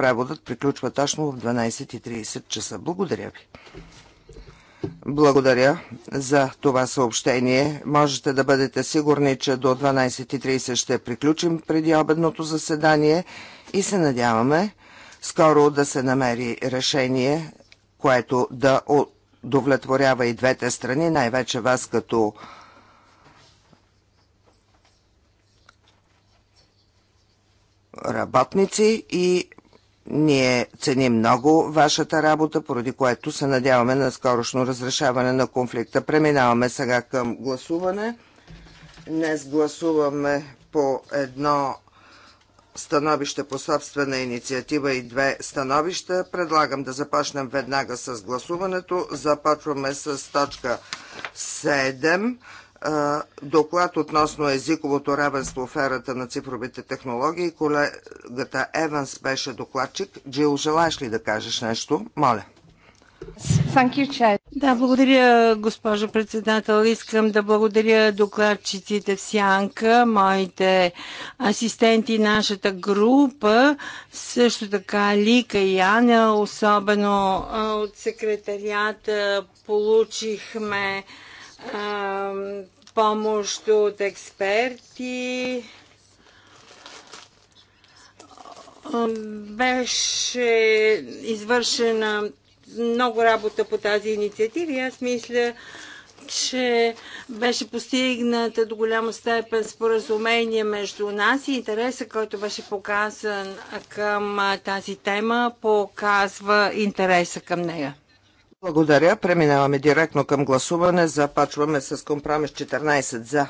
Преводът приключва точно в 12.30 часа. Благодаря ви. Благодаря за това съобщение. Можете да бъдете сигурни, че до 12.30 ще приключим преди обедното заседание и се надяваме скоро да се намери решение, което да удовлетворява и двете страни, най-вече вас като работници и ние ценим много вашата работа, поради което се надяваме на скорошно разрешаване на конфликта. Преминаваме сега към гласуване. Днес гласуваме по едно становище по собствена инициатива и две становища. Предлагам да започнем веднага с гласуването. Започваме с точка 7. Доклад относно езиковото равенство в ерата на цифровите технологии. Колегата Еванс беше докладчик. Джил, желаеш ли да кажеш нещо? Моля. Да, благодаря, госпожо председател. Искам да благодаря докладчиците в Сянка, моите асистенти, нашата група, също така Лика и Аня, особено от секретарията получихме помощ от експерти. Беше извършена много работа по тази инициатива и аз мисля, че беше постигната до голяма степен споразумение между нас и интереса, който беше показан към тази тема, показва интереса към нея. Благодаря. Преминаваме директно към гласуване. Започваме с компромис 14 за.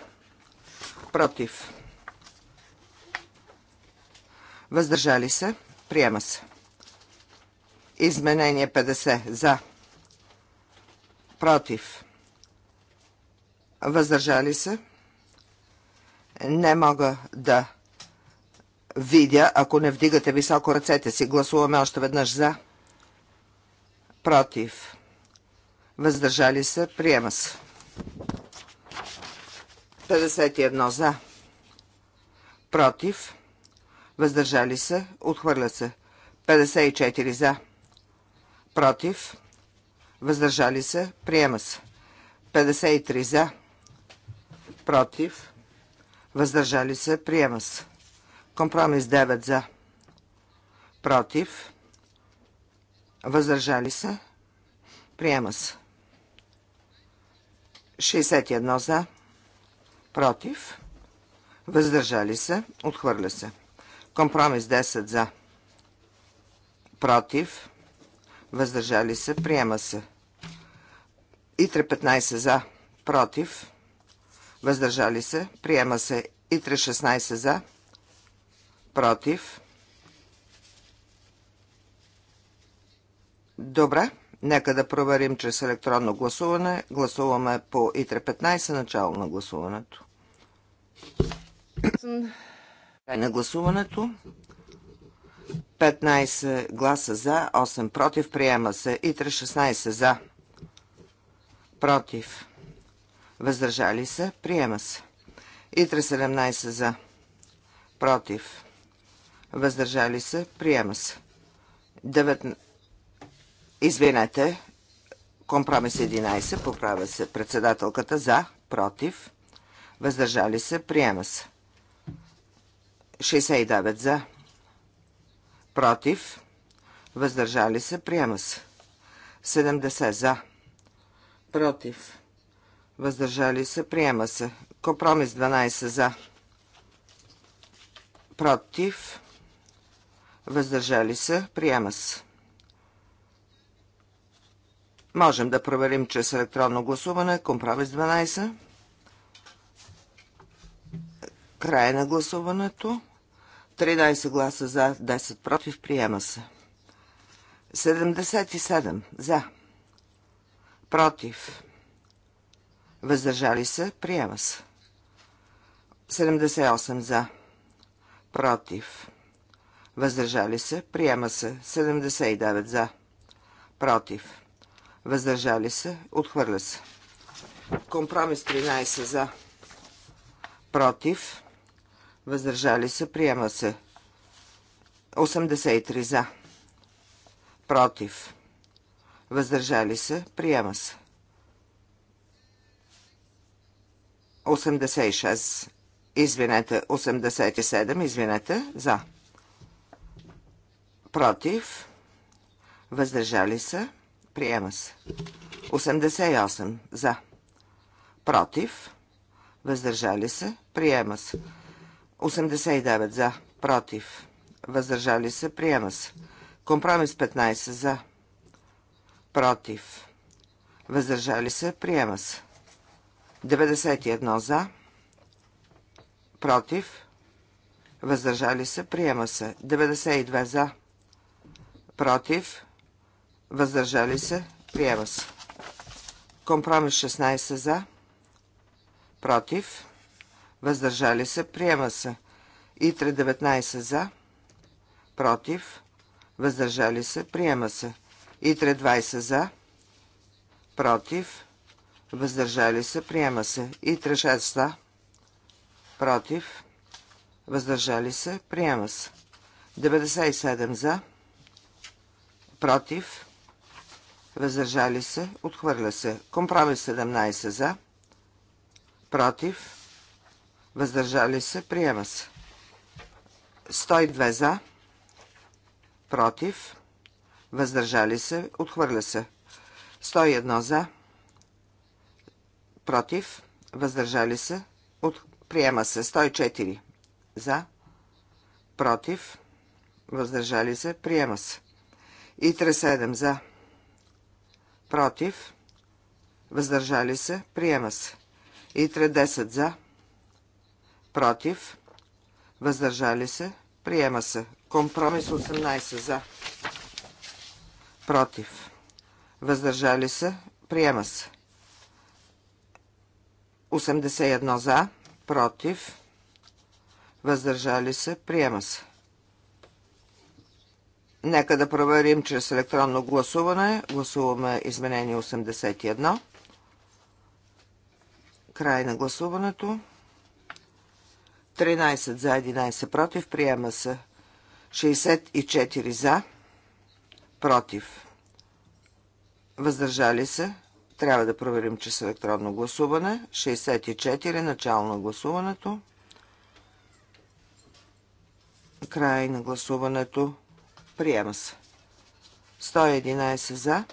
Против. Въздържали се. Приема се. Изменение 50 за. Против. Въздържали се. Не мога да видя, ако не вдигате високо ръцете си. Гласуваме още веднъж за. Против въздържали се, приема се. 51 за, против, въздържали се, отхвърля се. 54 за, против, въздържали се, приема се. 53 за, против, въздържали се, приема се. Компромис 9 за, против, въздържали се, приема се. 61 за, против, въздържали се, отхвърля се. Компромис 10 за, против, въздържали се, приема се. Итре 15 за, против, въздържали се, приема се. Итре 16 за, против. Добре. Нека да проверим чрез електронно гласуване. Гласуваме по ИТРЕ 15 начало на гласуването. Край на гласуването. 15 гласа за, 8 против. Приема се. ИТРЕ 16 за. Против. Въздържали се. Приема се. ИТРЕ 17 за. Против. Въздържали се. Приема се. 19 Извинете, компромис 11, поправя се председателката за, против, въздържали се, приема се. 69 за, против, въздържали се, приема се. 70 за, против, въздържали се, приема се. Компромис 12 за, против, въздържали се, приема се. Можем да проверим чрез електронно гласуване. Компромис 12. Край на гласуването. 13 гласа за, 10 против. Приема се. 77 за. Против. Въздържали се. Приема се. 78 за. Против. Въздържали се. Приема се. 79 за. Против въздържали се, отхвърля се. Компромис 13 за, против, въздържали се, приема се. 83 за, против, въздържали се, приема се. 86, извинете, 87, извинете, за, против, въздържали се, Приема се. 88 за. Против. Въздържали се. Приема се. 89 за. Против. Въздържали се. Приема се. Компромис 15 за. Против. Въздържали се. Приема се. 91 за. Против. Въздържали се. Приема се. 92 за. Против въздържали се, приема се. Компромис 16 за, против, въздържали се, приема се. Итре 19 за, против, въздържали се, приема се. Итре 20 за, против, въздържали се, приема се. Итре 6 за, против, въздържали се, приема се. 97 за, против, въздържали се, отхвърля се. Компромис 17 за, против, въздържали се, приема се. 102 за, против, въздържали се, отхвърля се. 101 за, против, въздържали се, от... приема се. 104 за, против, въздържали се, приема се. И 37 за, против, въздържали се, приема се. Итре 10 за, против, въздържали се, приема се. Компромис 18 за, против, въздържали се, приема се. 81 за, против, въздържали се, приема се. Нека да проверим чрез електронно гласуване. Гласуваме изменение 81. Край на гласуването. 13 за, 11 против. Приема се 64 за, против. Въздържали се. Трябва да проверим, че с електронно гласуване. 64. Начало на гласуването. Край на гласуването. Приема се. 111 за.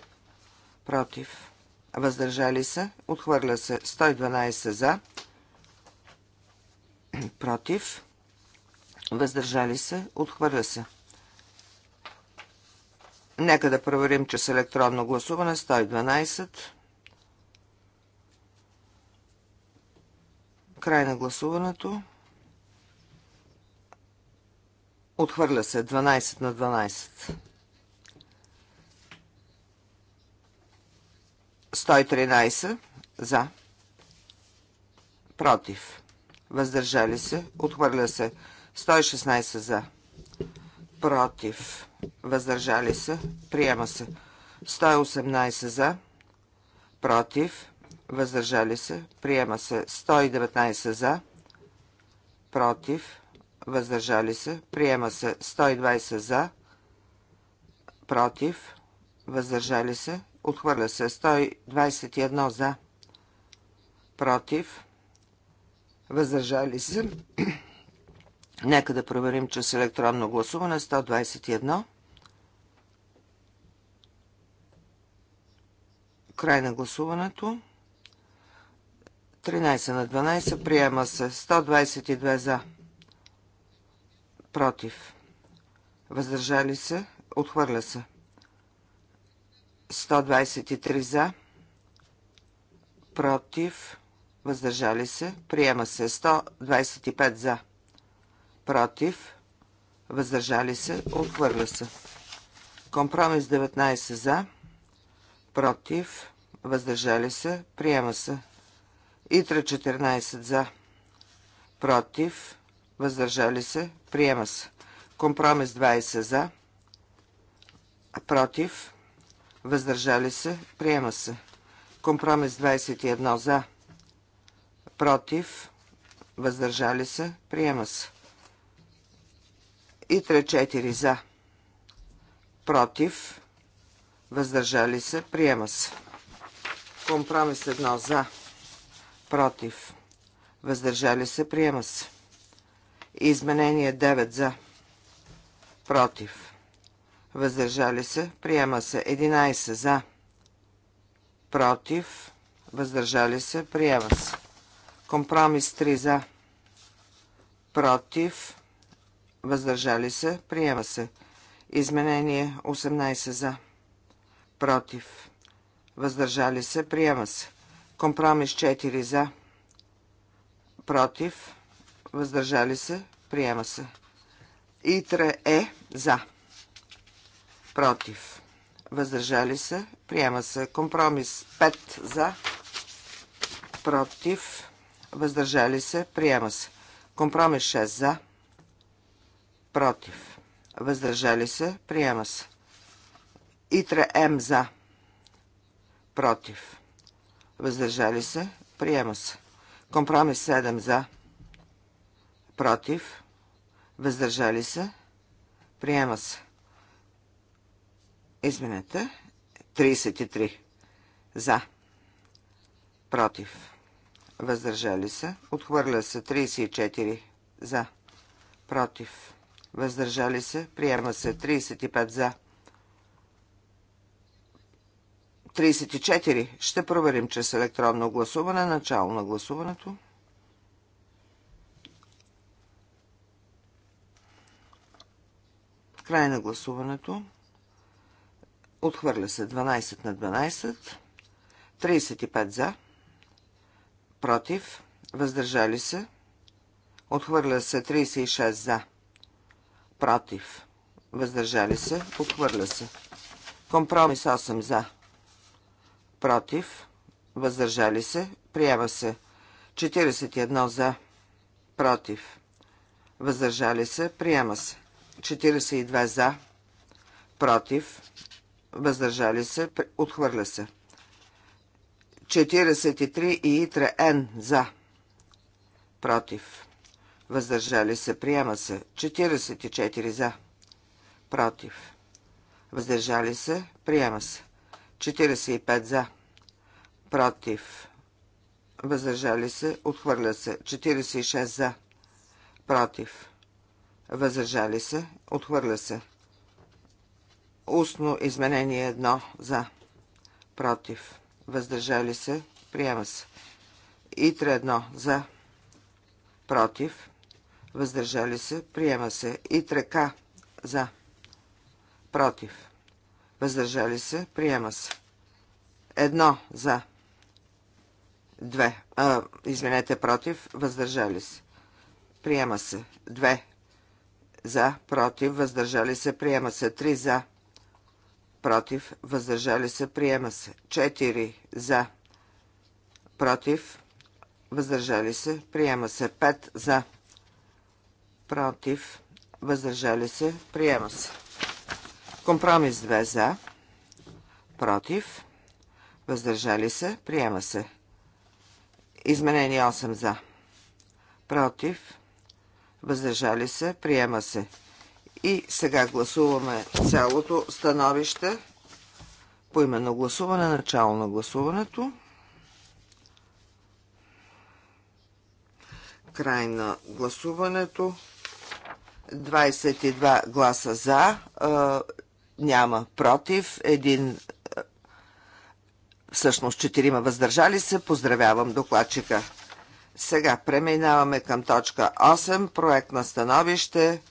Против. Въздържали се. Отхвърля се. 112 за. Против. Въздържали се. Отхвърля се. Нека да проверим, че с електронно гласуване 112. Край на гласуването. Отхвърля се 12 на 12. 113 за. Против. Въздържали се. Отхвърля се 116 за. Против. Въздържали се. Приема се. 118 за. Против. Въздържали се. Приема се. 119 за. Против въздържали се, приема се 120 за, против, въздържали се, отхвърля се 121 за, против, въздържали се. Нека да проверим че с електронно гласуване 121. Край на гласуването. 13 на 12 приема се 122 за против, въздържали се, отхвърля се. 123 за, против, въздържали се, приема се. 125 за, против, въздържали се, отхвърля се. Компромис 19 за, против, въздържали се, приема се. Итра 14 за, против, въздържали се, приема се. Компромис 20 за, против, въздържали се, приема се. Компромис 21 за, против, въздържали се, приема се. И 3-4 за, против, въздържали се, приема се. Компромис 1 за, против, въздържали се, приема се. Изменение 9 за. Против. Въздържали се. Приема се. 11 за. Против. Въздържали се. Приема се. Компромис 3 за. Против. Въздържали се. Приема се. Изменение 18 за. Против. Въздържали се. Приема се. Компромис 4 за. Против въздържали се, приема се. Итре е за, против, въздържали се, приема се. Компромис 5 за, против, въздържали се, приема се. Компромис 6 за, против, въздържали се, приема се. Итре М за, против, въздържали се, приема се. Компромис 7 за, против, против, въздържали се, приема се. Изменете. 33. За. Против. Въздържали се. Отхвърля се. 34. За. Против. Въздържали се. Приема се. 35. За. 34. Ще проверим чрез електронно гласуване. Начало на гласуването. 34. Край на гласуването. Отхвърля се 12 на 12. 35 за. Против. Въздържали се. Отхвърля се 36 за. Против. Въздържали се. Отхвърля се. Компромис 8 за. Против. Въздържали се. Приема се. 41 за. Против. Въздържали се. Приема се. 42 за, против, въздържали се, отхвърля се. 43 и Итра Н за, против, въздържали се, приема се. 44 за, против, въздържали се, приема се. 45 за, против, въздържали се, отхвърля се. 46 за, против, Въздържали се. Отхвърля се. Устно изменение едно за. Против. Въздържали се. Приема се. Итре едно за. Против. Въздържали се. Приема се. Итре К за. Против. Въздържали се. Приема се. Едно за. Две. А, извинете, против. Въздържали се. Приема се. Две за, против, въздържали се, приема се. 3 за, против, въздържали се, приема се. 4 за, против, въздържали се, приема се. 5 за, против, въздържали се, приема се. Компромис 2 за, против, въздържали се, приема се. Изменение 8 за, против, въздържали се, приема се. И сега гласуваме цялото становище по именно гласуване, начало на гласуването. Край на гласуването. 22 гласа за, няма против, един всъщност четирима въздържали се. Поздравявам докладчика. Сега преминаваме към точка 8. Проект на становище.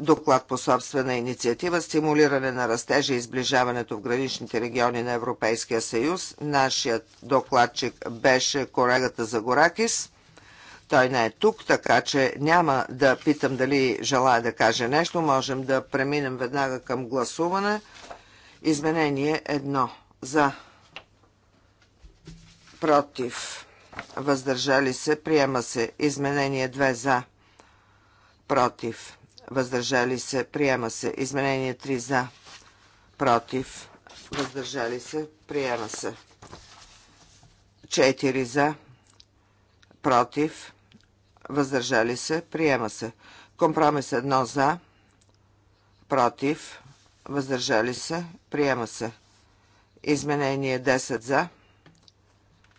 Доклад по собствена инициатива Стимулиране на растежа и изближаването в граничните региони на Европейския съюз. Нашият докладчик беше колегата Загоракис. Той не е тук, така че няма да питам дали желая да каже нещо. Можем да преминем веднага към гласуване. Изменение едно. За. Против въздържали се, приема се. Изменение 2 за, против, въздържали се, приема се. Изменение 3 за, против, въздържали се, приема се. 4 за, против, въздържали се, приема се. Компромис 1 за, против, въздържали се, приема се. Изменение 10 за,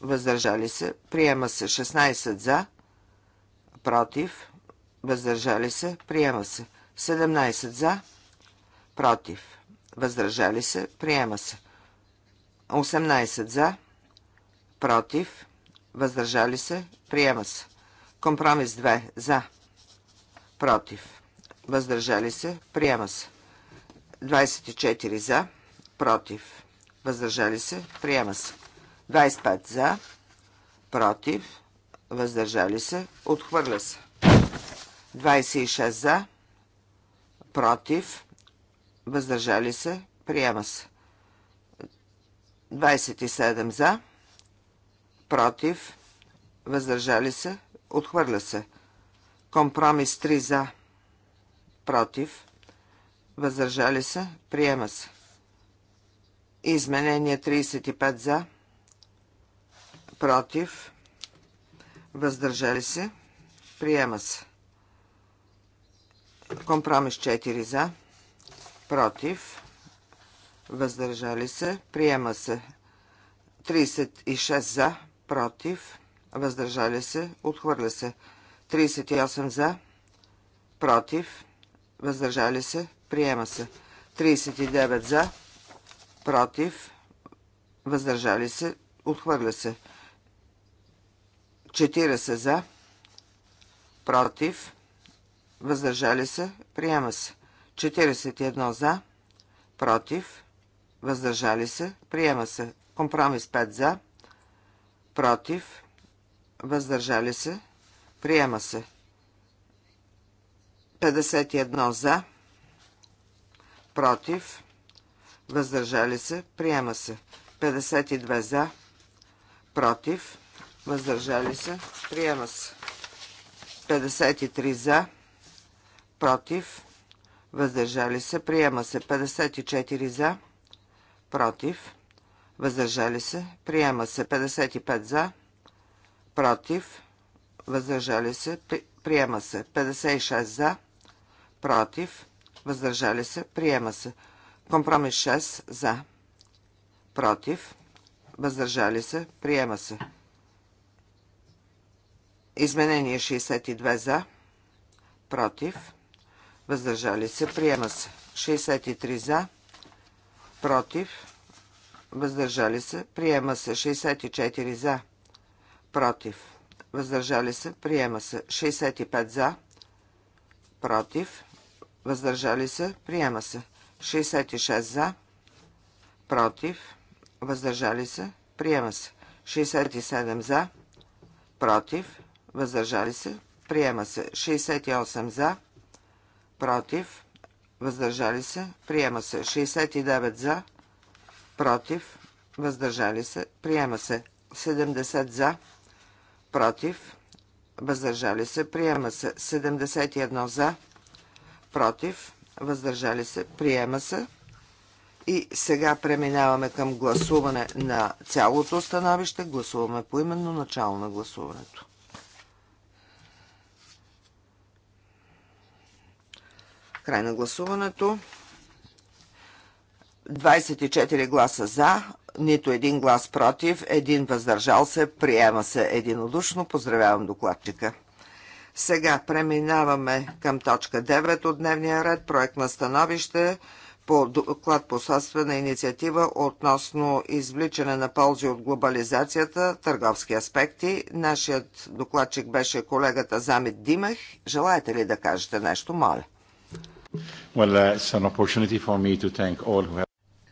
въздържали се, приема се 16 за, против, въздържали се, приема се 17 за, против, въздържали се, приема се 18 за, против, въздържали се, приема се. Компромис 2 за, против, въздържали се, приема се. 24 за, против, въздържали се, приема се. 25 за, против, въздържали се, отхвърля се. 26 за, против, въздържали се, приема се. 27 за, против, въздържали се, отхвърля се. Компромис 3 за, против, въздържали се, приема се. Изменение 35 за, против, против, въздържали се, приема се. Компромис 4 за, против, въздържали се, приема се. 36 за, против, въздържали се, отхвърля се. 38 за, против, въздържали се, приема се. 39 за, против, въздържали се, отхвърля се. 40 за, против, въздържали се, приема се. 41 за, против, въздържали се, приема се. Компромис 5 за, против, въздържали се, приема се. 51 за, против, въздържали се, приема се. 52 за, против, въздържали се, приема се. 53 за, против, въздържали се, приема се. 54 за, против, въздържали се, приема се. 55 за, против, въздържали се, приема се. 56 за, против, въздържали се, приема се. Компромис 6 за, против, въздържали се, приема се. Изменение 62 за, против, въздържали се, приема се. 63 за, против, въздържали се, приема се. 64 за, против, въздържали се, приема се. 65 за, против, въздържали се, приема се. 66 за, против, въздържали се, приема се. 67 за, против, въздържали се, приема се. 68 за, против, въздържали се, приема се. 69 за, против, въздържали се, приема се. 70 за, против, въздържали се, приема се. 71 за, против, въздържали се, приема се. И сега преминаваме към гласуване на цялото становище. Гласуваме поименно начало на гласуването. Край на гласуването. 24 гласа за, нито един глас против, един въздържал се, приема се единодушно. Поздравявам докладчика. Сега преминаваме към точка 9 от дневния ред, проект на становище по доклад по собствена инициатива относно извличане на ползи от глобализацията, търговски аспекти. Нашият докладчик беше колегата Замит Димех. Желаете ли да кажете нещо, моля? Well, uh, it's an opportunity for me to thank all who have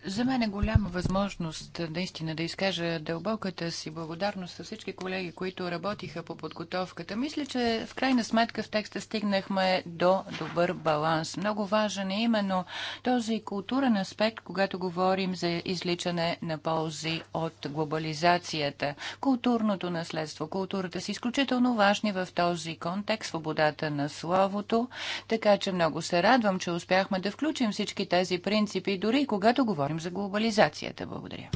за мен е голяма възможност наистина да изкажа дълбоката си благодарност на всички колеги, които работиха по подготовката. Мисля, че в крайна сметка в текста стигнахме до добър баланс. Много важен е именно този културен аспект, когато говорим за изличане на ползи от глобализацията. Културното наследство, културата са изключително важни в този контекст, свободата на словото. Така че много се радвам, че успяхме да включим всички тези принципи, дори когато говорим говорим за глобализацията. Благодаря.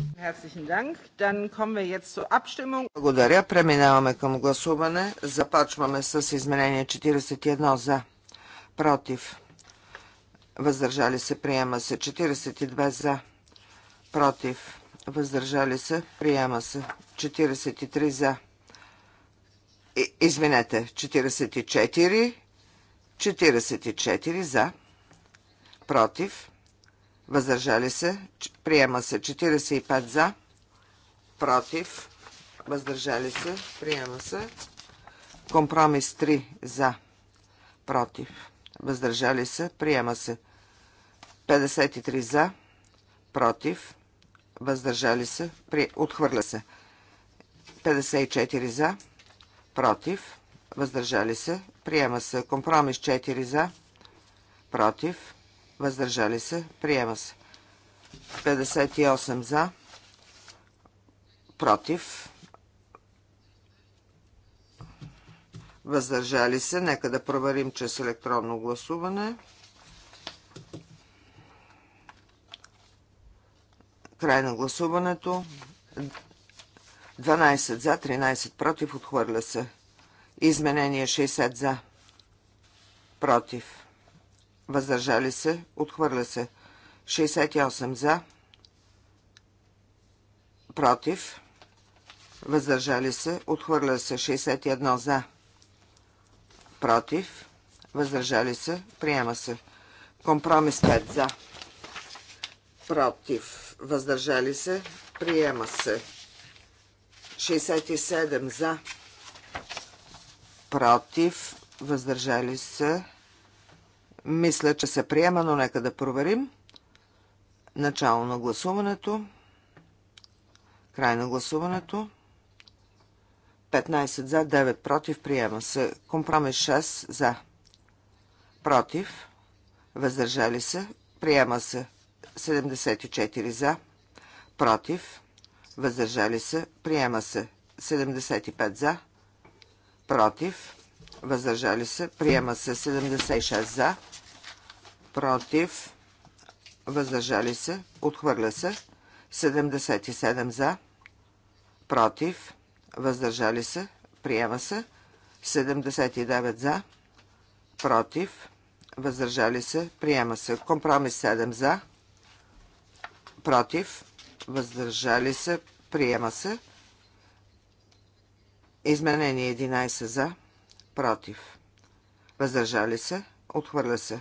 Благодаря. Преминаваме към гласуване. Започваме с изменение 41 за. Против. Въздържали се. Приема се. 42 за. Против. Въздържали се. Приема се. 43 за. Извинете. 44. 44 за. Против въздържали се, приема се 45 за, против, въздържали се, приема се, компромис 3 за, против, въздържали се, приема се 53 за, против, въздържали се, при... отхвърля се 54 за, против, въздържали се, приема се компромис 4 за, против, въздържали се, приема се. 58 за, против, въздържали се. Нека да проверим, чрез електронно гласуване. Край на гласуването. 12 за, 13 против, отхвърля се. Изменение 60 за, против въздържали се, отхвърля се. 68 за, против, въздържали се, отхвърля се. 61 за, против, въздържали се, приема се. Компромис 5 за, против, въздържали се, приема се. 67 за, против, въздържали се, мисля, че се приема, но нека да проверим. Начало на гласуването. Край на гласуването. 15 за, 9 против. Приема се. Компромис 6 за. Против. Въздържали се. Приема се. 74 за. Против. Въздържали се. Приема се. 75 за. Против. Въздържали се. Приема се. 76 за против, въздържали се, отхвърля се. 77 за, против, въздържали се, приема се. 79 за, против, въздържали се, приема се. Компромис 7 за, против, въздържали се, приема се. Изменение 11 за, против, въздържали се, отхвърля се.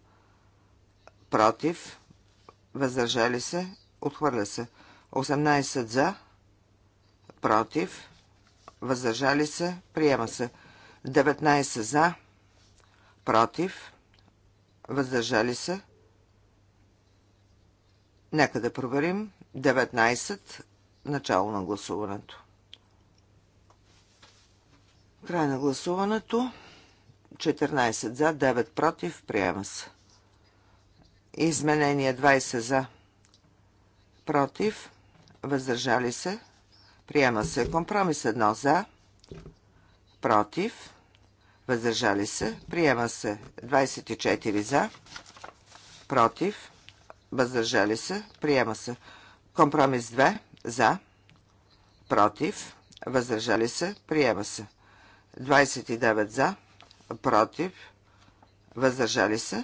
против, въздържали се, отхвърля се. 18 за, против, въздържали се, приема се. 19 за, против, въздържали се. Нека да проверим. 19. Начало на гласуването. Край на гласуването. 14 за, 9 против, приема се. Изменение 20 за. Против. Въздържали се. Приема се. Компромис 1 за. Против. Въздържали се. Приема се. 24 за. Против. Въздържали се. Приема се. Компромис 2 за. Против. Въздържали се. Приема се. 29 за. Против. Въздържали се.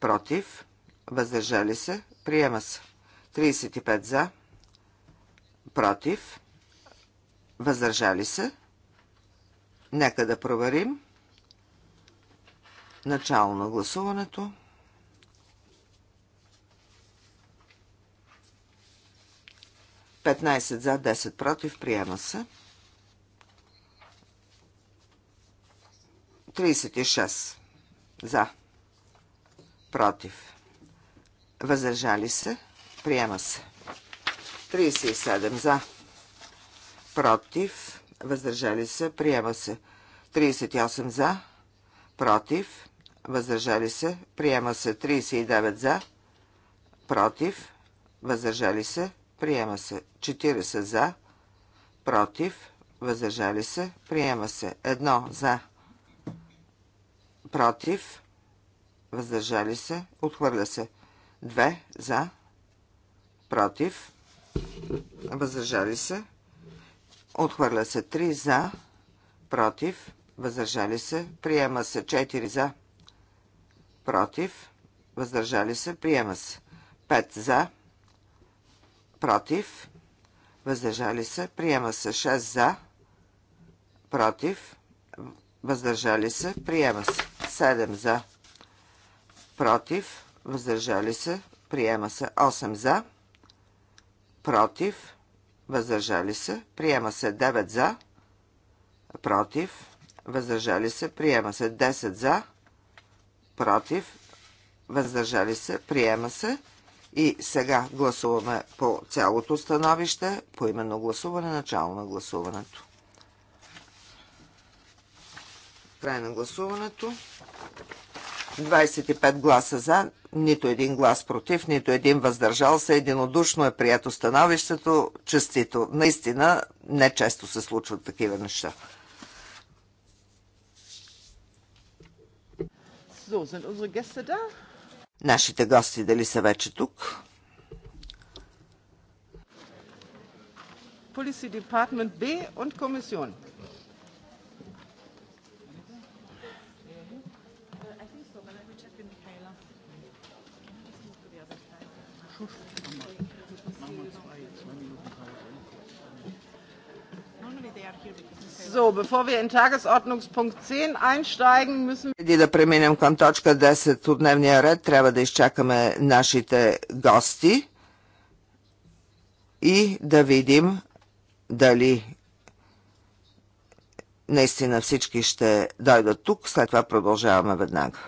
против, въздържали се, приема се. 35 за, против, въздържали се. Нека да проверим. Начало на гласуването. Петнайсет за, 10 против, приема се. 36 за, против, въздържали се, приема се. 37 за, против, въздържали се, приема се. 38 за, против, въздържали се, приема се. 39 за, против, въздържали се, приема се. 40 за, против, въздържали се, приема се. 1 за, против, въздържали се, отхвърля се. 2 за, против, въздържали се, отхвърля се. 3 за, против, въздържали се, приема се. 4 за, против, въздържали се, приема се. 5 за, против, въздържали се, приема се. 6 за, против, въздържали се, приема се. 7 за, против, въздържали се, приема се 8 за, против, въздържали се, приема се 9 за, против, въздържали се, приема се 10 за, против, въздържали се, приема се. И сега гласуваме по цялото становище, по именно гласуване, начало на гласуването. Край на гласуването. 25 гласа за, нито един глас против, нито един въздържал се. Единодушно е прието становището. Честито. Наистина, не често се случват такива неща. Нашите гости дали са вече тук? Полиси департмент Б и комисион. So, bevor wir in Tagesordnungspunkt 10 einsteigen, müssen Преди да преминем към точка 10 от дневния ред, трябва да изчакаме нашите гости и да видим дали наистина всички ще дойдат тук. След това продължаваме веднага.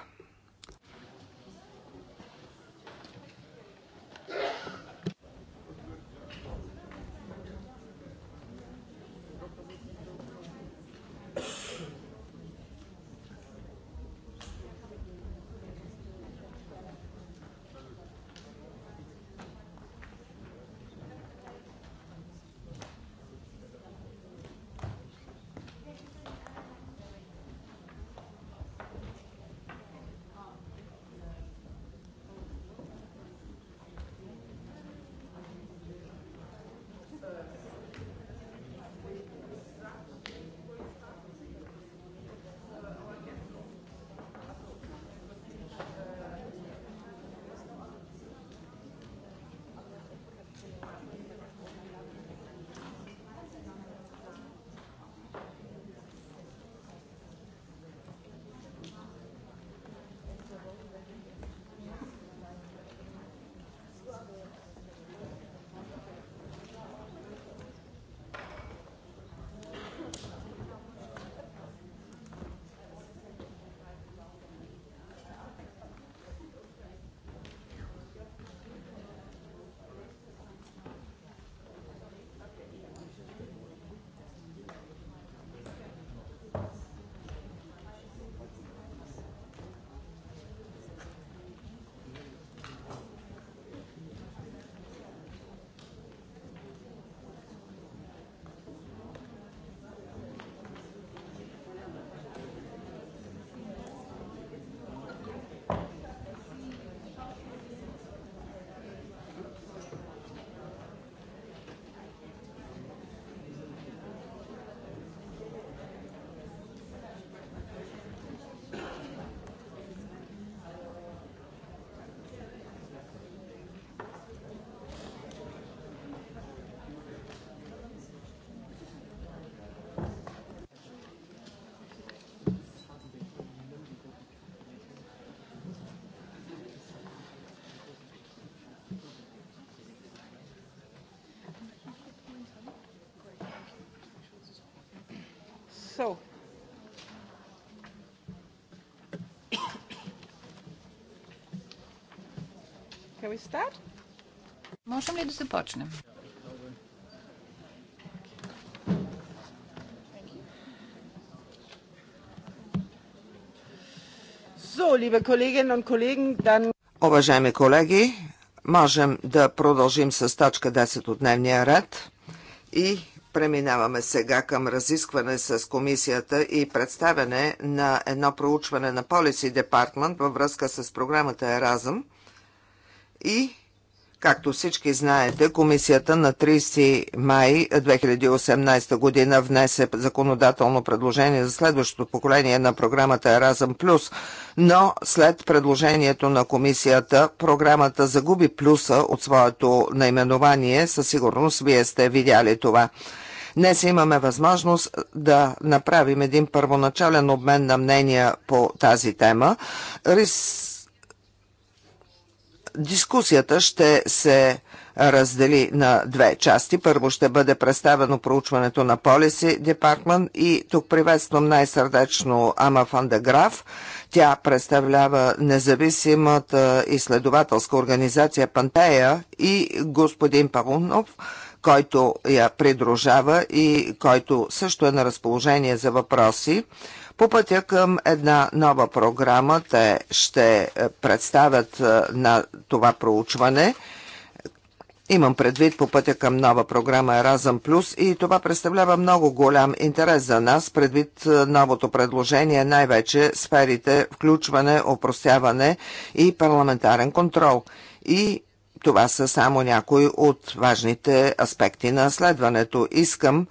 we start? Можем ли да започнем? So, liebe Kolleginnen und Kollegen, dann... Уважаеми колеги, можем да продължим с точка 10 от дневния ред и Преминаваме сега към разискване с комисията и представяне на едно проучване на Policy Department във връзка с програмата Еразъм. И Както всички знаете, комисията на 30 май 2018 година внесе законодателно предложение за следващото поколение на програмата Еразъм Плюс, но след предложението на комисията програмата загуби плюса от своето наименование. Със сигурност вие сте видяли това. Днес имаме възможност да направим един първоначален обмен на мнения по тази тема. Рис Дискусията ще се раздели на две части. Първо ще бъде представено проучването на Policy Department и тук приветствам най-сърдечно Ама Фандеграф. Тя представлява независимата изследователска организация Пантея и господин Павунов, който я придружава и който също е на разположение за въпроси по пътя към една нова програма. Те ще е, представят е, на това проучване. Имам предвид по пътя към нова програма Еразъм Плюс и това представлява много голям интерес за нас, предвид е, новото предложение, най-вече сферите включване, опростяване и парламентарен контрол. И това са само някои от важните аспекти на следването. Искам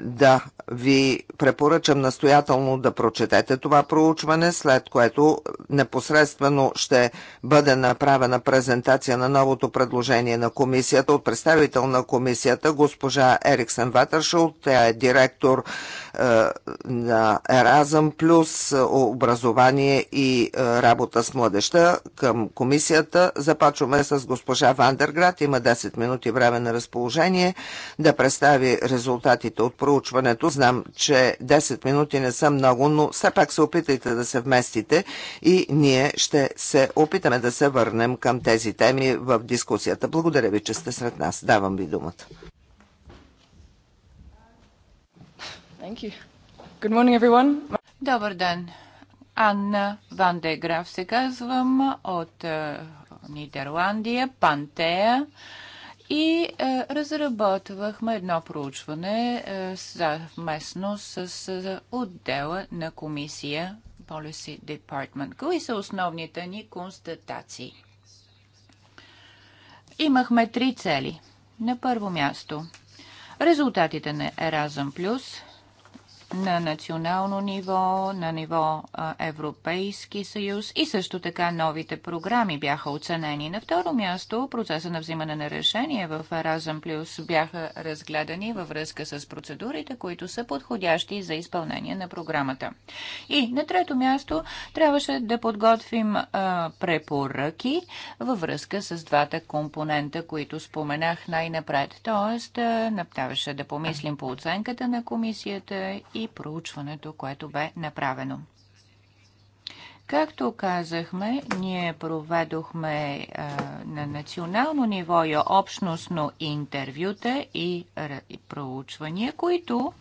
да ви препоръчам настоятелно да прочетете това проучване, след което непосредствено ще бъде направена презентация на новото предложение на комисията от представител на комисията госпожа Ериксен Ватършул. Тя е директор е, на Еразъм плюс е, образование и е, работа с младеща към комисията. Започваме с госпожа Вандерград. Има 10 минути време на разположение да представи резултатите от от проучването. Знам, че 10 минути не са много, но все пак се опитайте да се вместите и ние ще се опитаме да се върнем към тези теми в дискусията. Благодаря ви, че сте сред нас. Давам ви думата. Morning, Добър ден. Анна Ван де Граф се казвам от е, Нидерландия, Пантея и е, разработвахме едно проучване е, съвместно с, с е, отдела на комисия Policy Department. Кои са основните ни констатации? Имахме три цели. На първо място, резултатите на Erasmus Plus – на национално ниво, на ниво Европейски съюз и също така новите програми бяха оценени. На второ място процеса на взимане на решение в Еразъм Плюс бяха разгледани във връзка с процедурите, които са подходящи за изпълнение на програмата. И на трето място трябваше да подготвим а, препоръки във връзка с двата компонента, които споменах най-напред. Тоест, а, трябваше да помислим по оценката на комисията и и проучването, което бе направено. Както казахме, ние проведохме а, на национално ниво и общностно интервюта и, и проучвания, които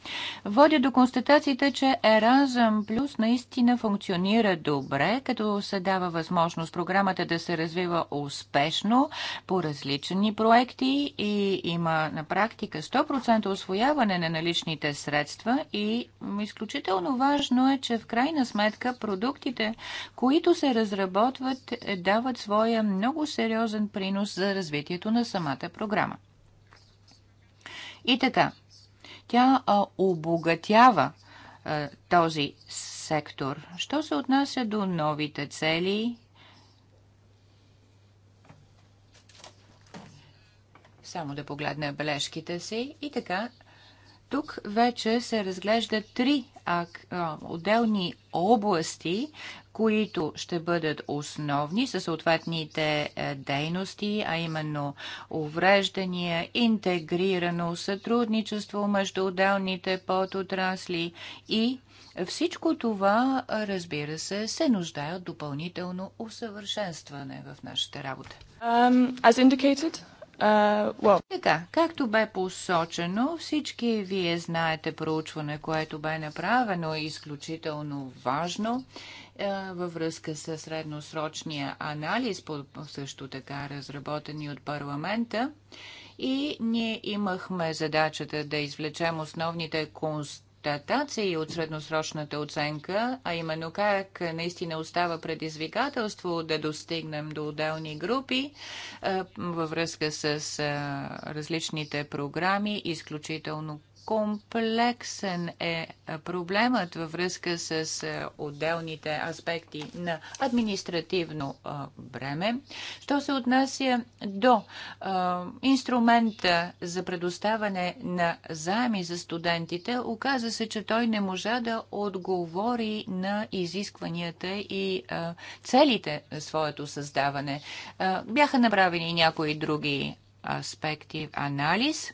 водят до констатациите, че Еразъм Плюс наистина функционира добре, като се дава възможност програмата да се развива успешно по различни проекти и има на практика 100% освояване на наличните средства и изключително важно е, че в крайна сметка продуктите, които се разработват, е, дават своя много сериозен принос за развитието на самата програма. И така, тя обогатява този сектор. Що се отнася до новите цели? Само да погледна бележките си. И така, тук вече се разглежда три отделни области, които ще бъдат основни със съответните е, дейности, а именно увреждания, интегрирано сътрудничество между отделните подотрасли и всичко това, е, разбира се, се нуждае от допълнително усъвършенстване в нашата работа. Um, as indicated, Uh, well. Така, както бе посочено, всички вие знаете проучване, което бе направено и изключително важно е, във връзка с средносрочния анализ, също така разработени от парламента. И ние имахме задачата да извлечем основните констатации констатации от средносрочната оценка, а именно как наистина остава предизвикателство да достигнем до отделни групи е, във връзка с е, различните програми, изключително комплексен е проблемът във връзка с е, отделните аспекти на административно бреме. Що се отнася до инструмента за предоставяне на заеми за студентите, оказа се, че той не можа да отговори на изискванията и целите на своето създаване. Бяха направени някои други аспекти анализ.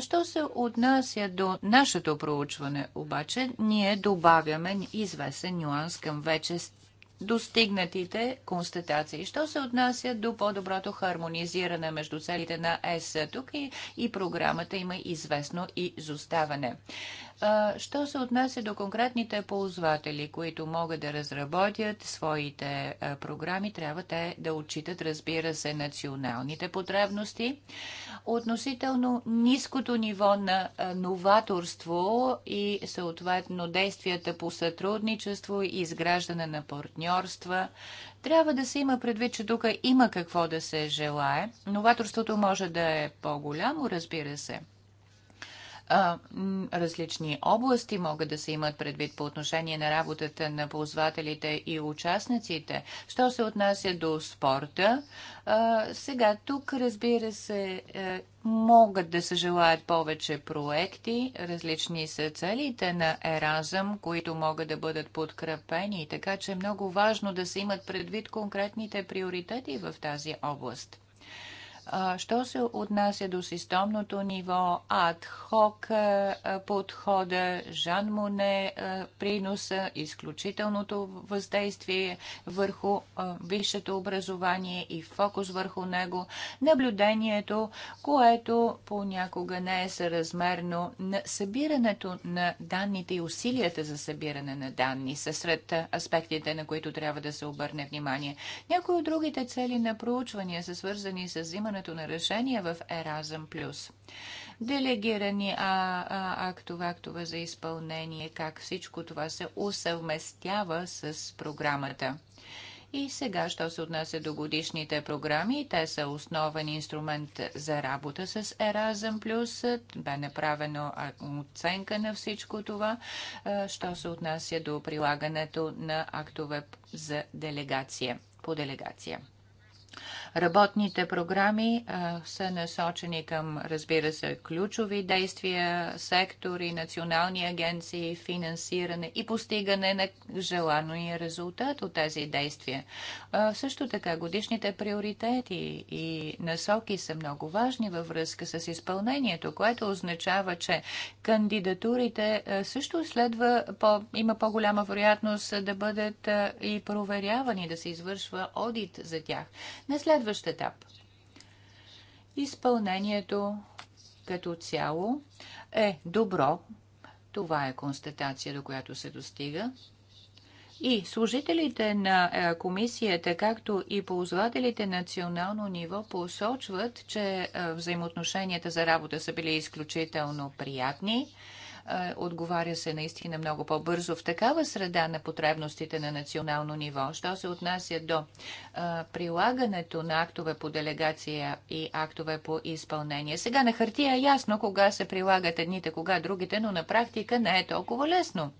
Що се отнася до нашето проучване, обаче, ние добавяме известен нюанс към вече достигнатите констатации. Що се отнася до по-доброто хармонизиране между целите на ЕС, тук и, и програмата има известно изоставане. Що се отнася до конкретните ползватели, които могат да разработят своите програми, трябва те да отчитат, разбира се, националните потребности. Относително ниското ниво на новаторство и съответно действията по сътрудничество и изграждане на партньорства, трябва да се има предвид, че тук има какво да се желае. Новаторството може да е по-голямо, разбира се различни области могат да се имат предвид по отношение на работата на ползвателите и участниците. Що се отнася до спорта, сега тук разбира се е, могат да се желаят повече проекти, различни са целите на Еразъм, които могат да бъдат подкрепени, така че е много важно да се имат предвид конкретните приоритети в тази област. Що се отнася до системното ниво, адхок е, е, подхода, Жан Моне е, приноса, изключителното въздействие върху висшето образование и фокус върху него, наблюдението, което понякога не е съразмерно на събирането на данните и усилията за събиране на данни са сред аспектите, на които трябва да се обърне внимание. Някои от другите цели на проучвания са свързани с взимане взимането на решения в Еразъм Плюс. Делегирани а, а, актове, актове за изпълнение, как всичко това се усъвместява с програмата. И сега, що се отнася до годишните програми, те са основен инструмент за работа с Еразъм Плюс. Бе направено оценка на всичко това, що се отнася до прилагането на актове за делегация, по делегация. Работните програми са насочени към, разбира се, ключови действия, сектори, национални агенции, финансиране и постигане на желания резултат от тези действия. също така годишните приоритети и насоки са много важни във връзка с изпълнението, което означава, че кандидатурите също следва, по, има по-голяма вероятност да бъдат и проверявани, да се извършва одит за тях. Не следва следващ етап. Изпълнението като цяло е добро. Това е констатация, до която се достига. И служителите на е, комисията, както и ползвателите на национално ниво посочват, че е, взаимоотношенията за работа са били изключително приятни отговаря се наистина много по-бързо в такава среда на потребностите на национално ниво. Що се отнася до прилагането на актове по делегация и актове по изпълнение. Сега на хартия е ясно кога се прилагат едните, кога другите, но на практика не е толкова лесно.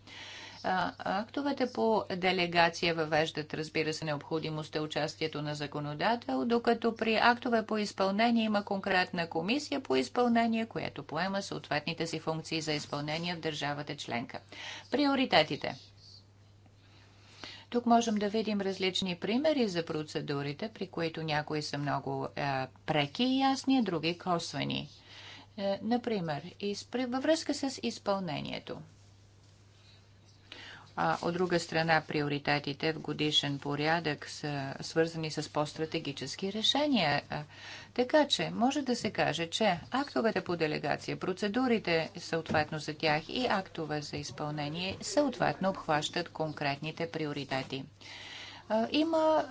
Актовете по делегация въвеждат, разбира се, необходимостта е участието на законодател, докато при актове по изпълнение има конкретна комисия по изпълнение, която поема съответните си функции за изпълнение в държавата членка. Приоритетите. Тук можем да видим различни примери за процедурите, при които някои са много е, преки и ясни, други косвени. Е, например, изпри... във връзка с изпълнението а от друга страна приоритетите в годишен порядък са свързани с по-стратегически решения. Така че може да се каже, че актовете по делегация, процедурите съответно за тях и актове за изпълнение съответно обхващат конкретните приоритети. Има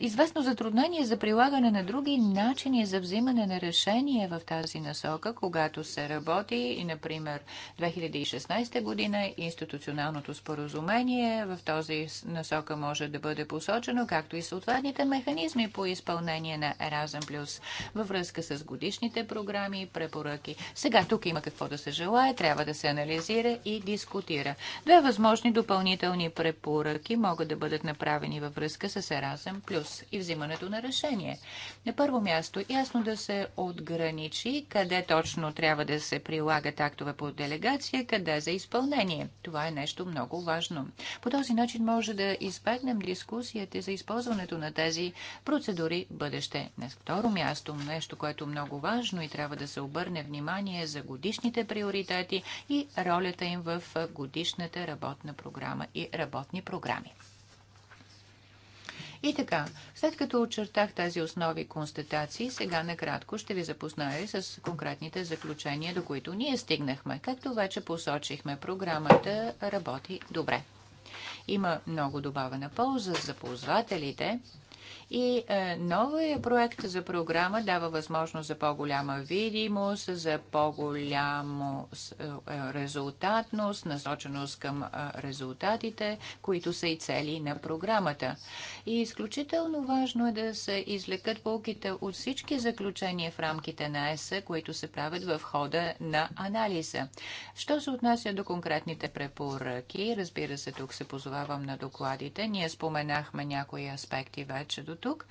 известно затруднение за прилагане на други начини за взимане на решение в тази насока, когато се работи и, например, 2016 година институционалното споразумение в този насока може да бъде посочено, както и съответните механизми по изпълнение на Еразъм Плюс във връзка с годишните програми и препоръки. Сега тук има какво да се желая, трябва да се анализира и дискутира. Две възможни допълнителни препоръки могат да бъдат направени във връзка с Еразъм Плюс и взимането на решение. На първо място, ясно да се отграничи къде точно трябва да се прилагат актове по делегация, къде за изпълнение. Това е нещо много важно. По този начин може да избегнем дискусията за използването на тези процедури в бъдеще. На второ място, нещо, което е много важно и трябва да се обърне внимание за годишните приоритети и ролята им в годишната работна програма и работни програми. И така, след като очертах тези основи констатации, сега накратко ще ви запозная с конкретните заключения, до които ние стигнахме. Както вече посочихме, програмата работи добре. Има много добавена полза за ползвателите и е, новия проект за програма дава възможност за по-голяма видимост, за по-голямо е, е, резултатност, насоченост към резултатите, които са и цели на програмата. И изключително важно е да се извлекат полките от всички заключения в рамките на ЕС, които се правят в хода на анализа. Що се отнася до конкретните препоръки, разбира се, тук се позовавам на докладите. Ние споменахме някои аспекти вече беше до тук.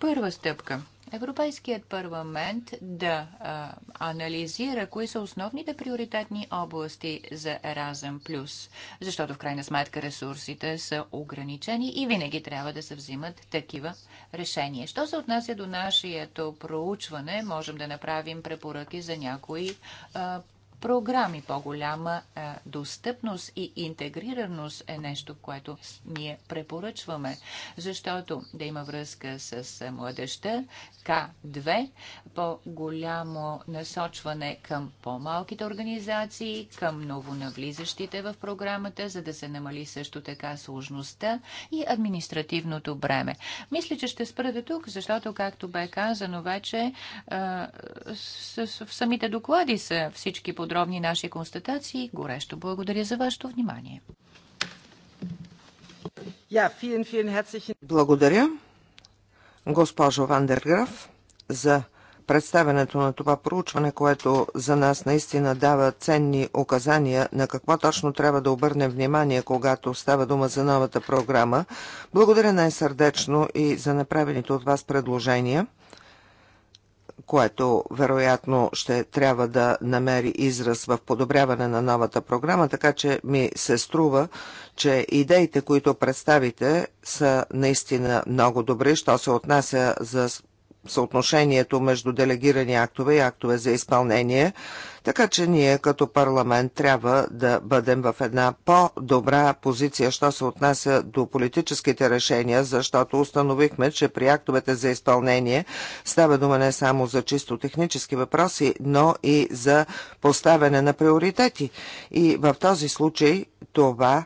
Първа стъпка. Европейският парламент да а, анализира кои са основните приоритетни области за Еразъм Плюс, защото в крайна сметка ресурсите са ограничени и винаги трябва да се взимат такива решения. Що се отнася до нашето проучване, можем да направим препоръки за някои а, програми. По-голяма е, достъпност и интегрираност е нещо, което ние препоръчваме, защото да има връзка с е, младеща, К2, по-голямо насочване към по-малките организации, към новонавлизащите в програмата, за да се намали също така сложността и административното бреме. Мисля, че ще спра до тук, защото, както бе казано вече, е, в самите доклади са всички подробности подробни наши констатации. Горещо благодаря за вашето внимание. Благодаря, госпожо Вандерграф, за представенето на това проучване, което за нас наистина дава ценни указания на какво точно трябва да обърнем внимание, когато става дума за новата програма. Благодаря най-сърдечно и за направените от вас предложения което вероятно ще трябва да намери израз в подобряване на новата програма, така че ми се струва, че идеите, които представите, са наистина много добри, що се отнася за съотношението между делегирани актове и актове за изпълнение, така че ние като парламент трябва да бъдем в една по-добра позиция, що се отнася до политическите решения, защото установихме, че при актовете за изпълнение става дума не само за чисто технически въпроси, но и за поставяне на приоритети. И в този случай това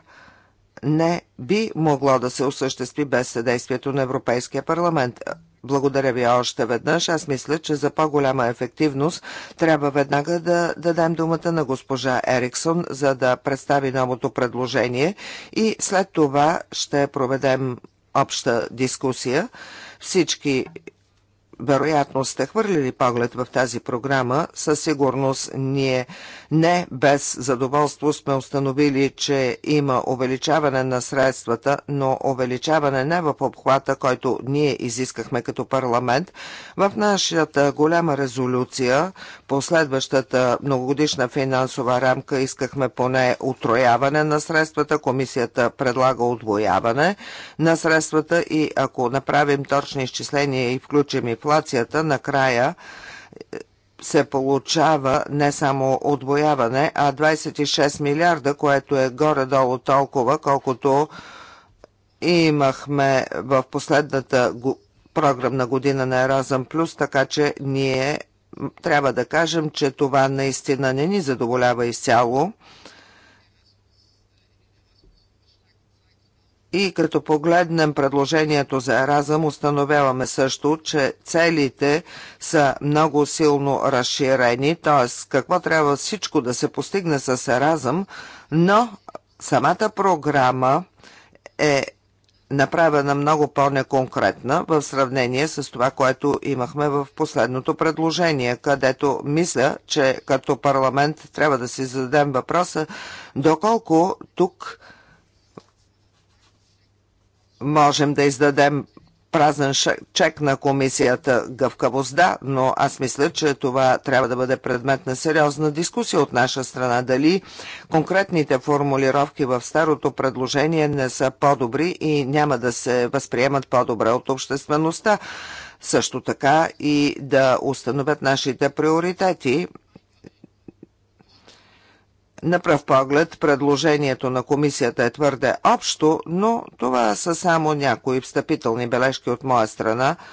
не би могло да се осъществи без съдействието на Европейския парламент. Благодаря ви още веднъж. Аз мисля, че за по-голяма ефективност трябва веднага да дадем думата на госпожа Ериксон, за да представи новото предложение и след това ще проведем обща дискусия. Всички вероятно сте хвърлили поглед в тази програма. Със сигурност ние не без задоволство сме установили, че има увеличаване на средствата, но увеличаване не в обхвата, който ние изискахме като парламент. В нашата голяма резолюция, последващата многогодишна финансова рамка, искахме поне утрояване на средствата. Комисията предлага отвояване на средствата и ако направим точни изчисления и включим и ситуацията накрая е, се получава не само отбояване, а 26 милиарда, което е горе-долу толкова, колкото имахме в последната програмна година на Еразъм Плюс, така че ние трябва да кажем, че това наистина не ни задоволява изцяло. И като погледнем предложението за Еразъм, установяваме също, че целите са много силно разширени, т.е. какво трябва всичко да се постигне с Еразъм, но самата програма е направена много по-неконкретна в сравнение с това, което имахме в последното предложение, където мисля, че като парламент трябва да си зададем въпроса доколко тук можем да издадем празен чек на комисията гъвкавост, да, но аз мисля, че това трябва да бъде предмет на сериозна дискусия от наша страна. Дали конкретните формулировки в старото предложение не са по-добри и няма да се възприемат по-добре от обществеността също така и да установят нашите приоритети на пръв поглед предложението на комисията е твърде общо, но това са само някои встъпителни бележки от моя страна –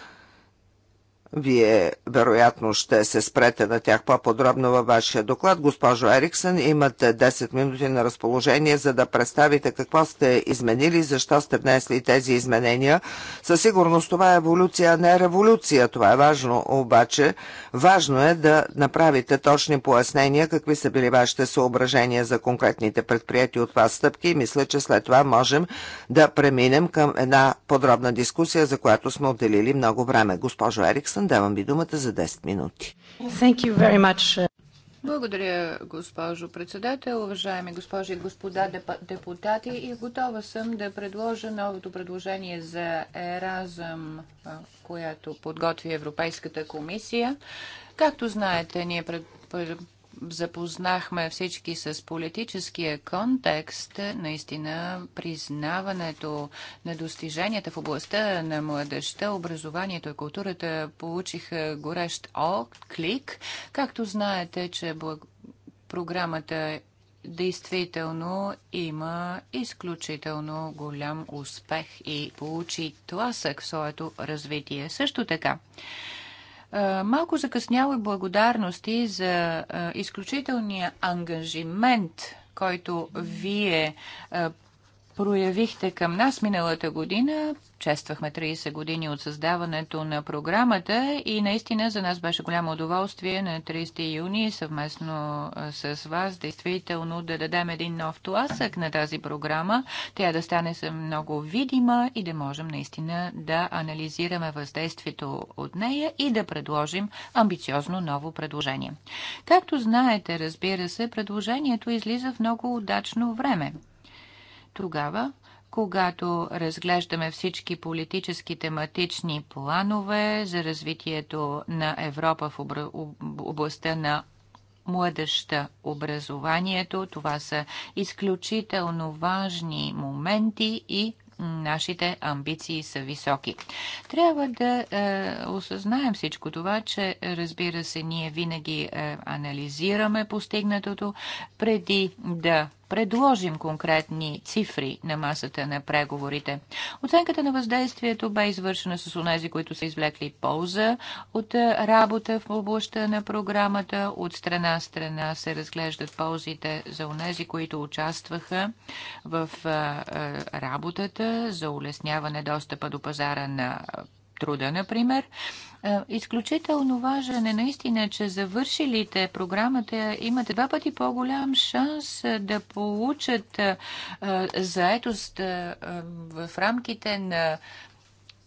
вие вероятно ще се спрете на тях по-подробно във вашия доклад. Госпожо Ериксън, имате 10 минути на разположение, за да представите какво сте изменили, защо сте внесли тези изменения. Със сигурност това е еволюция, а не е революция. Това е важно, обаче важно е да направите точни пояснения какви са били вашите съображения за конкретните предприяти от вас стъпки и мисля, че след това можем да преминем към една подробна дискусия, за която сме отделили много време. Госпожо Ериксън, Андерсън. Давам ви думата за 10 минути. Thank you very much. Благодаря, госпожо председател, уважаеми госпожи и господа депутати. И готова съм да предложа новото предложение за Еразъм, която подготви Европейската комисия. Както знаете, ние пред, запознахме всички с политическия контекст, наистина признаването на достиженията в областта на младеща, образованието и културата получиха горещ оклик. Както знаете, че благ... програмата действително има изключително голям успех и получи тласък в своето развитие. Също така, е, малко закъсняло и благодарности за е, изключителния ангажимент, който вие е, проявихте към нас миналата година. Чествахме 30 години от създаването на програмата и наистина за нас беше голямо удоволствие на 30 юни съвместно с вас действително да дадем един нов тласък на тази програма. Тя да стане много видима и да можем наистина да анализираме въздействието от нея и да предложим амбициозно ново предложение. Както знаете, разбира се, предложението излиза в много удачно време. Тогава, когато разглеждаме всички политически тематични планове за развитието на Европа в областта на младеща, образованието, това са изключително важни моменти и нашите амбиции са високи. Трябва да е, осъзнаем всичко това, че разбира се, ние винаги е, анализираме постигнатото преди да предложим конкретни цифри на масата на преговорите. Оценката на въздействието бе извършена с онези, които са извлекли полза от работа в областта на програмата. От страна страна се разглеждат ползите за онези, които участваха в работата за улесняване достъпа до пазара на труда, например. Е, изключително важен е наистина, че завършилите програмата имат два пъти по-голям шанс е, да получат е, заетост в рамките на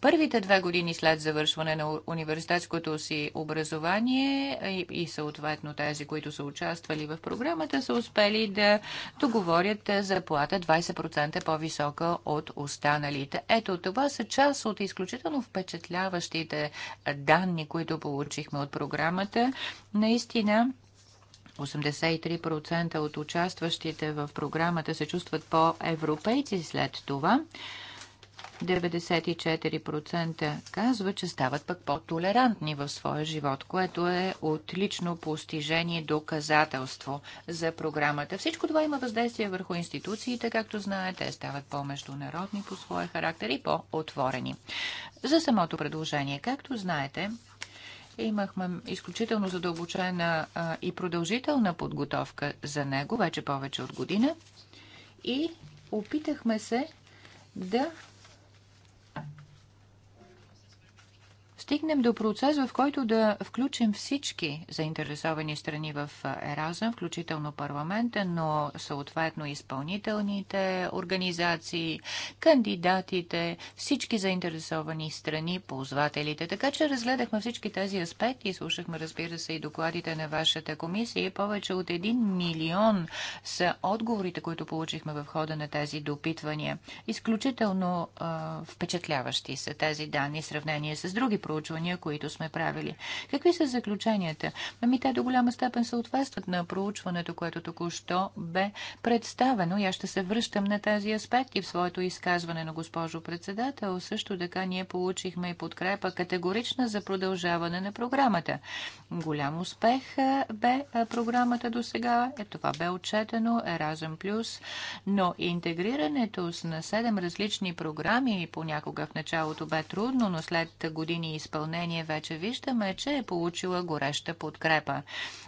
първите две години след завършване на университетското си образование и, и съответно тези, които са участвали в програмата, са успели да договорят е, заплата 20% по-висока от останалите. Ето това са част от изключително впечатляващите е, данни, които получихме от програмата. Наистина, 83% от участващите в програмата се чувстват по-европейци след това. 94% казва, че стават пък по-толерантни в своя живот, което е отлично постижение доказателство за програмата. Всичко това има въздействие върху институциите, както знаете, те стават по-международни по своя характер и по-отворени. За самото предложение, както знаете, Имахме изключително задълбочена а, и продължителна подготовка за него, вече повече от година. И опитахме се да стигнем до процес, в който да включим всички заинтересовани страни в Еразъм, включително парламента, но съответно изпълнителните организации, кандидатите, всички заинтересовани страни, ползвателите. Така че разгледахме всички тези аспекти, слушахме, разбира се, и докладите на вашата комисия. Повече от един милион са отговорите, които получихме в хода на тези допитвания. Изключително а, впечатляващи са тези данни в сравнение с други проекти проучвания, които сме правили. Какви са заключенията? Ами те до голяма степен съответстват на проучването, което току-що бе представено. И аз ще се връщам на тези аспекти в своето изказване на госпожо председател. Също така ние получихме и подкрепа категорична за продължаване на програмата. Голям успех е, бе е, програмата до сега. Е, това бе отчетено Еразъм Плюс, но интегрирането на седем различни програми понякога в началото бе трудно, но след години и изпълнение вече виждаме, че е получила гореща подкрепа.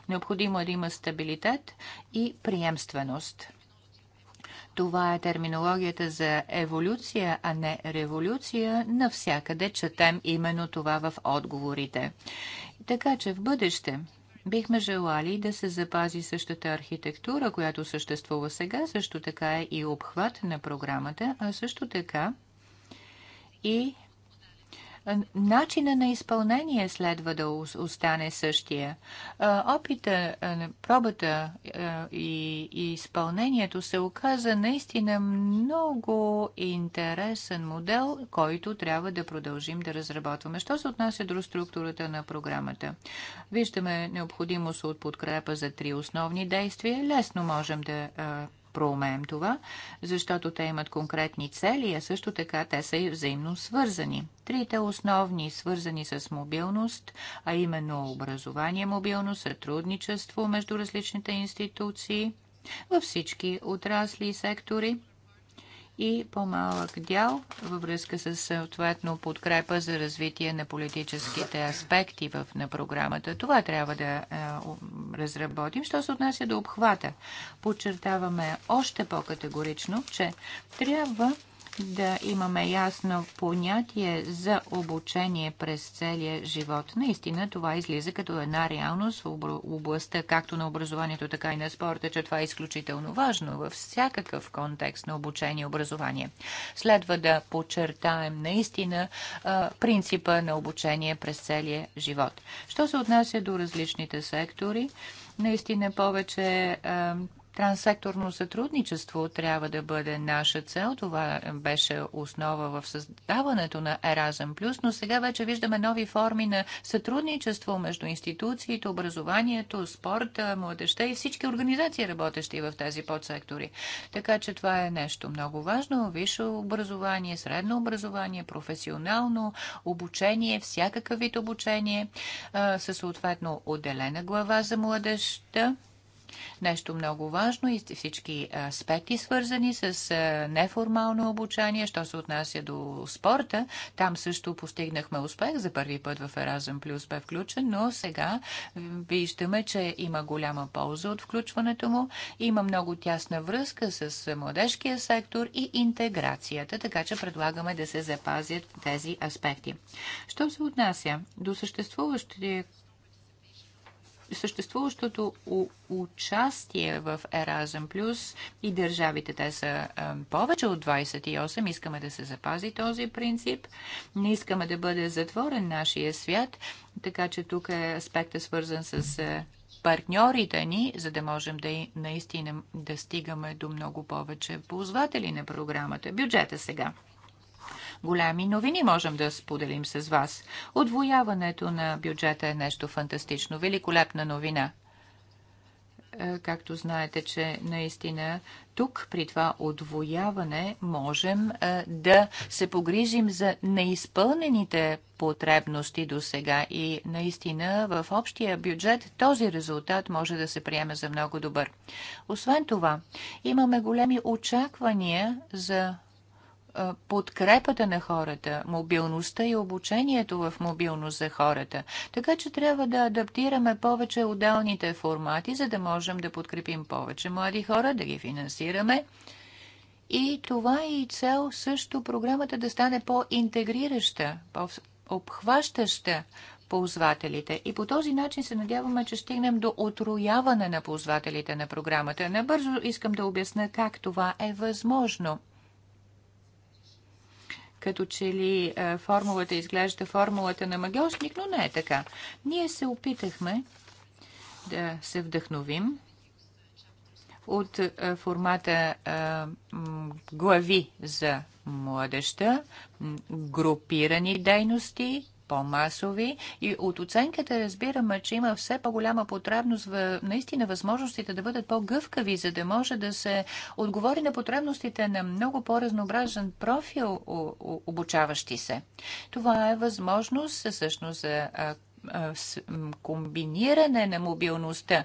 Необходимо е да има стабилитет и приемственост. Това е терминологията за еволюция, а не революция. Навсякъде четем именно това в отговорите. Така че в бъдеще бихме желали да се запази същата архитектура, която съществува сега, също така е и обхват на програмата, а също така и е, начина на изпълнение следва да остане същия. Е, опита, е, пробата и изпълнението се оказа наистина много интересен модел, който трябва да продължим да разработваме. Що се отнася до структурата на програмата? Виждаме необходимост от подкрепа за три основни действия. Лесно можем да проумеем това, защото те имат конкретни цели, а също така те са и взаимно свързани. Трите основни свързани с мобилност, а именно образование, мобилност, сътрудничество между различните институции във всички отрасли и сектори – и по-малък дял във връзка с съответно подкрепа за развитие на политическите аспекти в, на програмата. Това трябва да е, разработим. Що се отнася до обхвата, подчертаваме още по-категорично, че трябва да имаме ясно понятие за обучение през целия живот. Наистина това излиза като една реалност в областта както на образованието, така и на спорта, че това е изключително важно във всякакъв контекст на обучение и образование. Следва да подчертаем наистина принципа на обучение през целия живот. Що се отнася до различните сектори, наистина повече Транссекторно сътрудничество трябва да бъде наша цел. Това беше основа в създаването на Еразъм Плюс, но сега вече виждаме нови форми на сътрудничество между институциите, образованието, спорта, младеща и всички организации, работещи в тези подсектори. Така че това е нещо много важно. Висше образование, средно образование, професионално обучение, всякакъв вид обучение, със съответно отделена глава за младеща Нещо много важно и всички аспекти, свързани с неформално обучение, що се отнася до спорта. Там също постигнахме успех. За първи път в Еразъм Плюс бе включен, но сега виждаме, че има голяма полза от включването му. Има много тясна връзка с младежкия сектор и интеграцията, така че предлагаме да се запазят тези аспекти. Що се отнася до съществуващия съществуващото участие в Еразъм Плюс и държавите, те са повече от 28, искаме да се запази този принцип, не искаме да бъде затворен нашия свят, така че тук е аспектът е свързан с партньорите ни, за да можем да и наистина да стигаме до много повече ползватели на програмата. Бюджета сега голями новини можем да споделим с вас. Отвояването на бюджета е нещо фантастично, великолепна новина е, както знаете, че наистина тук при това отвояване можем е, да се погрижим за неизпълнените потребности до сега и наистина в общия бюджет този резултат може да се приеме за много добър. Освен това, имаме големи очаквания за подкрепата на хората, мобилността и обучението в мобилност за хората. Така че трябва да адаптираме повече отделните формати, за да можем да подкрепим повече млади хора, да ги финансираме. И това е и цел също програмата да стане по-интегрираща, по-обхващаща ползвателите. И по този начин се надяваме, че стигнем до отрояване на ползвателите на програмата. Набързо искам да обясна как това е възможно като че ли е, формулата изглежда формулата на магиосник, но не е така. Ние се опитахме да се вдъхновим от е, формата е, глави за младеща, групирани дейности по-масови и от оценката разбираме, че има все по-голяма потребност в наистина възможностите да бъдат по-гъвкави, за да може да се отговори на потребностите на много по-разнообразен профил обучаващи се. Това е възможност всъщност за комбиниране на мобилността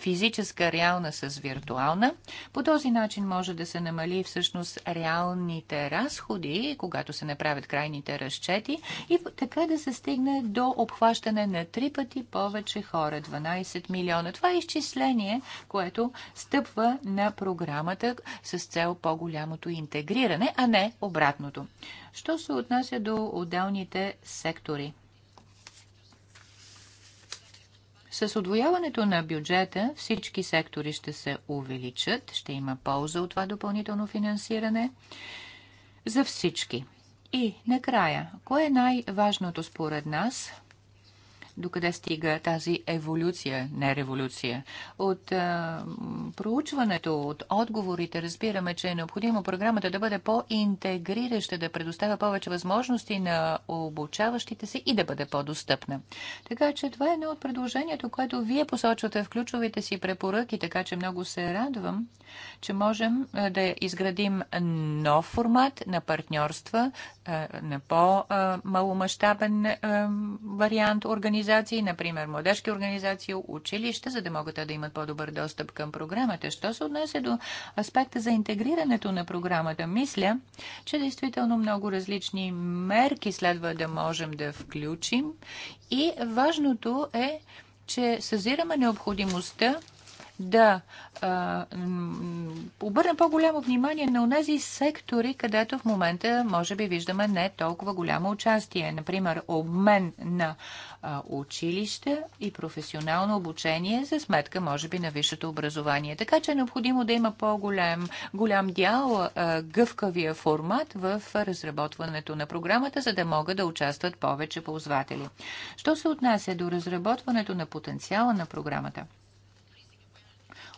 физическа реална с виртуална. По този начин може да се намали всъщност реалните разходи, когато се направят крайните разчети и така да се стигне до обхващане на три пъти повече хора, 12 милиона. Това е изчисление, което стъпва на програмата с цел по-голямото интегриране, а не обратното. Що се отнася до отделните сектори? С отвояването на бюджета всички сектори ще се увеличат, ще има полза от това допълнително финансиране за всички. И накрая, кое е най-важното според нас докъде стига тази еволюция, не революция. От а, проучването, от отговорите разбираме, че е необходимо програмата да бъде по-интегрираща, да предоставя повече възможности на обучаващите се и да бъде по-достъпна. Така че това е едно от предложението, което вие посочвате в ключовите си препоръки, така че много се радвам, че можем да изградим нов формат на партньорства, на по-маломащабен вариант организация организации, например младежки организации, училища, за да могат да имат по-добър достъп към програмата. Що се отнесе до аспекта за интегрирането на програмата, мисля, че действително много различни мерки следва да можем да включим и важното е, че съзираме необходимостта да а, обърнем по-голямо внимание на тези сектори, където в момента може би виждаме не толкова голямо участие. Например, обмен на а, училище и професионално обучение за сметка, може би, на висшето образование. Така че е необходимо да има по-голям голям дял а, гъвкавия формат в разработването на програмата, за да могат да участват повече ползватели. Що се отнася до разработването на потенциала на програмата?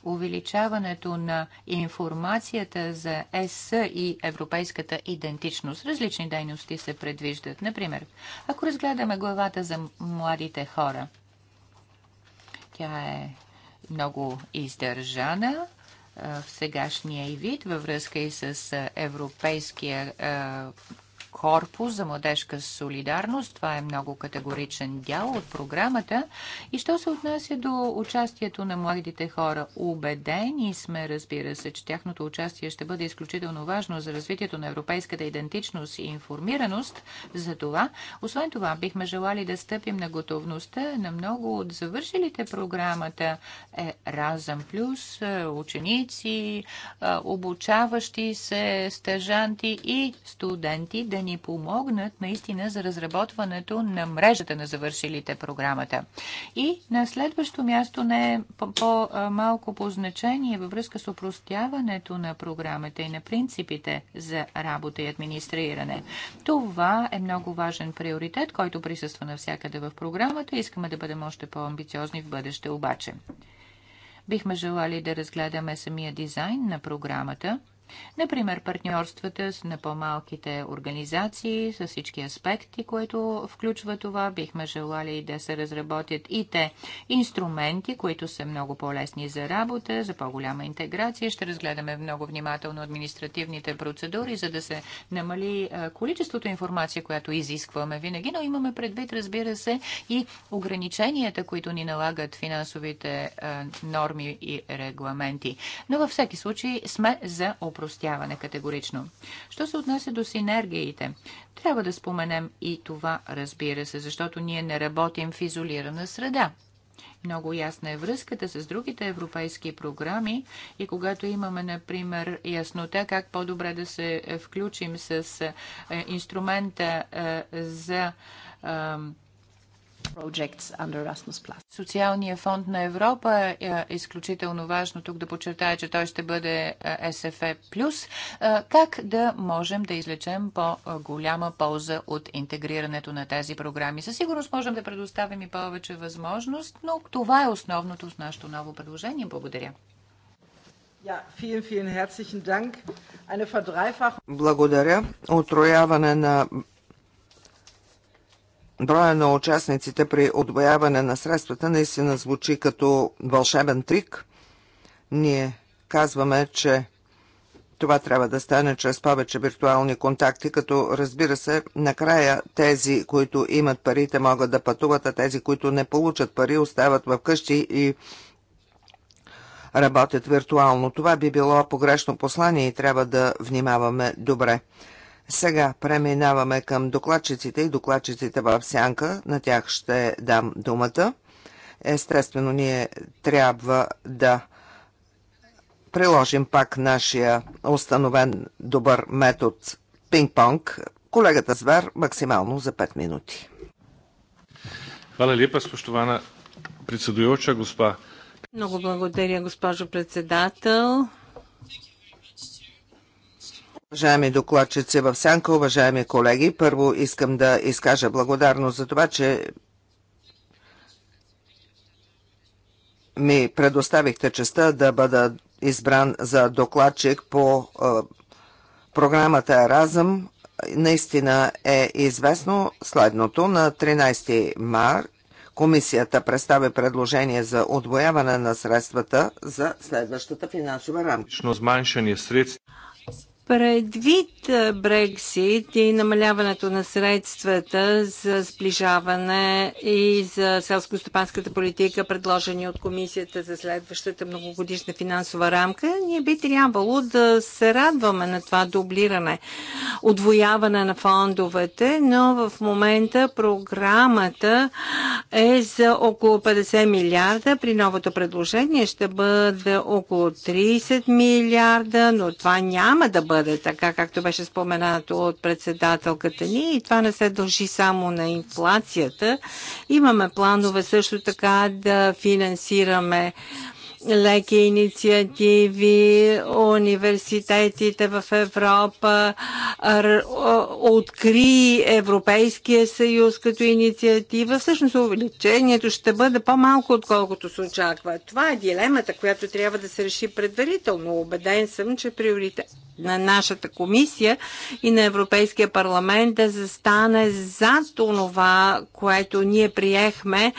увеличаването на информацията за ЕС и европейската идентичност. Различни дейности се предвиждат. Например, ако разгледаме главата за младите хора, тя е много издържана в сегашния и вид във връзка и с Европейския корпус за младежка солидарност. Това е много категоричен дял от програмата. И що се отнася до участието на младите хора? Убедени сме, разбира се, че тяхното участие ще бъде изключително важно за развитието на европейската идентичност и информираност за това. Освен това, бихме желали да стъпим на готовността на много от завършилите програмата е Разъм Плюс, е, ученици, е, обучаващи се, стъжанти и студенти да ни ни помогнат наистина за разработването на мрежата на завършилите програмата. И на следващо място не е по-малко по, по значение във връзка с упростяването на програмата и на принципите за работа и администриране. Това е много важен приоритет, който присъства навсякъде в програмата. Искаме да бъдем още по-амбициозни в бъдеще обаче. Бихме желали да разгледаме самия дизайн на програмата – Например, партньорствата на по-малките организации с всички аспекти, които включва това. Бихме желали да се разработят и те инструменти, които са много по-лесни за работа, за по-голяма интеграция. Ще разгледаме много внимателно административните процедури, за да се намали количеството информация, която изискваме винаги, но имаме предвид, разбира се, и ограниченията, които ни налагат финансовите норми и регламенти. Но във всеки случай сме за управление опростяване категорично. Що се отнася до синергиите? Трябва да споменем и това, разбира се, защото ние не работим в изолирана среда. Много ясна е връзката с другите европейски програми и когато имаме, например, яснота как по-добре да се е, включим с е, инструмента е, за Социалният фонд на Европа е, е изключително важно тук да подчертая, че той ще бъде е, СФЕ+. Как да можем да излечем по-голяма полза от интегрирането на тези програми? Със сигурност можем да предоставим и повече възможност, но това е основното с нашето ново предложение. Благодаря. Благодаря. Отрояване на броя на участниците при отбояване на средствата наистина звучи като вълшебен трик. Ние казваме, че това трябва да стане чрез повече виртуални контакти, като разбира се, накрая тези, които имат парите, могат да пътуват, а тези, които не получат пари, остават вкъщи и работят виртуално. Това би било погрешно послание и трябва да внимаваме добре. Сега преминаваме към докладчиците и докладчиците в сянка. На тях ще дам думата. Естествено, ние трябва да приложим пак нашия установен добър метод пинг-понг. Колегата Звер максимално за 5 минути. Хвала lepa, spoštovana predsedujoča, госпа. Много благодаря, госпожо председател. Уважаеми докладчици в Сянка, уважаеми колеги, първо искам да изкажа благодарност за това, че ми предоставихте честа да бъда избран за докладчик по е, програмата Еразъм. Наистина е известно следното. На 13 март Комисията представи предложение за отвояване на средствата за следващата финансова рамка. Предвид Брексит и намаляването на средствата за сближаване и за селско-стопанската политика, предложени от комисията за следващата многогодишна финансова рамка, ние би трябвало да се радваме на това дублиране, отвояване на фондовете, но в момента програмата е за около 50 милиарда. При новото предложение ще бъде около 30 милиарда, но това няма да бъде бъде така, както беше споменато от председателката ни. И това не се дължи само на инфлацията. Имаме планове също така да финансираме леки инициативи, университетите в Европа, откри Европейския съюз като инициатива. Всъщност увеличението ще бъде по-малко, отколкото се очаква. Това е дилемата, която трябва да се реши предварително. Обеден съм, че приоритет на нашата комисия и на Европейския парламент е да застане зад онова, което ние приехме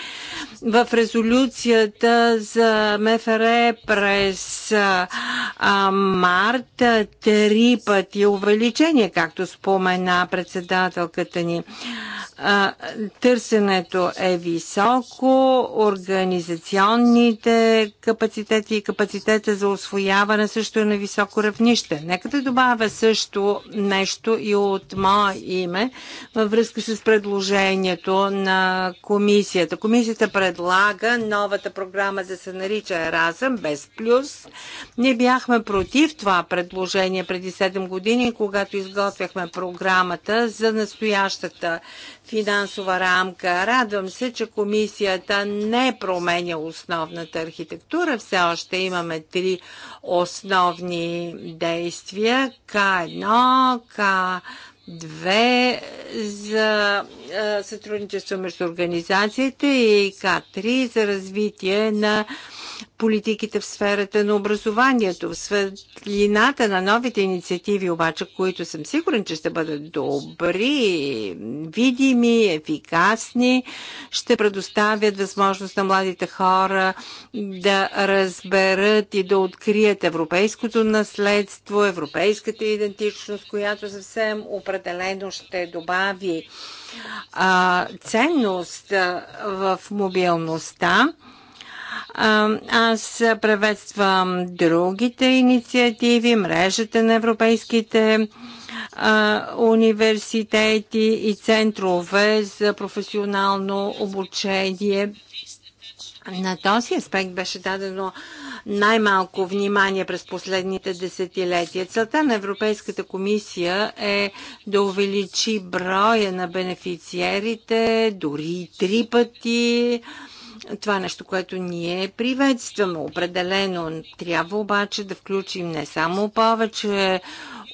в резолюцията за МФР ОИСР през а, март три пъти увеличение, както спомена председателката ни. Търсенето е високо, организационните капацитети и капацитета за освояване също е на високо равнище. Нека да добавя също нещо и от мое име във връзка с предложението на комисията. Комисията предлага новата програма да се нарича Еразъм без плюс. Ние бяхме против това предложение преди 7 години, когато изготвяхме програмата за настоящата финансова рамка. Радвам се, че комисията не променя основната архитектура. Все още имаме три основни действия. К1, К 2 за е, сътрудничество между организациите и К3 за развитие на политиките в сферата на образованието. В светлината на новите инициативи, обаче, които съм сигурен, че ще бъдат добри, видими, ефикасни, ще предоставят възможност на младите хора да разберат и да открият европейското наследство, европейската идентичност, която съвсем определено ще добави а, ценност в мобилността аз приветствам другите инициативи, мрежата на европейските университети и центрове за професионално обучение. На този аспект беше дадено най-малко внимание през последните десетилетия. Целта на Европейската комисия е да увеличи броя на бенефициерите дори три пъти това е нещо, което ние приветствано. Определено трябва обаче да включим не само повече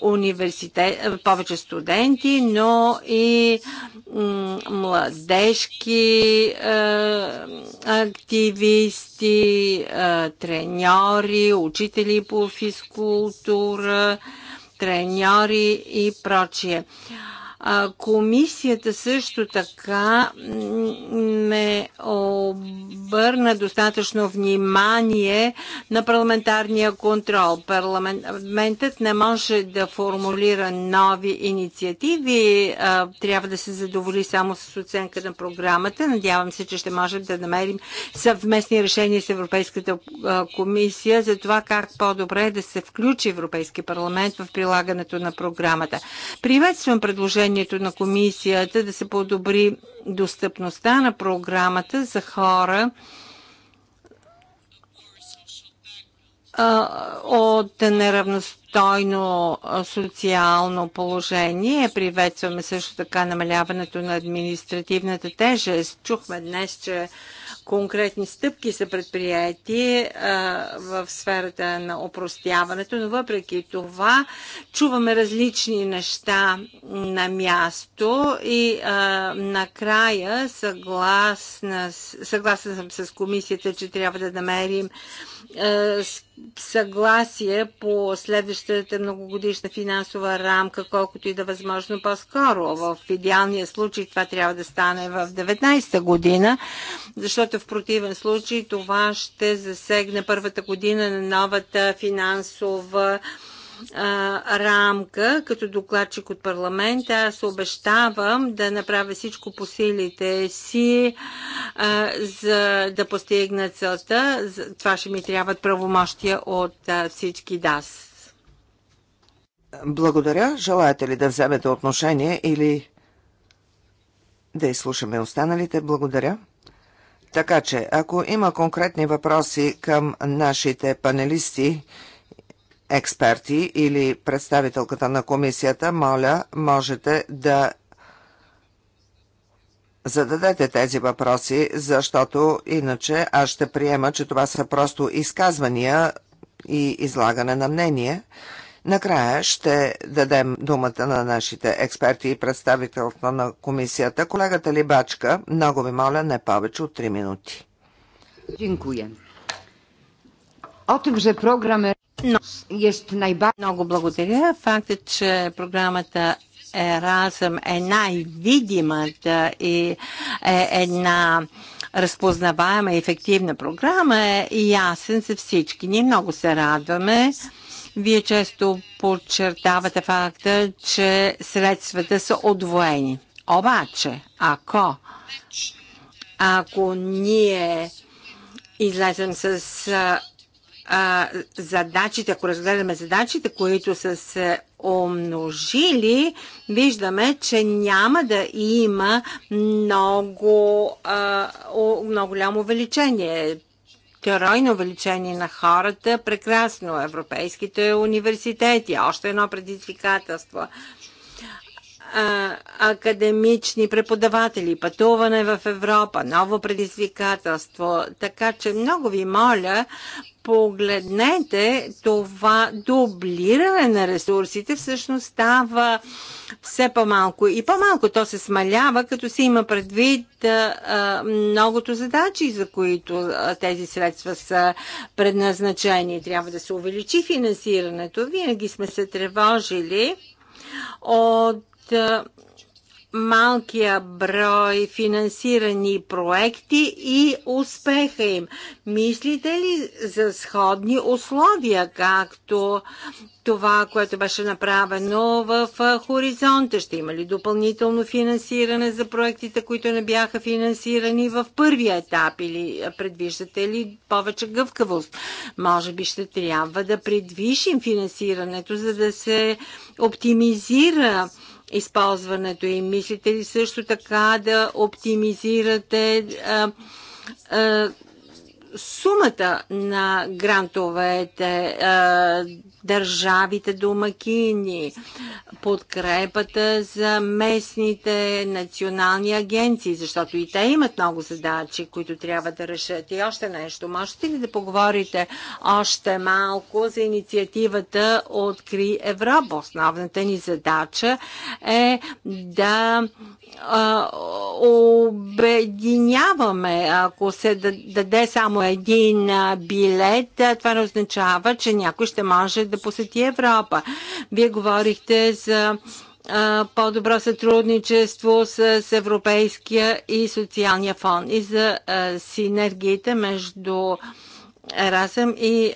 университет, повече студенти, но и младежки е, активисти, е, треньори, учители по физкултура, треньори и прочие комисията също така не обърна достатъчно внимание на парламентарния контрол. Парламентът не може да формулира нови инициативи, трябва да се задоволи само с оценка на програмата. Надявам се, че ще можем да намерим съвместни решения с Европейската комисия за това как по-добре да се включи Европейски парламент в прилагането на програмата. Приветствам предложението решението на комисията да се подобри достъпността на програмата за хора от неравностойно социално положение. Приветстваме също така намаляването на административната тежест. Чухме днес, че конкретни стъпки са предприяти в сферата на опростяването, но въпреки това чуваме различни неща на място и накрая съгласна, съгласна съм с комисията, че трябва да намерим е, съгласие по следващата многогодишна финансова рамка, колкото и да възможно по-скоро. В идеалния случай това трябва да стане в 19-та година, защото в противен случай това ще засегне първата година на новата финансова рамка, като докладчик от парламента, аз обещавам да направя всичко по силите си, а, за да постигна целта. Това ще ми трябват правомощия от а, всички ДАС. Благодаря. Желаете ли да вземете отношение или да изслушаме останалите? Благодаря. Така че, ако има конкретни въпроси към нашите панелисти, експерти или представителката на комисията, моля, можете да зададете тези въпроси, защото иначе аз ще приема, че това са просто изказвания и излагане на мнение. Накрая ще дадем думата на нашите експерти и представителства на комисията. Колегата Либачка, много ви моля, не повече от 3 минути. Dziękuję. O но, най много благодаря. факта, че програмата разъм е най-видимата и е една разпознаваема и ефективна програма е ясен за всички. Ние много се радваме. Вие често подчертавате факта, че средствата са отвоени. Обаче, ако, ако ние излезем с а, задачите, ако разгледаме задачите, които са се умножили, виждаме, че няма да има много, а, о, много голямо увеличение. Тройно увеличение на хората, прекрасно. Европейските университети, още едно предизвикателство академични преподаватели, пътуване в Европа, ново предизвикателство. Така че много ви моля, погледнете, това дублиране на ресурсите всъщност става все по-малко. И по-малко то се смалява, като се има предвид а, многото задачи, за които а, тези средства са предназначени. Трябва да се увеличи финансирането. Винаги сме се тревожили от малкия брой финансирани проекти и успеха им. Мислите ли за сходни условия, както това, което беше направено в хоризонта? Ще има ли допълнително финансиране за проектите, които не бяха финансирани в първия етап или предвиждате ли повече гъвкавост? Може би ще трябва да предвишим финансирането, за да се оптимизира използването и мислите ли също така да оптимизирате а, а, сумата на грантовете, държавите домакини, подкрепата за местните национални агенции, защото и те имат много задачи, които трябва да решат. И още нещо, можете ли да поговорите още малко за инициативата Откри Европа? Основната ни задача е да обединяваме. Ако се даде само един билет, това не означава, че някой ще може да посети Европа. Вие говорихте за по-добро сътрудничество с Европейския и социалния фонд и за синергиите между Еразъм и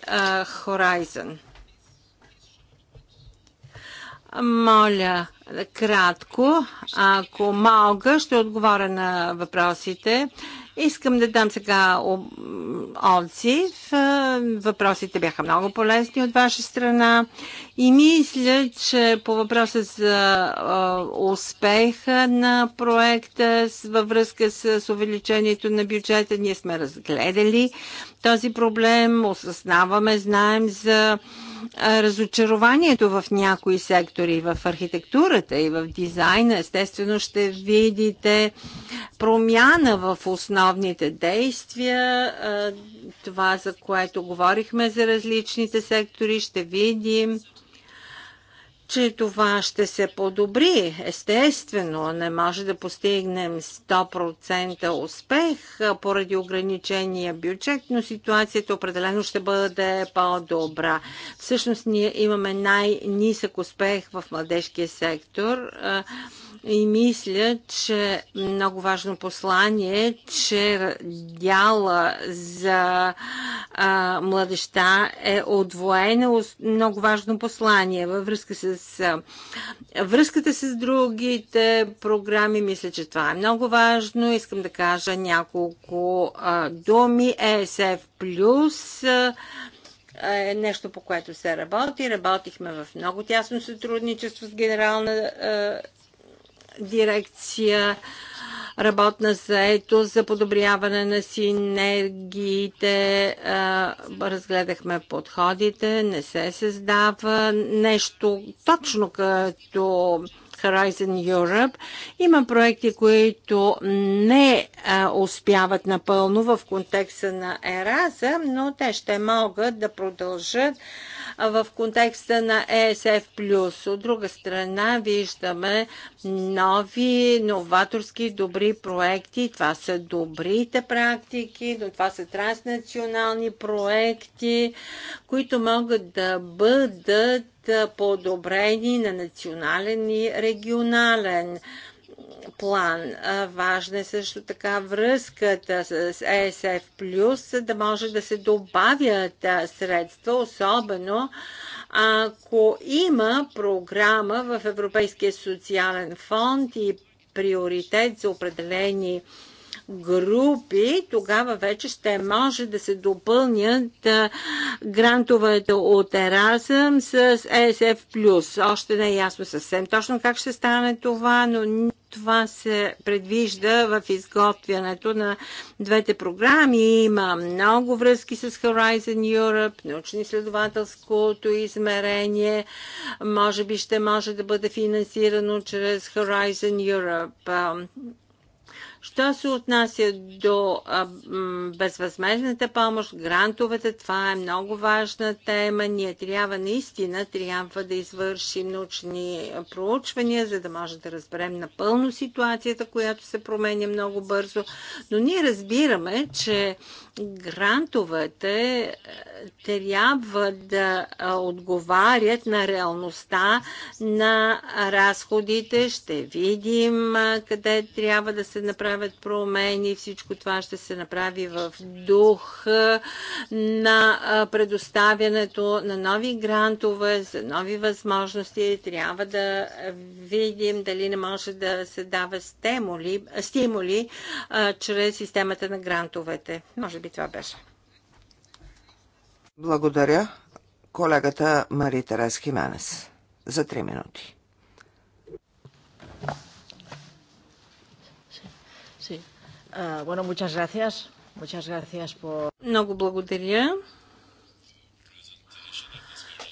Horizon. Моля, кратко. Ако мога, ще отговоря на въпросите. Искам да дам сега отзив. Въпросите бяха много полезни от ваша страна и мисля, че по въпроса за успеха на проекта във връзка с увеличението на бюджета ние сме разгледали този проблем, осъзнаваме, знаем за разочарованието в някои сектори, в архитектурата и в дизайна. Естествено ще видите промяна в основните действия, това за което говорихме за различните сектори, ще видим че това ще се подобри. Естествено, не може да постигнем 100% успех поради ограничения бюджет, но ситуацията определено ще бъде по-добра. Всъщност ние имаме най-нисък успех в младежкия сектор. И мисля, че много важно послание е, че дяла за а, младеща е отвоена. Много важно послание във връзка с а, връзката с другите програми. Мисля, че това е много важно. Искам да кажа няколко а, думи. ESF е Плюс е нещо, по което се работи. Работихме в много тясно сътрудничество с Генерална дирекция работна заето за подобряване на синергиите. Разгледахме подходите, не се създава нещо точно като Horizon Europe. Има проекти, които не а, успяват напълно в контекста на Ераза, но те ще могат да продължат в контекста на ESF+. От друга страна виждаме нови, новаторски, добри проекти. Това са добрите практики, но това са транснационални проекти, които могат да бъдат подобрени на национален и регионален план. Важна е също така връзката с ESF+, е за да може да се добавят средства, особено ако има програма в Европейския социален фонд и приоритет за определени групи, тогава вече ще може да се допълнят грантовете от Еразъм с ESF+. Още не е ясно съвсем точно как ще стане това, но това се предвижда в изготвянето на двете програми. Има много връзки с Horizon Europe, научно-изследователското измерение. Може би ще може да бъде финансирано чрез Horizon Europe. Що се отнася до а, безвъзмезната помощ, грантовете, това е много важна тема. Ние трябва наистина трябва да извършим научни проучвания, за да може да разберем напълно ситуацията, която се променя много бързо. Но ние разбираме, че грантовете е, трябва да отговарят на реалността на разходите. Ще видим къде трябва да се направи правят промени. Всичко това ще се направи в дух на предоставянето на нови грантове, за нови възможности. Трябва да видим дали не може да се дава стимули, стимули а, чрез системата на грантовете. Може би това беше. Благодаря колегата Мари Терес Хименес за 3 минути. Ah, bueno, muchas gracias. Muchas gracias por... Много благодаря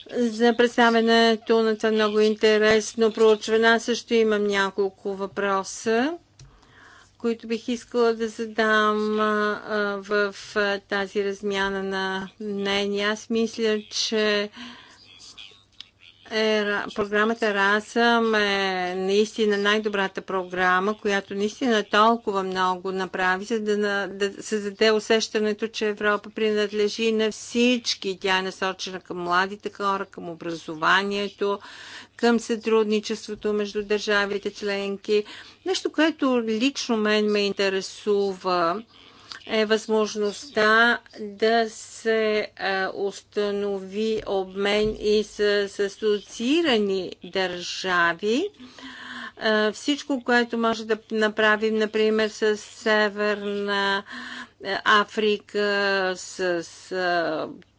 за представенето на това много интересно проучване. Аз също имам няколко въпроса, които бих искала да задам в тази размяна на мнение. Аз мисля, че е, програмата Расъм е наистина най-добрата програма, която наистина толкова много направи, за да, на, да създаде усещането, че Европа принадлежи на всички. Тя е насочена към младите хора, към образованието, към сътрудничеството между държавите членки. Нещо, което лично мен ме интересува е възможността да се установи обмен и с асоциирани държави. Всичко, което може да направим, например, с Северна Африка, с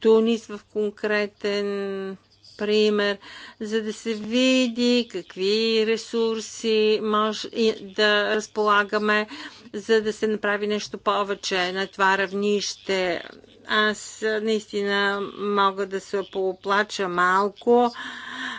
Тунис в конкретен пример, за да се види какви ресурси може да разполагаме, за да се направи нещо повече на това равнище. Аз наистина мога да се поплача малко.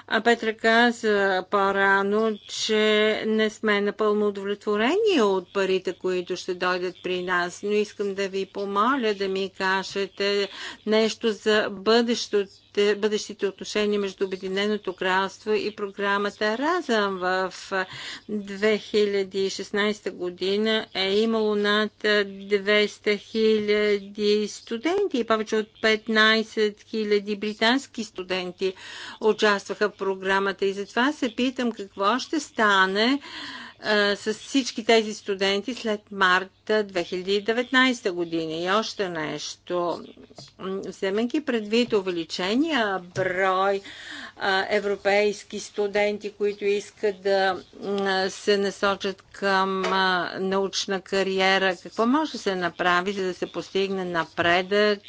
А Петра каза по-рано, че не сме напълно удовлетворени от парите, които ще дойдат при нас, но искам да ви помоля да ми кажете нещо за бъдещето бъдещите, бъдещите отношения между Обединеното кралство и програмата Разъм в 2016 година е имало над 200 000 студенти и повече от 15 000 британски студенти участваха в програмата и затова се питам какво ще стане с всички тези студенти след март 2019 година. И още нещо. Вземайки предвид увеличения брой а, европейски студенти, които искат да а, се насочат към а, научна кариера, какво може да се направи, за да се постигне напредък?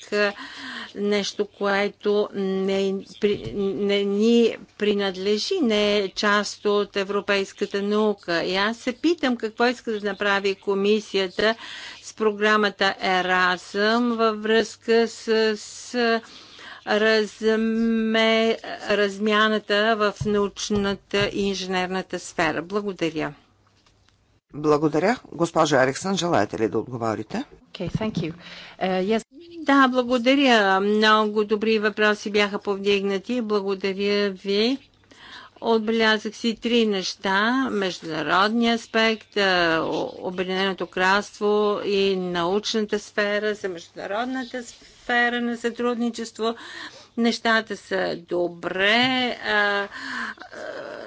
Нещо, което не, при, не ни принадлежи, не е част от европейската наука. И аз се питам какво иска да направи комисията връзка с програмата Еразъм, във връзка с, с разме, размяната в научната и инженерната сфера. Благодаря. Благодаря. Госпожа Ериксън, желаете ли да отговорите? Okay, thank you. Uh, yes. Да, благодаря. Много добри въпроси бяха повдигнати. Благодаря ви. Отбелязах си три неща. Международния аспект, е, Обединеното кралство и научната сфера, за международната сфера на сътрудничество Нещата са добре а,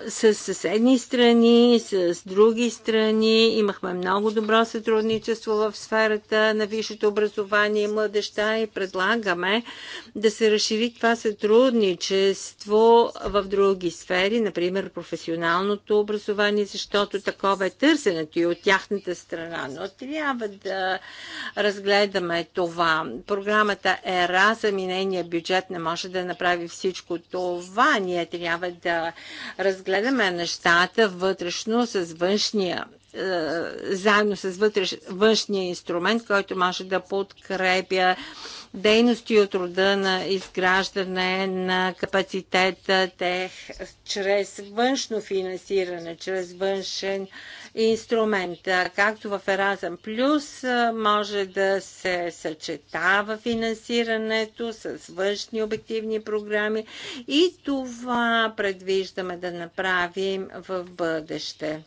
с съседни страни, с други страни. Имахме много добро сътрудничество в сферата на висшето образование и младеща и предлагаме да се разшири това сътрудничество в други сфери, например професионалното образование, защото такова е търсенето и от тяхната страна. Но трябва да разгледаме това. Програмата ЕРА за минения бюджет не може може да направи всичко това. Ние трябва да разгледаме нещата вътрешно с външния е, заедно с вътреш, външния инструмент, който може да подкрепя дейности от рода на изграждане на капацитета те чрез външно финансиране, чрез външен инструмент. Е, както в Еразъм Плюс е, може да се съчетава финансирането с външни обективни програми и това предвиждаме да направим в бъдеще.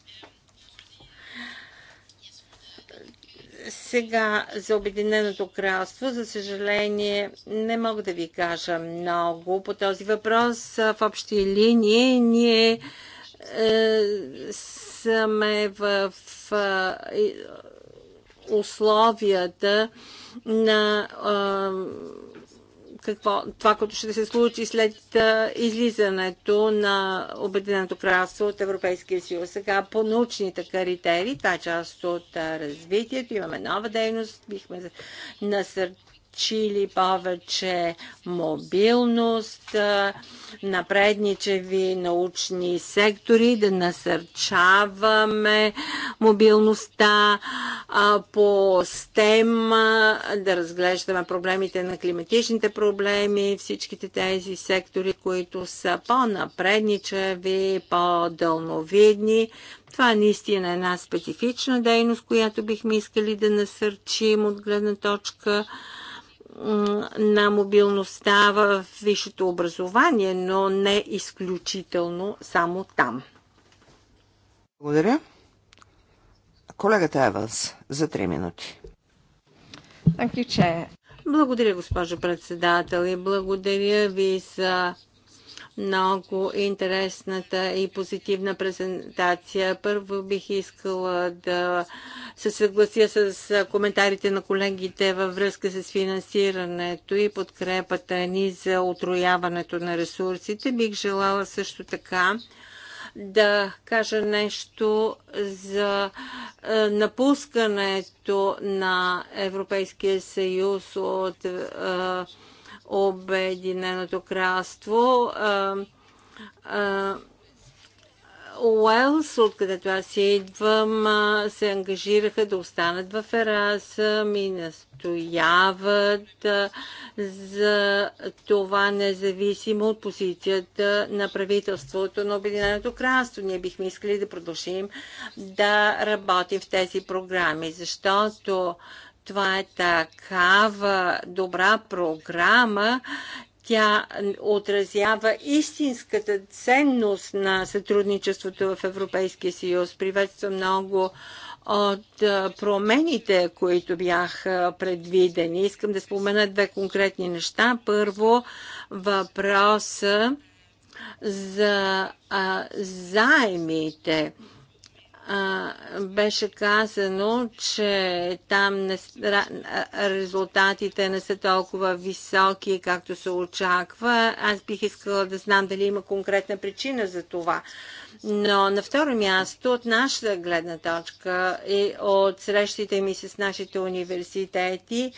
Сега за Обединеното кралство, за съжаление, не мога да ви кажа много по този въпрос. В общи линии ние е, сме в, в е, условията на е, какво, това, което ще се случи след излизането на Обединеното кралство от Европейския съюз. Сега по научните критерии, това е част от развитието, имаме нова дейност, бихме насърчили Чили повече мобилност, напредничеви научни сектори, да насърчаваме мобилността по STEM, да разглеждаме проблемите на климатичните проблеми, всичките тези сектори, които са по-напредничеви, по-дълновидни, това е наистина една специфична дейност, която бихме искали да насърчим от гледна точка на мобилността в висшето образование, но не изключително само там. Благодаря. Колегата Еванс за 3 минути. Благодаря, госпожо председател, и благодаря ви за много интересната и позитивна презентация. Първо бих искала да се съглася с коментарите на колегите във връзка с финансирането и подкрепата ни за отрояването на ресурсите. Бих желала също така да кажа нещо за напускането на Европейския съюз от Обединеното кралство. Уелс, откъдето аз идвам, се ангажираха да останат в Ерасъм и настояват за това независимо от позицията на правителството на Обединеното кралство. Ние бихме искали да продължим да работим в тези програми, защото това е такава добра програма. Тя отразява истинската ценност на сътрудничеството в Европейския съюз. Приветствам много от промените, които бяха предвидени. Искам да спомена две конкретни неща. Първо, въпроса за а, заемите беше казано, че там не, резултатите не са толкова високи, както се очаква. Аз бих искала да знам дали има конкретна причина за това. Но на второ място, от нашата гледна точка и от срещите ми с нашите университети,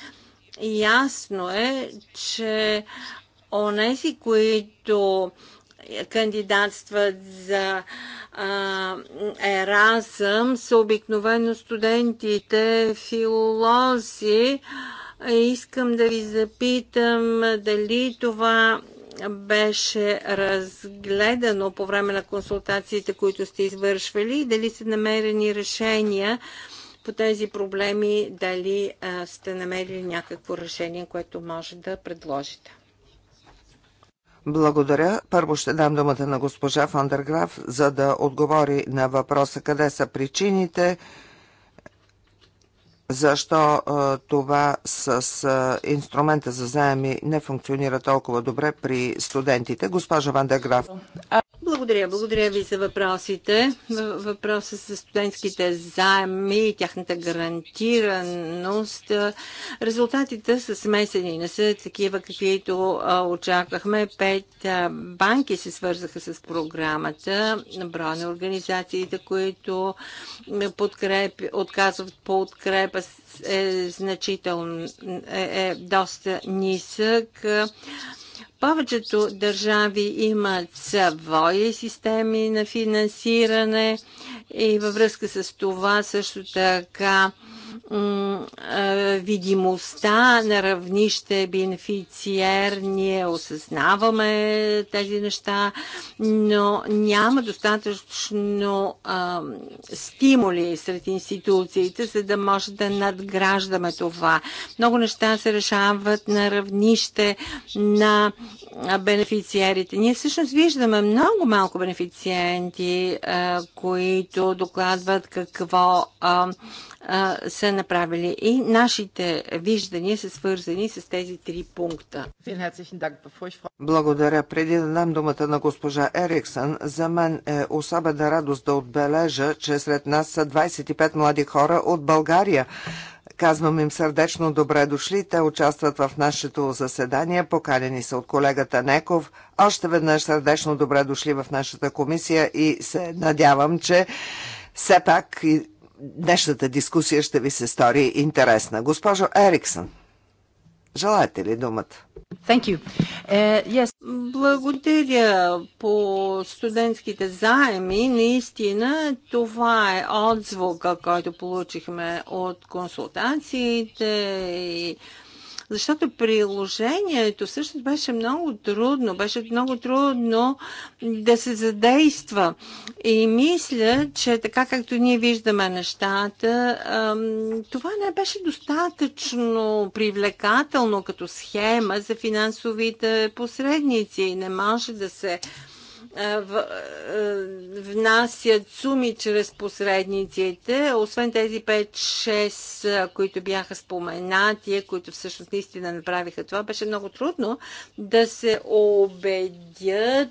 ясно е, че онези, които кандидатстват за Еразъм са обикновено студентите филолози. Искам да ви запитам дали това беше разгледано по време на консултациите, които сте извършвали дали са намерени решения по тези проблеми, дали а, сте намерили някакво решение, което може да предложите. Благодаря. Първо ще дам думата на госпожа Фандерграф, за да отговори на въпроса къде са причините, защо това с инструмента за заеми не функционира толкова добре при студентите. Госпожа Вандерграф. Благодаря. Благодаря ви за въпросите. Въпросът с студентските заеми и тяхната гарантираност. Резултатите са смесени. Не са такива, каквито очаквахме. Пет банки се свързаха с програмата. Броя на организациите, които подкреп, отказват подкрепа е значително, е, е доста нисък. Повечето държави имат свои системи на финансиране и във връзка с това също така видимостта на равнище бенефициер. Ние осъзнаваме тези неща, но няма достатъчно а, стимули сред институциите, за да може да надграждаме това. Много неща се решават на равнище на бенефициерите. Ние всъщност виждаме много малко бенефициенти, а, които докладват какво а, са направили. И нашите виждания са свързани с тези три пункта. Благодаря. Преди да дам думата на госпожа Ериксън, за мен е особена радост да отбележа, че сред нас са 25 млади хора от България. Казвам им сърдечно добре дошли. Те участват в нашето заседание. Поканени са от колегата Неков. Още веднъж сърдечно добре дошли в нашата комисия и се надявам, че все пак днешната дискусия ще ви се стори интересна. Госпожо Ериксън, желаете ли думата? Thank you. Uh, yes. Благодаря по студентските заеми. Наистина това е отзвука, който получихме от консултациите и защото приложението също беше много трудно, беше много трудно да се задейства. И мисля, че така както ние виждаме нещата, това не беше достатъчно привлекателно като схема за финансовите посредници. Не може да се внасят суми чрез посредниците, освен тези 5-6, които бяха споменати, които всъщност наистина направиха това, беше много трудно да се убедят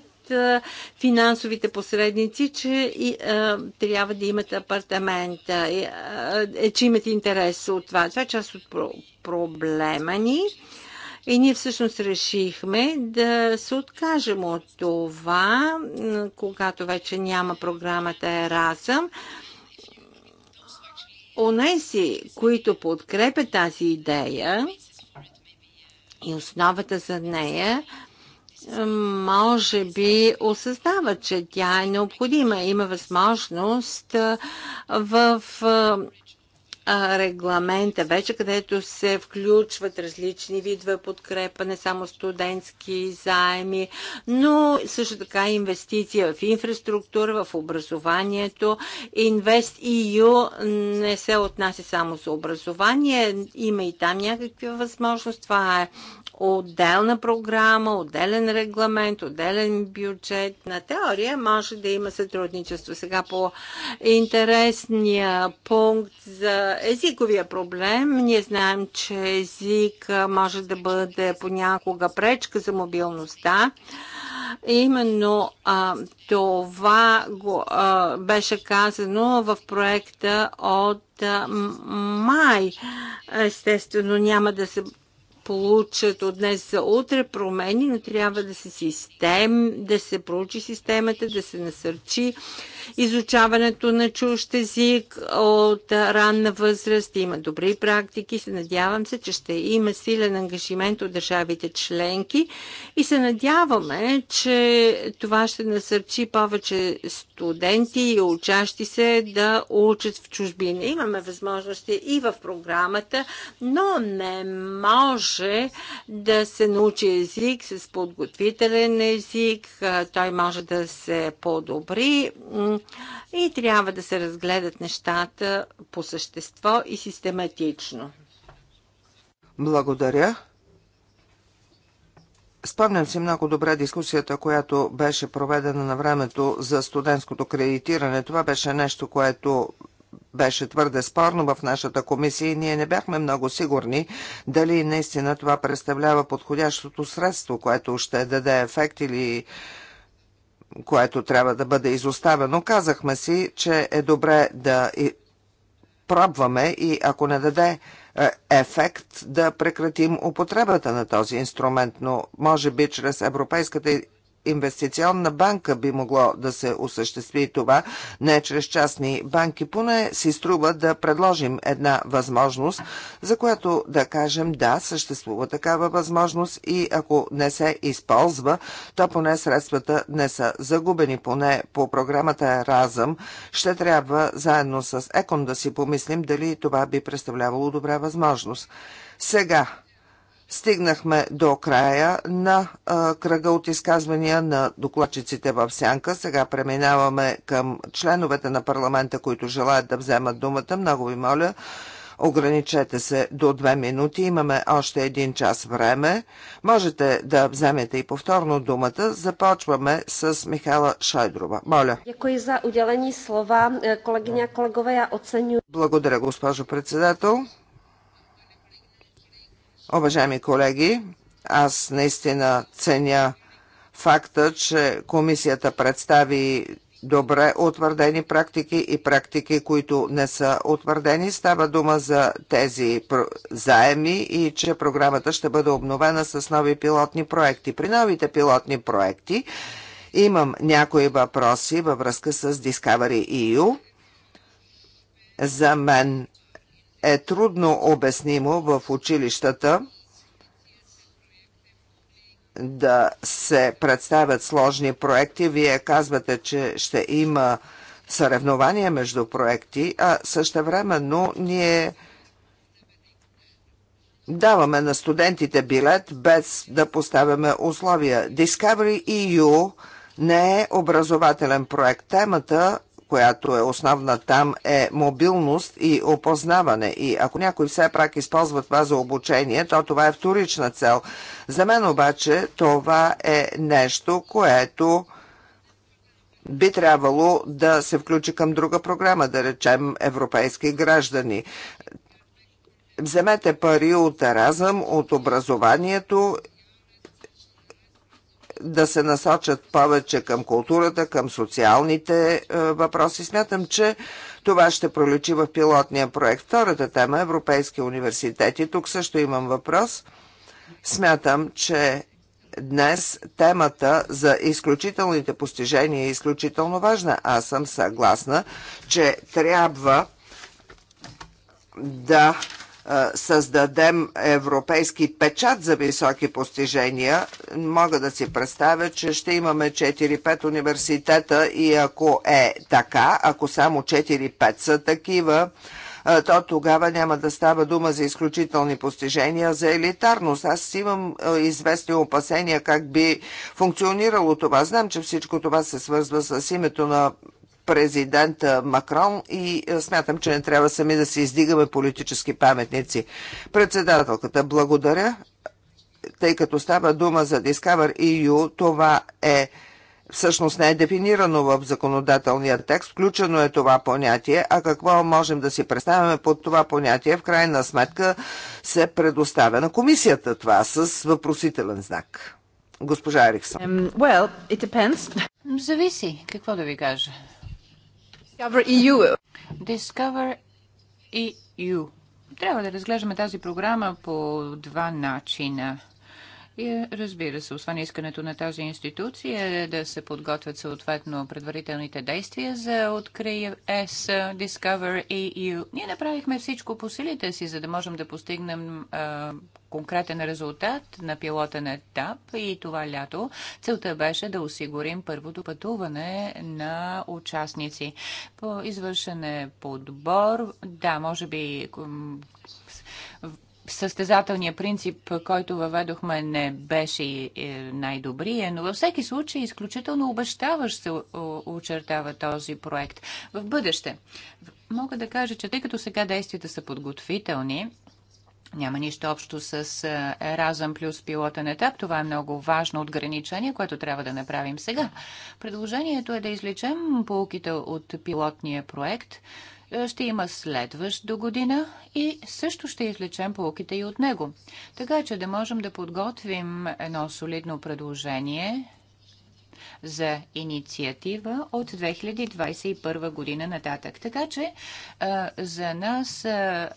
финансовите посредници, че и, а, трябва да имат апартамента, и, а, е, че имат интерес от това. Това е част от про- проблема ни. А, и ние всъщност решихме да се откажем от това, когато вече няма програмата Еразъм. Онези, които подкрепят тази идея и основата за нея, може би осъзнават, че тя е необходима. Има възможност в регламента вече, където се включват различни видове подкрепа, не само студентски заеми, но също така инвестиция в инфраструктура, в образованието. Invest EU не се отнася само за образование, има и там някакви възможности. Това е отделна програма, отделен регламент, отделен бюджет. На теория може да има сътрудничество. Сега по интересния пункт за езиковия проблем, ние знаем, че език може да бъде понякога пречка за мобилността. Именно а, това го, а, беше казано в проекта от май. Естествено, няма да се получат от днес за утре промени, но трябва да се систем, да се проучи системата, да се насърчи изучаването на чущ език от ранна възраст. Има добри практики. Се надявам се, че ще има силен ангажимент от държавите членки и се надяваме, че това ще насърчи повече студенти и учащи се да учат в чужбина. Имаме възможности и в програмата, но не може може да се научи език с подготвителен език, той може да се подобри и трябва да се разгледат нещата по същество и систематично. Благодаря. Спомням си много добре дискусията, която беше проведена на времето за студентското кредитиране. Това беше нещо, което беше твърде спорно в нашата комисия и ние не бяхме много сигурни дали наистина това представлява подходящото средство, което ще даде ефект или което трябва да бъде изоставено. Казахме си, че е добре да и пробваме и ако не даде е, ефект да прекратим употребата на този инструмент, но може би чрез Европейската инвестиционна банка би могло да се осъществи това, не чрез частни банки, поне си струва да предложим една възможност, за която да кажем да, съществува такава възможност и ако не се използва, то поне средствата не са загубени, поне по програмата Разъм. Ще трябва заедно с ЕКОН да си помислим дали това би представлявало добра възможност. Сега, Стигнахме до края на а, кръга от изказвания на докладчиците в Сянка. Сега преминаваме към членовете на парламента, които желаят да вземат думата. Много ви моля, ограничете се до две минути. Имаме още един час време. Можете да вземете и повторно думата. Започваме с Михала Шайдрова. Моля. Дякую за отделени слова. Колегиня, колегове, я оценю. Благодаря, госпожо председател. Уважаеми колеги, аз наистина ценя факта, че комисията представи добре утвърдени практики и практики, които не са утвърдени. Става дума за тези заеми и че програмата ще бъде обновена с нови пилотни проекти. При новите пилотни проекти имам някои въпроси във връзка с Discovery EU. За мен е трудно обяснимо в училищата да се представят сложни проекти. Вие казвате, че ще има съревнования между проекти, а същевременно ние даваме на студентите билет без да поставяме условия. Discovery EU не е образователен проект. Темата която е основна там, е мобилност и опознаване. И ако някой все пак използва това за обучение, то това е вторична цел. За мен обаче това е нещо, което би трябвало да се включи към друга програма, да речем европейски граждани. Вземете пари от еразъм, от образованието да се насочат повече към културата, към социалните е, въпроси. Смятам, че това ще проличи в пилотния проект. Втората тема – Европейски университети. Тук също имам въпрос. Смятам, че днес темата за изключителните постижения е изключително важна. Аз съм съгласна, че трябва да създадем европейски печат за високи постижения, мога да си представя, че ще имаме 4-5 университета и ако е така, ако само 4-5 са такива, то тогава няма да става дума за изключителни постижения, за елитарност. Аз имам известни опасения как би функционирало това. Знам, че всичко това се свързва с името на Президент Макрон и е, смятам, че не трябва сами да си издигаме политически паметници. Председателката, благодаря, тъй като става дума за Discover EU, това е всъщност не е дефинирано в законодателния текст, включено е това понятие, а какво можем да си представяме под това понятие, в крайна сметка се предоставя на комисията това с въпросителен знак. Госпожа Ериксон. Um, well, Зависи, какво да ви кажа. Discover EU. Discover EU. Трябва да разглеждаме тази програма по два начина. И разбира се, освен искането на тази институция да се подготвят съответно предварителните действия за Открия S Discover EU. Ние направихме всичко по силите си, за да можем да постигнем а, конкретен резултат на пилотен етап и това лято. Целта беше да осигурим първото пътуване на участници. По извършене подбор. Да, може би Състезателният принцип, който въведохме, не беше най-добрия, но във всеки случай изключително обещаващ се очертава този проект. В бъдеще мога да кажа, че тъй като сега действията са подготвителни, няма нищо общо с Еразъм плюс пилотен етап. Това е много важно отграничение, което трябва да направим сега. Предложението е да излечем полуките от пилотния проект, ще има следващ до година и също ще извлечем полките и от него. Така че да можем да подготвим едно солидно предложение за инициатива от 2021 година нататък. Така че а, за нас а,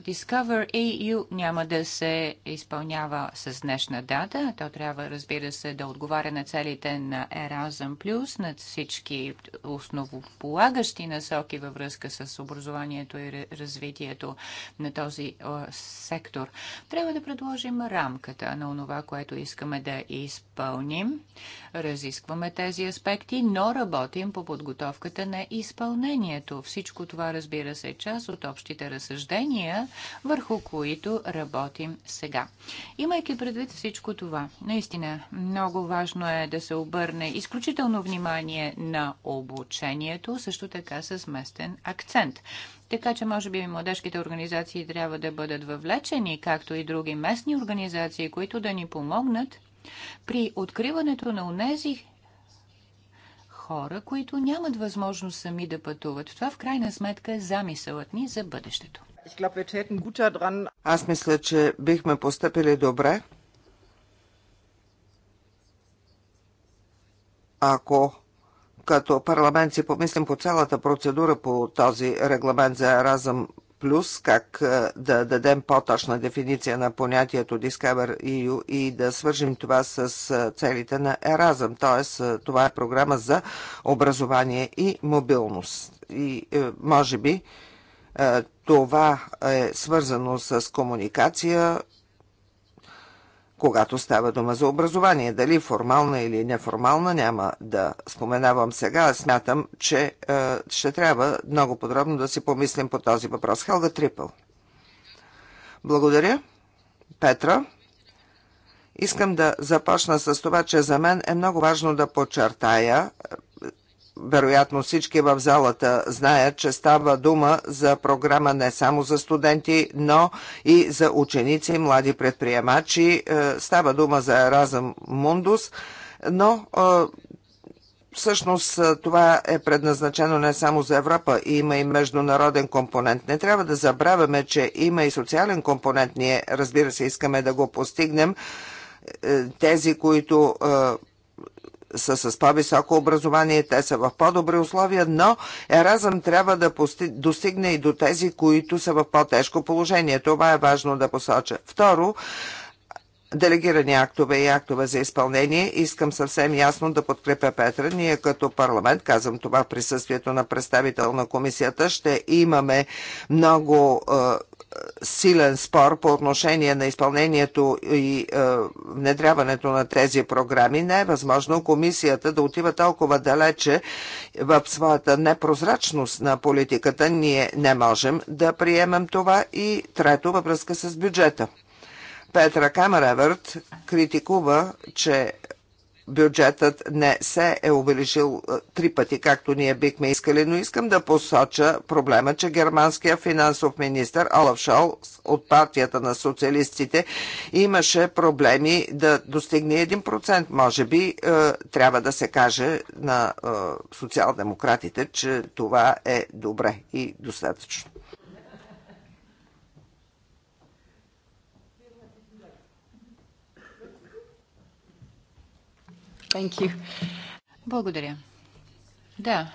Discover EU няма да се изпълнява с днешна дата. То трябва, разбира се, да отговаря на целите на Erasm+, на всички основополагащи насоки във връзка с образованието и развитието на този а, сектор. Трябва да предложим рамката на онова, което искаме да изпълним. Разискваме застъпваме тези аспекти, но работим по подготовката на изпълнението. Всичко това, разбира се, е част от общите разсъждения, върху които работим сега. Имайки предвид всичко това, наистина много важно е да се обърне изключително внимание на обучението, също така с местен акцент. Така че, може би, младежките организации трябва да бъдат въвлечени, както и други местни организации, които да ни помогнат при откриването на унези хора, които нямат възможност сами да пътуват. Това в крайна сметка е замисълът ни за бъдещето. Аз мисля, че бихме поступили добре, ако като парламент си помислим по цялата процедура по този регламент за разъм плюс, как да дадем по-точна дефиниция на понятието Discover EU и да свържим това с целите на Еразъм. Т.е. това е програма за образование и мобилност. И е, може би е, това е свързано с комуникация когато става дума за образование. Дали формална или неформална, няма да споменавам сега. Аз смятам, че е, ще трябва много подробно да си помислим по този въпрос. Хелга Трипъл. Благодаря. Петра. Искам да започна с това, че за мен е много важно да подчертая вероятно всички в залата знаят, че става дума за програма не само за студенти, но и за ученици млади предприемачи. Е, става дума за Еразъм Мундус, но е, всъщност е, това е предназначено не само за Европа, има и международен компонент. Не трябва да забравяме, че има и социален компонент. Ние, разбира се, искаме да го постигнем. Тези, които са с по-високо образование, те са в по-добри условия, но Еразъм трябва да достигне и до тези, които са в по-тежко положение. Това е важно да посоча. Второ, делегирани актове и актове за изпълнение, искам съвсем ясно да подкрепя Петра. Ние като парламент, казвам това в присъствието на представител на комисията, ще имаме много е, силен спор по отношение на изпълнението и е, внедряването на тези програми. Не е възможно комисията да отива толкова далече в своята непрозрачност на политиката. Ние не можем да приемем това. И трето, във връзка с бюджета. Петра Камереверт критикува, че бюджетът не се е увеличил три пъти, както ние бихме искали, но искам да посоча проблема, че германския финансов министр Олаф Шол от партията на социалистите имаше проблеми да достигне 1%. Може би трябва да се каже на социал-демократите, че това е добре и достатъчно. Thank you. Благодаря. Да.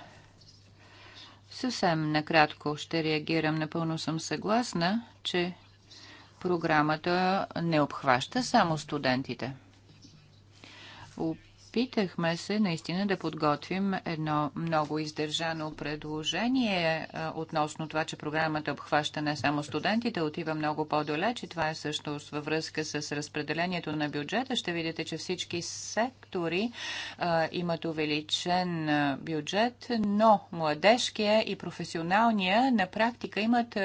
Съвсем накратко ще реагирам. Напълно съм съгласна, че програмата не обхваща само студентите. Опитахме се наистина да подготвим едно много издържано предложение е, относно това, че програмата обхваща не само студентите, отива много по-далеч и това е също във връзка с разпределението на бюджета. Ще видите, че всички сектори а, е, имат увеличен е, бюджет, но младежкия и професионалния на практика имат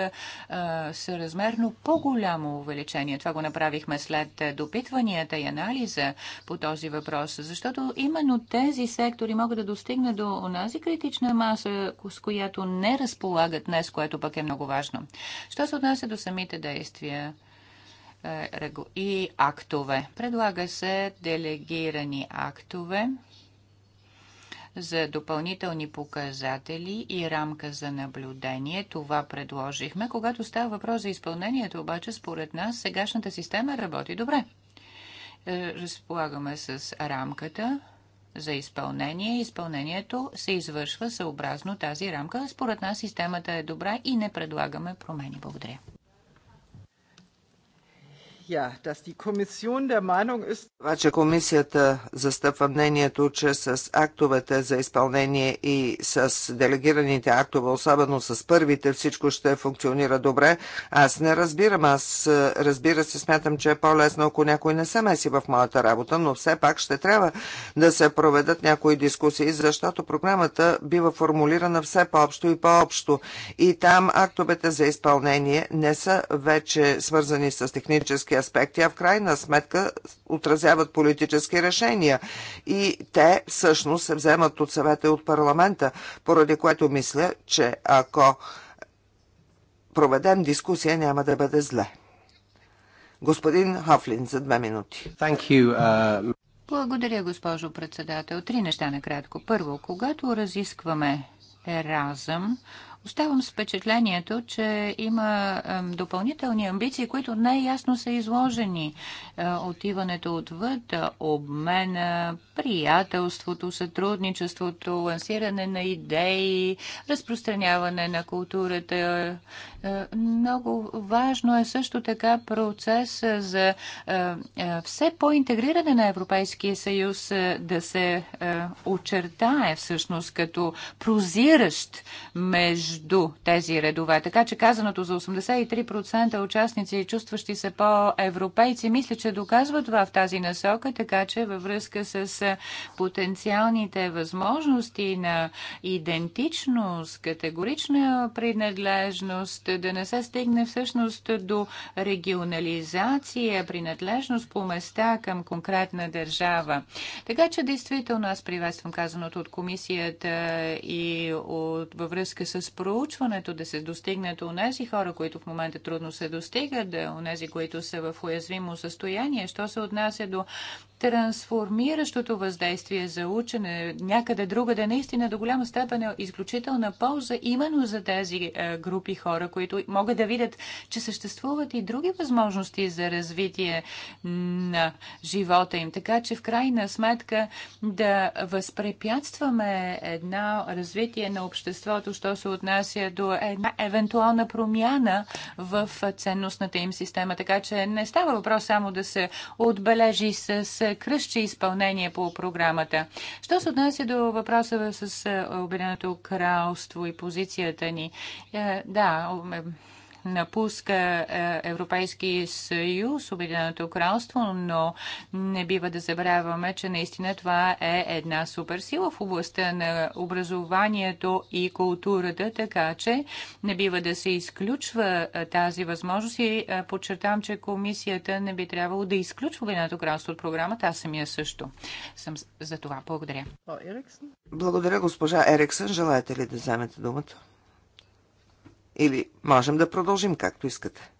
съразмерно по-голямо увеличение. Това го направихме след допитванията и анализа по този въпрос, защото защото именно тези сектори могат да достигнат до онази критична маса, с която не разполагат днес, което пък е много важно. Що се отнася до самите действия? Е, и актове. Предлага се делегирани актове за допълнителни показатели и рамка за наблюдение. Това предложихме. Когато става въпрос за изпълнението, обаче, според нас, сегашната система работи добре. Е, разполагаме с рамката за изпълнение. Изпълнението се извършва съобразно тази рамка. Според нас системата е добра и не предлагаме промени. Благодаря. Обаче комисията застъпва мнението, че с актовете за изпълнение и с делегираните актове, особено с първите, всичко ще функционира добре. Аз не разбирам. Аз разбира се смятам, че е по-лесно, ако някой не се меси в моята работа, но все пак ще трябва да се проведат някои дискусии, защото програмата бива формулирана все по-общо и по-общо. И там актовете за изпълнение не са вече свързани с технически аспекти, а в крайна сметка отразяват политически решения. И те всъщност се вземат от съвета и от парламента, поради което мисля, че ако проведем дискусия, няма да бъде зле. Господин Хофлин, за две минути. Uh, Благодаря, госпожо председател. Три неща накратко. Първо, когато разискваме еразъм, Оставам с впечатлението, че има допълнителни амбиции, които не ясно са изложени. Е, отиването отвъд, обмена, приятелството, сътрудничеството, лансиране на идеи, разпространяване на културата. Е, много важно е също така процес за е, все по-интегриране на Европейския съюз да се очертае всъщност като прозиращ между между тези редове. Така че казаното за 83% участници и чувстващи се по-европейци, мисля, че доказва това в тази насока, така че във връзка с потенциалните възможности на идентичност, категорична принадлежност, да не се стигне всъщност до регионализация, принадлежност по места към конкретна държава. Така че, действително, аз приветствам казаното от комисията и от, във връзка с проучването да се достигнат до нези хора, които в момента трудно се достигат, у нези, които са в уязвимо състояние. Що се отнася до трансформиращото въздействие за учене някъде другаде наистина до голяма степен е изключителна полза именно за тези е, групи хора, които могат да видят, че съществуват и други възможности за развитие на живота им. Така че в крайна сметка да възпрепятстваме една развитие на обществото, що се отнася до една евентуална промяна в ценностната им система. Така че не става въпрос само да се отбележи с кръстче изпълнение по програмата. Що се отнася до въпроса с е, Обединеното кралство и позицията ни? Е, да, е, напуска е, Европейския съюз, Обединеното кралство, но не бива да забравяме, че наистина това е една суперсила в областта на образованието и културата, така че не бива да се изключва е, тази възможност и е, подчертавам, че комисията не би трябвало да изключва Обединеното кралство от програмата. Аз самия също съм за това. Благодаря. Благодаря, госпожа Ериксън. Желаете ли да вземете думата? Или можем да продължим както искате.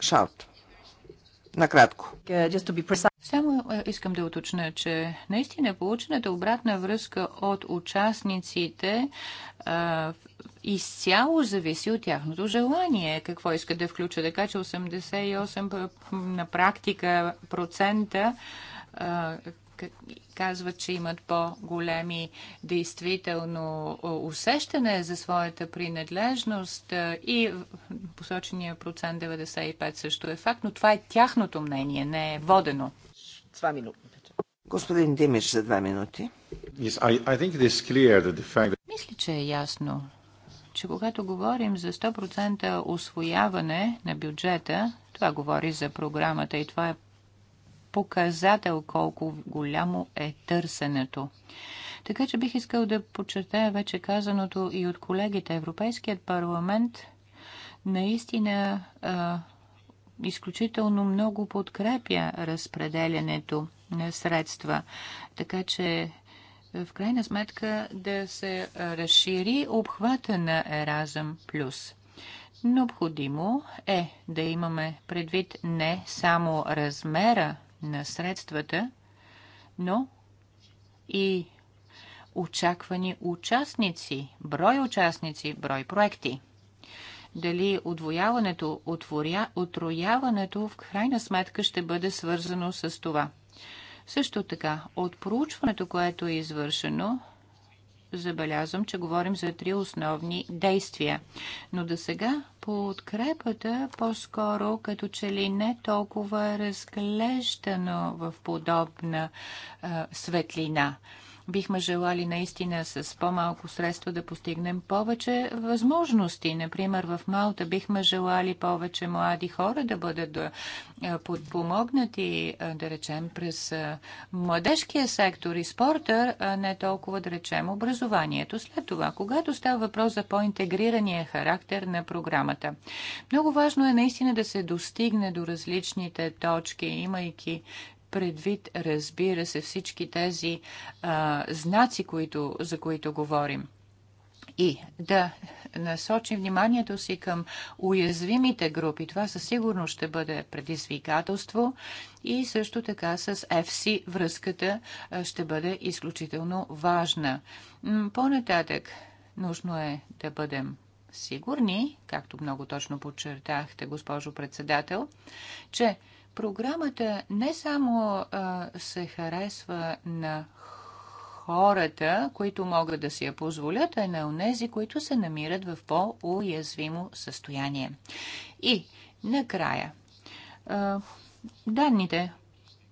Шаут. Накратко. Само е, искам да уточня, че наистина получената обратна връзка от участниците а, е, изцяло зависи от тяхното желание, какво искат да включат. Така че 88 на практика процента а, е, казват, че имат по-големи действително усещане за своята принадлежност и посочения процент 95 също е факт, но това е тяхното мнение, не е водено. Това минути. Господин Димиш за две минути. Yes, I, I fact... Мисля, че е ясно, че когато говорим за 100% освояване на бюджета, това говори за програмата и това е показател колко голямо е търсенето. Така че бих искал да подчертая вече казаното и от колегите. Европейският парламент наистина а, изключително много подкрепя разпределянето на средства. Така че в крайна сметка да се разшири обхвата на Еразъм Плюс. Необходимо е да имаме предвид не само размера на средствата, но и очаквани участници, брой участници, брой проекти. Дали отвояването, отрояването в крайна сметка ще бъде свързано с това. Също така, от проучването, което е извършено, забелязвам, че говорим за три основни действия. Но до сега подкрепата по-скоро като че ли не толкова разглеждано в подобна а, светлина. Бихме желали наистина с по-малко средства да постигнем повече възможности. Например, в Малта бихме желали повече млади хора да бъдат подпомогнати, да речем, през младежкия сектор и спорта, а не толкова, да речем, образованието. След това, когато става въпрос за по-интегрирания характер на програмата. Много важно е наистина да се достигне до различните точки, имайки предвид, разбира се, всички тези а, знаци, които, за които говорим. И да насочи вниманието си към уязвимите групи. Това със сигурност ще бъде предизвикателство и също така с FC връзката ще бъде изключително важна. По-нататък нужно е да бъдем сигурни, както много точно подчертахте, госпожо председател, че програмата не само а, се харесва на хората, които могат да си я позволят, а на онези, които се намират в по-уязвимо състояние. И накрая, а, данните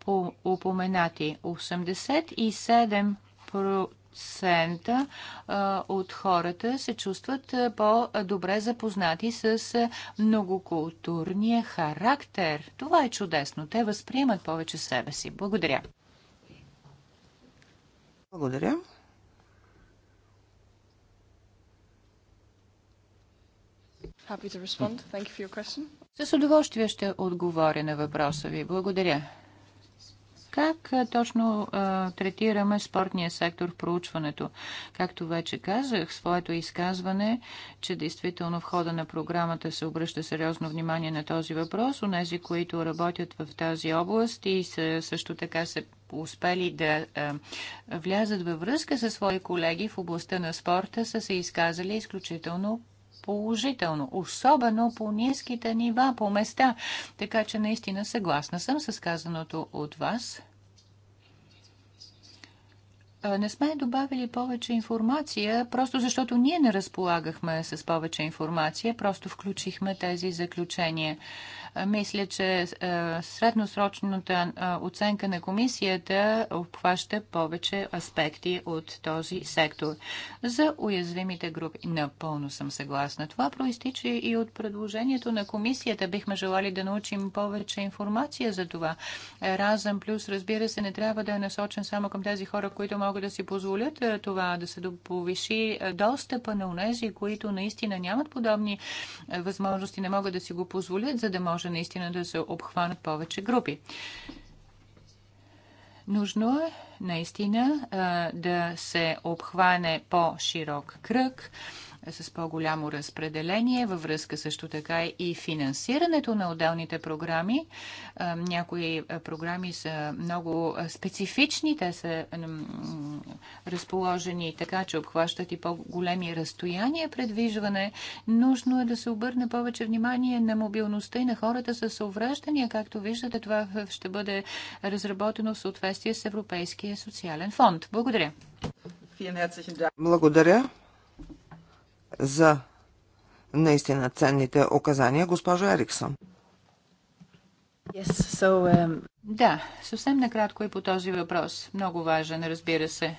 по упоменати 87 90% от хората се чувстват по-добре запознати с многокултурния характер. Това е чудесно. Те възприемат повече себе си. Благодаря. Благодаря. Happy to respond. Thank you for your question. С удоволствие ще отговоря на въпроса ви. Благодаря. Как точно а, третираме спортния сектор в проучването? Както вече казах, своето изказване, че действително в хода на програмата се обръща сериозно внимание на този въпрос. Онези, които работят в тази област и са, също така се успели да е, влязат във връзка със свои колеги в областта на спорта, са се изказали изключително положително, особено по ниските нива, по места. Така че наистина съгласна съм с казаното от вас. Не сме добавили повече информация, просто защото ние не разполагахме с повече информация, просто включихме тези заключения. Мисля, че е, средносрочната е, оценка на комисията обхваща повече аспекти от този сектор. За уязвимите групи напълно съм съгласна. Това проистича и от предложението на комисията. Бихме желали да научим повече информация за това. Разъм плюс, разбира се, не трябва да е насочен само към тези хора, които могат да си позволят е, това, да се повиши достъпа на унези, които наистина нямат подобни възможности, не могат да си го позволят, за да може може наистина да се обхванат повече групи. Нужно е наистина да се обхване по-широк кръг с по-голямо разпределение, във връзка също така и финансирането на отделните програми. Е, някои е, програми са много е, специфични, те са разположени така, че обхващат и по-големи разстояния предвижване. Нужно е да се обърне повече внимание на мобилността и на хората с увреждания. Както виждате, това ще бъде разработено в съответствие с Европейския социален фонд. Благодаря. Благодаря за наистина ценните указания, госпожа Ериксон. Yes, so, um... Да, съвсем накратко и по този въпрос. Много важен, разбира се.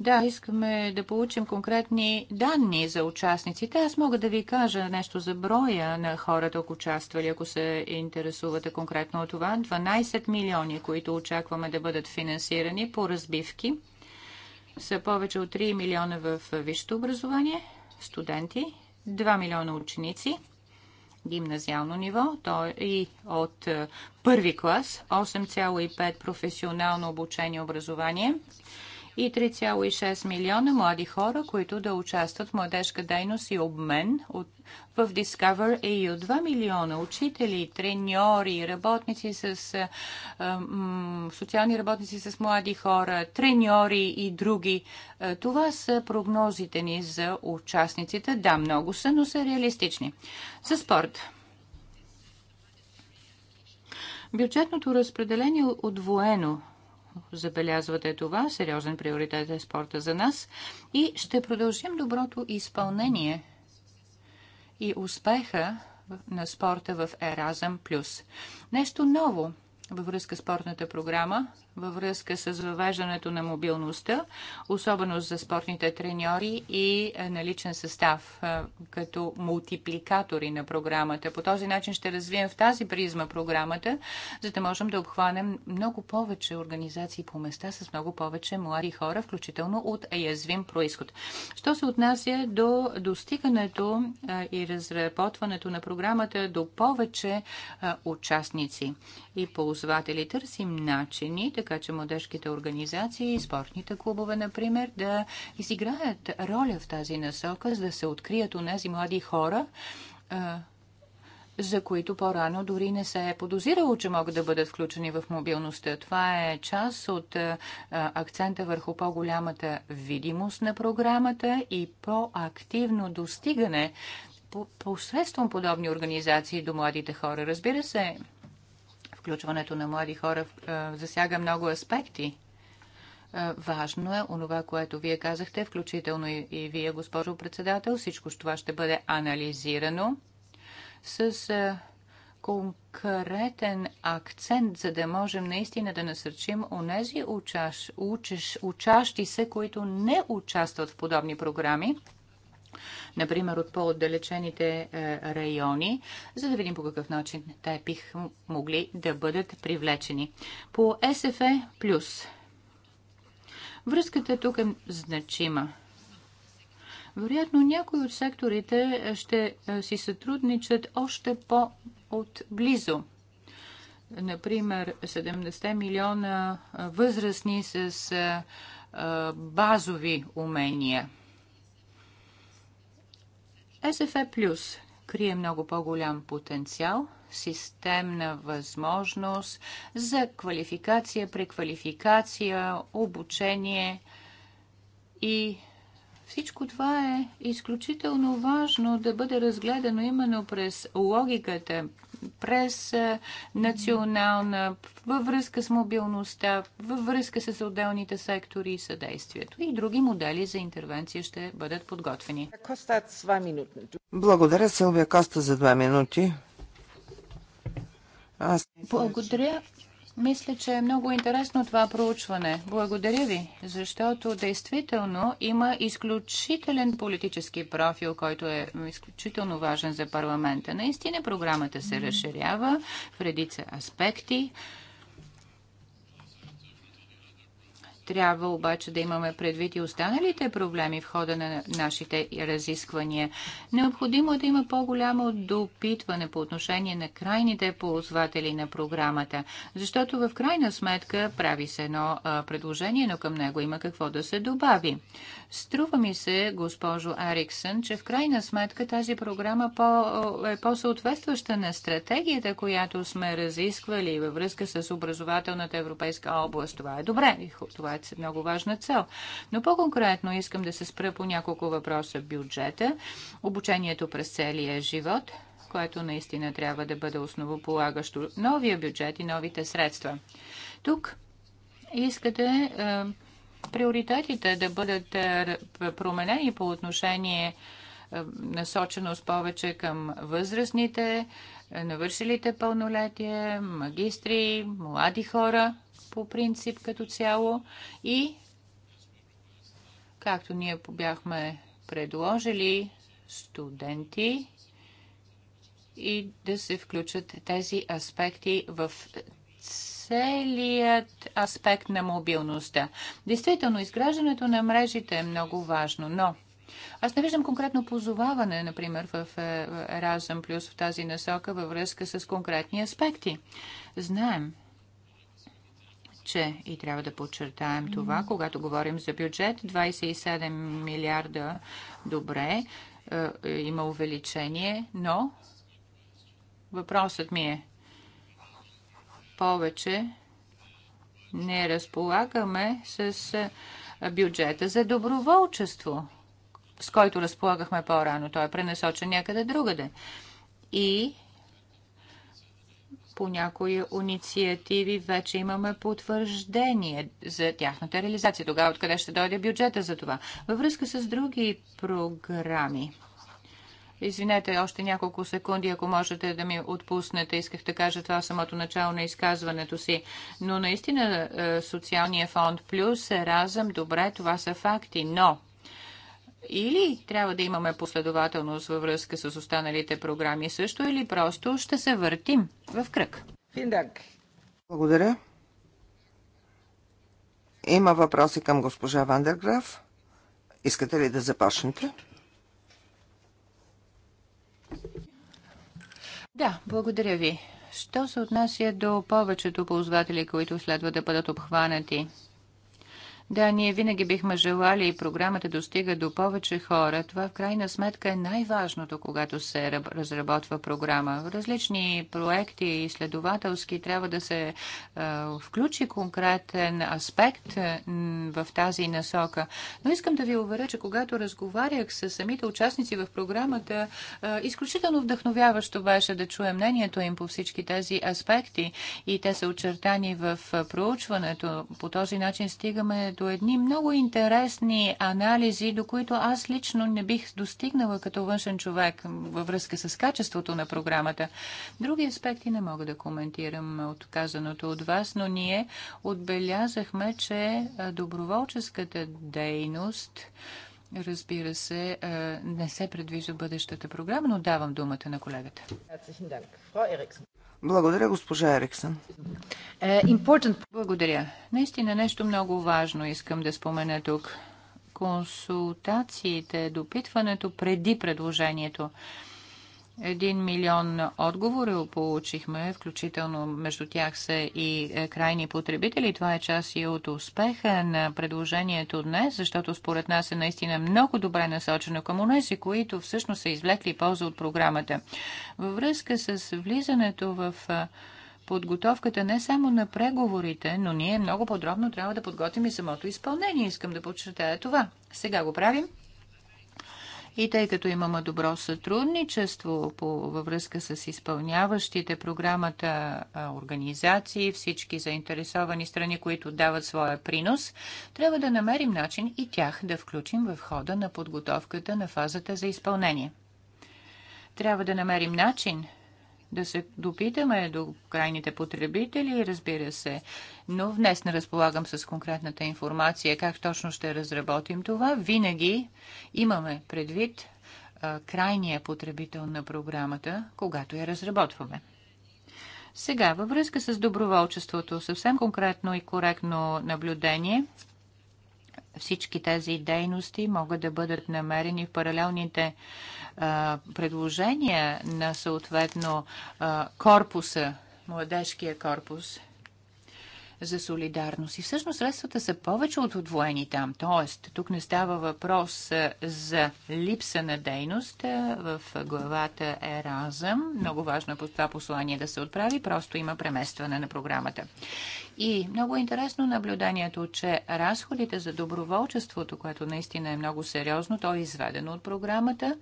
Да, искаме да получим конкретни данни за участниците. Аз мога да ви кажа нещо за броя на хората, ако участвали, ако се интересувате конкретно от това. 12 милиони, които очакваме да бъдат финансирани по разбивки, са повече от 3 милиона в висшето образование – студенти, 2 милиона ученици, гимназиално ниво, то е и от е, първи клас, 8,5 професионално обучение и образование, и 3,6 милиона млади хора, които да участват в младежка дейност и обмен от, в Discover EU. 2 милиона учители, треньори, работници с а, м, социални работници с млади хора, треньори и други. Това са прогнозите ни за участниците. Да, много са, но са реалистични. За спорт. Бюджетното разпределение от е отвоено забелязвате това. Сериозен приоритет е спорта за нас. И ще продължим доброто изпълнение и успеха на спорта в Еразъм Плюс. Нещо ново във връзка с спортната програма във връзка с въвеждането на мобилността, особено за спортните треньори и е, наличен състав е, като мултипликатори на програмата. По този начин ще развием в тази призма програмата, за да можем да обхванем много повече организации по места с много повече млади хора, включително от язвим происход. Що се отнася до достигането е, и разработването на програмата до повече участници и ползватели, търсим начини да така че младежките организации и спортните клубове, например, да изиграят роля в тази насока, за да се открият у нези млади хора, за които по-рано дори не се е подозирало, че могат да бъдат включени в мобилността. Това е част от акцента върху по-голямата видимост на програмата и по-активно достигане посредством подобни организации до младите хора. Разбира се, Включването на млади хора е, засяга много аспекти. Е, важно е онова, което вие казахте, включително и, вие, госпожо председател. Всичко това ще бъде анализирано с е, конкретен акцент, за да можем наистина да насърчим онези учаш, учащи се, които не участват в подобни програми например, от по-отдалечените е, райони, за да видим по какъв начин те бих могли да бъдат привлечени. По СФЕ плюс. Връзката тук е значима. Вероятно някои от секторите е, ще е, си сътрудничат още по-отблизо например, 70 милиона възрастни с базови умения – СФЕ Плюс крие много по-голям потенциал, системна възможност за квалификация, преквалификация, обучение и всичко това е изключително важно да бъде разгледано именно през логиката през национална, във връзка с мобилността, във връзка с отделните сектори и съдействието. И други модели за интервенция ще бъдат подготвени. Благодаря, Силвия Коста, за два минути. Аз... Благодаря. Мисля, че е много интересно това проучване. Благодаря ви, защото действително има изключителен политически профил, който е изключително важен за парламента. Наистина програмата се разширява в редица аспекти. Трябва обаче да имаме предвид и останалите проблеми в хода на нашите разисквания. Необходимо е да има по-голямо допитване по отношение на крайните ползватели на програмата, защото в крайна сметка прави се едно предложение, но към него има какво да се добави. Струва ми се, госпожо Ариксън, че в крайна сметка тази програма по, е по-съответстваща на стратегията, която сме разисквали във връзка с образователната европейска област. Това е добре, това е това е много важна цел. Но по-конкретно искам да се спра по няколко въпроса. Бюджета, обучението през целия живот, което наистина трябва да бъде основополагащо. Новия бюджет и новите средства. Тук искате е, приоритетите да бъдат е, променени по отношение е, насоченост повече към възрастните, е, навършилите пълнолетие, магистри, млади хора по принцип като цяло и както ние бяхме предложили студенти и да се включат тези аспекти в целият аспект на мобилността. Действително, изграждането на мрежите е много важно, но аз не виждам конкретно позоваване, например, в е, Erasmus Плюс в тази насока във връзка с конкретни аспекти. Знаем, че, и трябва да подчертаем това, когато говорим за бюджет, 27 милиарда, добре, е, е, има увеличение, но въпросът ми е, повече не разполагаме с е, бюджета за доброволчество, с който разполагахме по-рано. Той е пренасочен някъде другаде. И по някои инициативи вече имаме потвърждение за тяхната реализация. Тогава откъде ще дойде бюджета за това? Във връзка с други програми. Извинете, още няколко секунди, ако можете да ми отпуснете. Исках да кажа това самото начало на изказването си. Но наистина е, социалния фонд плюс, е разъм, добре, това са факти. Но или трябва да имаме последователност във връзка с останалите програми също, или просто ще се въртим в кръг. Финдак. Благодаря. Има въпроси към госпожа Вандерграф. Искате ли да започнете? Да, благодаря ви. Що се отнася до повечето ползватели, които следва да бъдат обхванати? Да, ние винаги бихме желали и програмата достига до повече хора. Това в крайна сметка е най-важното, когато се разработва програма. Различни проекти изследователски трябва да се а, включи конкретен аспект в тази насока. Но искам да ви уверя, че когато разговарях с самите участници в програмата, а, изключително вдъхновяващо беше да чуя мнението им по всички тези аспекти и те са очертани в проучването. По този начин стигаме до като едни много интересни анализи, до които аз лично не бих достигнала като външен човек във връзка с качеството на програмата. Други аспекти не мога да коментирам от казаното от вас, но ние отбелязахме, че доброволческата дейност Разбира се, не се предвижда бъдещата програма, но давам думата на колегата. Благодаря, госпожа Ериксън. Е, important. Благодаря. Наистина нещо много важно искам да спомена тук. Консултациите, допитването преди предложението. Един милион отговори получихме, включително между тях са и е, крайни потребители. Това е част и от успеха на предложението днес, защото според нас е наистина много добре насочено към унеси, които всъщност са извлекли полза от програмата. Във връзка с влизането в е, подготовката не само на преговорите, но ние много подробно трябва да подготвим и самото изпълнение. Искам да подчертая това. Сега го правим. И тъй като имаме добро сътрудничество по, във връзка с изпълняващите програмата организации, всички заинтересовани страни, които дават своя принос, трябва да намерим начин и тях да включим в хода на подготовката на фазата за изпълнение. Трябва да намерим начин – да се допитаме до крайните потребители, разбира се. Но днес не разполагам с конкретната информация как точно ще разработим това. Винаги имаме предвид а, крайния потребител на програмата, когато я разработваме. Сега, във връзка с доброволчеството, съвсем конкретно и коректно наблюдение – всички тези дейности могат да бъдат намерени в паралелните а, предложения на съответно а, корпуса, младежкия корпус – за солидарност. И всъщност средствата са повече от отвоени там. Тоест, тук не става въпрос за липса на дейност в главата Еразъм. Много важно е по това послание да се отправи, просто има преместване на програмата. И много интересно наблюдението, че разходите за доброволчеството, което наистина е много сериозно, то е изведено от програмата.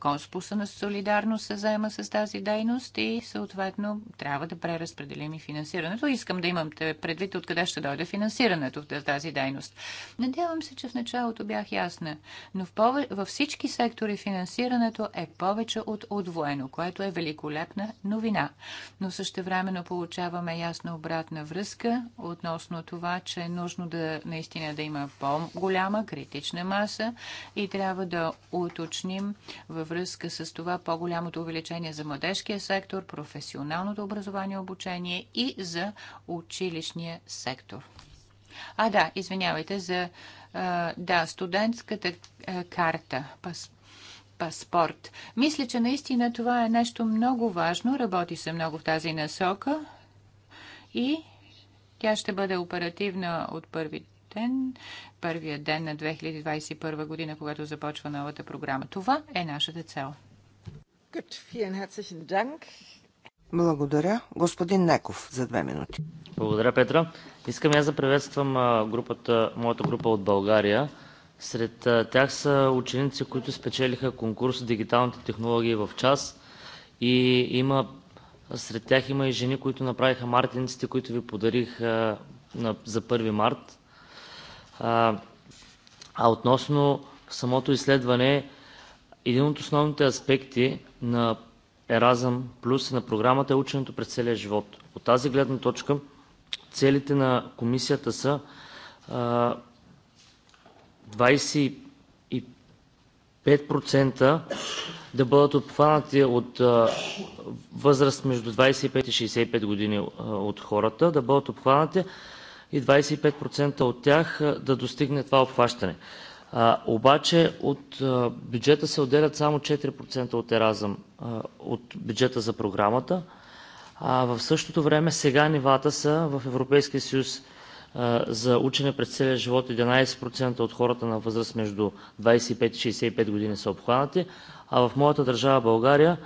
Конспуса на солидарност се заема с тази дейност и съответно трябва да преразпределим и финансирането. Искам да имамте предвид откъде ще дойде финансирането в тази дейност. Надявам се, че в началото бях ясна, но в пове... във всички сектори финансирането е повече от отвоено, което е великолепна новина. Но същевременно получаваме ясна обратна връзка относно това, че е нужно да наистина да има по-голяма критична маса и трябва да уточним във връзка с това по-голямото увеличение за младежкия сектор, професионалното образование, обучение и за училищния сектор. А, да, извинявайте за да, студентската карта, паспорт. Мисля, че наистина това е нещо много важно. Работи се много в тази насока и тя ще бъде оперативна от първи ден, първия ден на 2021 година, когато започва новата програма. Това е нашата цел. Gut, vielen herzlichen Dank. Благодаря. Господин Неков за две минути. Благодаря, Петра. Искам аз да приветствам групата, моята група от България. Сред тях са ученици, които спечелиха конкурс Дигиталните технологии в час. И има, сред тях има и жени, които направиха мартинците, които ви подарих а, на, за 1 март. А, а относно самото изследване, един от основните аспекти на Еразъм плюс на програмата е ученето през целия живот. От тази гледна точка целите на комисията са а, 25% да бъдат обхванати от а, възраст между 25 и 65 години а, от хората, да бъдат обхванати и 25% от тях да достигне това обхващане. Обаче от бюджета се отделят само 4% от „Еразъм“ от бюджета за програмата, а в същото време сега нивата са в Европейския съюз за учене през целия живот – 11% от хората на възраст между 25 и 65 години са обхванати, а в моята държава България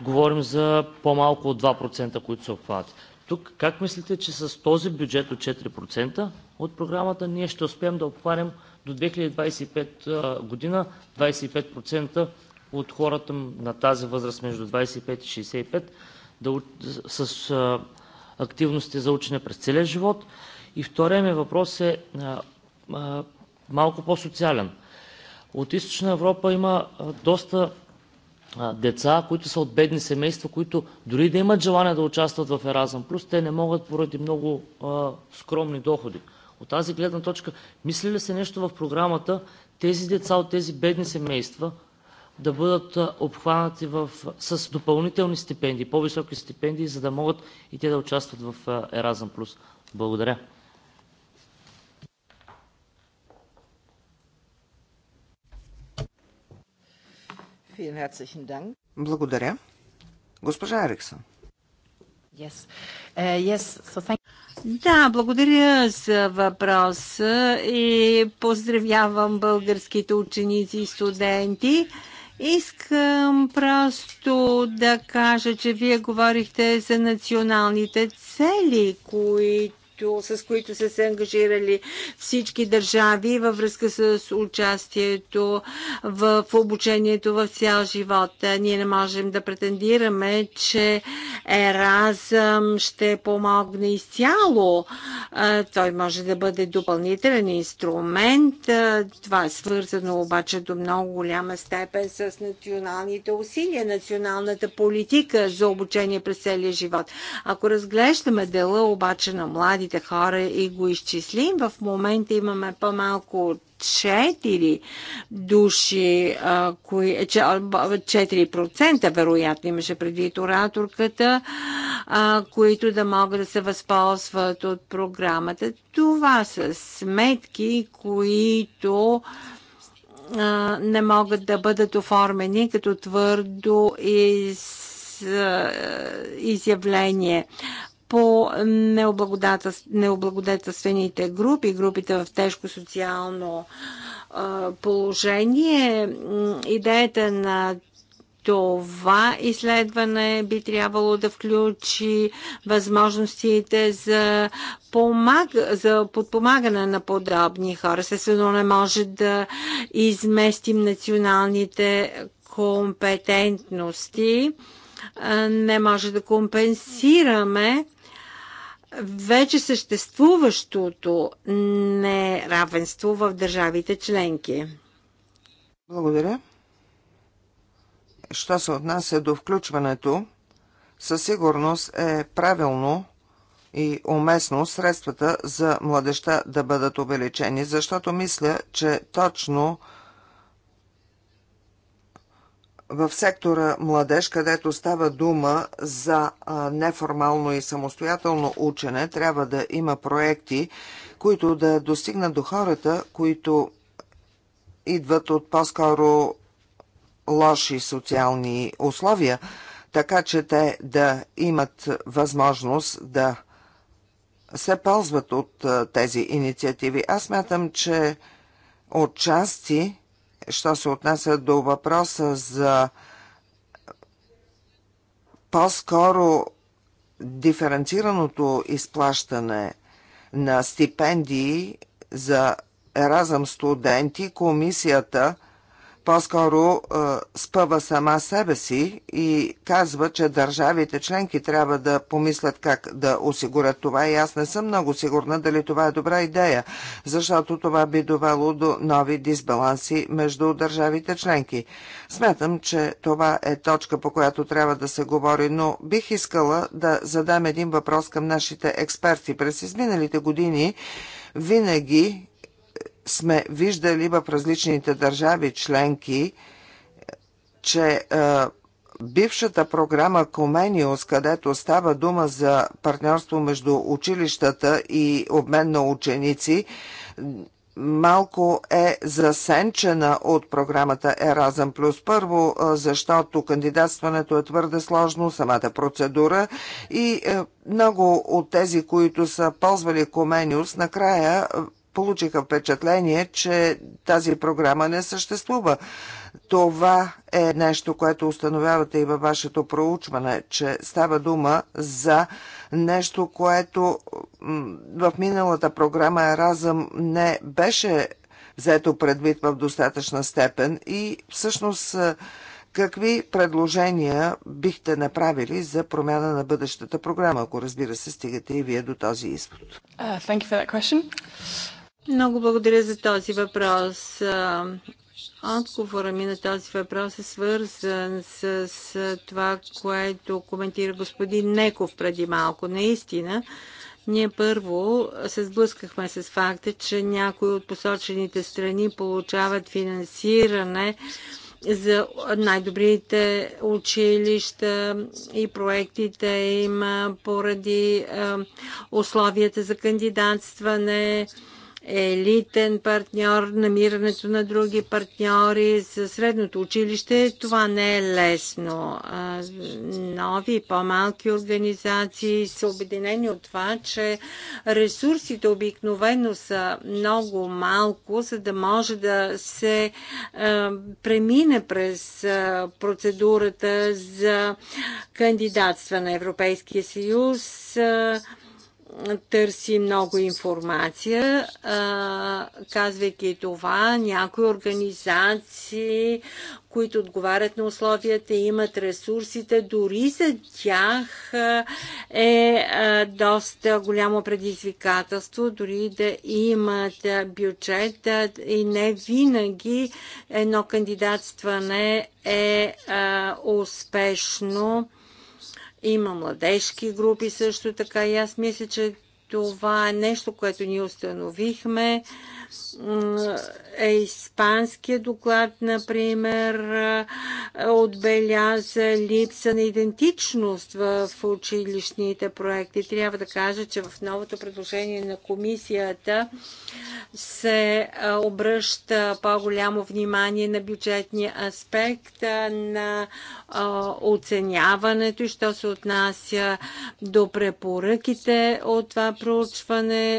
говорим за по-малко от 2%, които са обхванати. Тук как мислите, че с този бюджет от 4% от програмата ние ще успеем да обхванем до 2025 година 25% от хората на тази възраст между 25 и 65 с активности за учене през целия живот. И вторият ми въпрос е малко по-социален. От Източна Европа има доста деца, които са от бедни семейства, които дори да имат желание да участват в Еразъм Плюс, те не могат поради много скромни доходи. От тази гледна точка мисли ли се нещо в програмата тези деца от тези бедни семейства да бъдат обхванати с допълнителни стипендии, по-високи стипендии, за да могат и те да участват в Еразъм Плюс? Благодаря. Благодаря. Госпожа Ериксон. Yes. Uh, yes. So да, благодаря за въпроса и поздравявам българските ученици и студенти. Искам просто да кажа, че вие говорихте за националните цели, които които, с които са се ангажирали всички държави във връзка с участието в обучението в цял живот. Ние не можем да претендираме, че Еразъм ще помогне изцяло. Той може да бъде допълнителен инструмент. Това е свързано обаче до много голяма степен с националните усилия, националната политика за обучение през целия живот. Ако разглеждаме дела обаче на млади младите хора и го изчислим, в момента имаме по-малко 4 души, кои, 4% вероятно имаше преди ораторката, които да могат да се възползват от програмата. Това са сметки, които не могат да бъдат оформени като твърдо из изявление по необлагодетелствените групи, групите в тежко социално положение. Идеята на това изследване би трябвало да включи възможностите за, помаг... за подпомагане на подобни хора. Естествено, не може да изместим националните компетентности. Не може да компенсираме вече съществуващото неравенство в държавите членки. Благодаря. Що се отнася до включването, със сигурност е правилно и уместно средствата за младеща да бъдат увеличени, защото мисля, че точно в сектора младеж, където става дума за неформално и самостоятелно учене, трябва да има проекти, които да достигнат до хората, които идват от по-скоро лоши социални условия, така че те да имат възможност да се ползват от тези инициативи. Аз мятам, че отчасти що се отнася до въпроса за по-скоро диференцираното изплащане на стипендии за Еразъм студенти, комисията по-скоро е, спъва сама себе си и казва, че държавите членки трябва да помислят как да осигурят това и аз не съм много сигурна дали това е добра идея, защото това би довело до нови дисбаланси между държавите членки. Смятам, че това е точка, по която трябва да се говори, но бих искала да задам един въпрос към нашите експерти. През изминалите години винаги сме виждали в различните държави членки, че е, бившата програма Комениус, където става дума за партньорство между училищата и обмен на ученици, малко е засенчена от програмата Еразъм Плюс. Първо, е, защото кандидатстването е твърде сложно, самата процедура и е, много от тези, които са ползвали Комениус, накрая получиха впечатление, че тази програма не съществува. Това е нещо, което установявате и във вашето проучване, че става дума за нещо, което в миналата програма Еразъм не беше взето предвид в достатъчна степен и всъщност какви предложения бихте направили за промяна на бъдещата програма, ако разбира се стигате и вие до този извод? Uh, много благодаря за този въпрос. Отговора ми на този въпрос е свързан с, с това, което коментира господин Неков преди малко. Наистина, ние първо се сблъскахме с факта, че някои от посочените страни получават финансиране за най-добрите училища и проектите им поради условията за кандидатстване елитен партньор, намирането на други партньори за средното училище, това не е лесно. Нови, по-малки организации са обединени от това, че ресурсите обикновено са много малко, за да може да се премине през процедурата за кандидатства на Европейския съюз търси много информация. Казвайки това, някои организации, които отговарят на условията, имат ресурсите, дори за тях е доста голямо предизвикателство, дори да имат бюджет и не винаги едно кандидатстване е успешно има младежки групи също така и аз мисля, че това е нещо, което ние установихме. Е, испанският доклад, например, е, отбеляза липса на идентичност в училищните проекти. Трябва да кажа, че в новото предложение на комисията се е, обръща по-голямо внимание на бюджетния аспект е, на оценяването и що се отнася до препоръките от това проучване.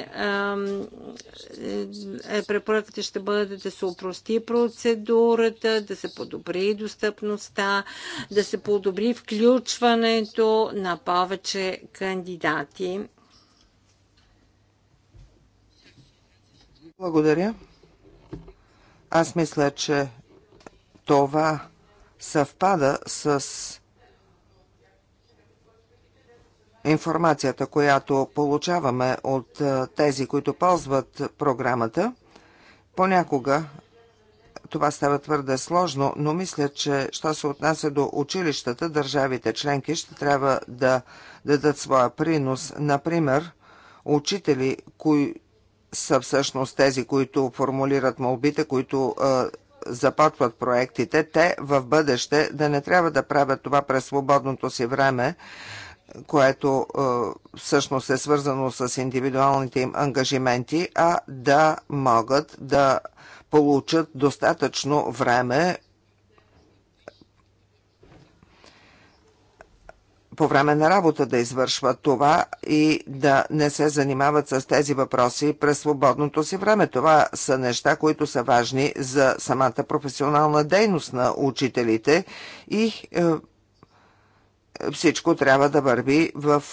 Е, е, препоръката ще бъде да се упрости процедурата, да се подобри достъпността, да се подобри включването на повече кандидати. Благодаря. Аз мисля, че това съвпада с информацията, която получаваме от е, тези, които ползват програмата. Понякога това става твърде сложно, но мисля, че що се отнася до училищата, държавите членки ще трябва да дадат своя принос. Например, учители, кои са всъщност тези, които формулират молбите, които е, започват проектите, те в бъдеще да не трябва да правят това през свободното си време, което е, всъщност е свързано с индивидуалните им ангажименти, а да могат да получат достатъчно време по време на работа да извършват това и да не се занимават с тези въпроси през свободното си време. Това са неща, които са важни за самата професионална дейност на учителите и е, всичко трябва да върви в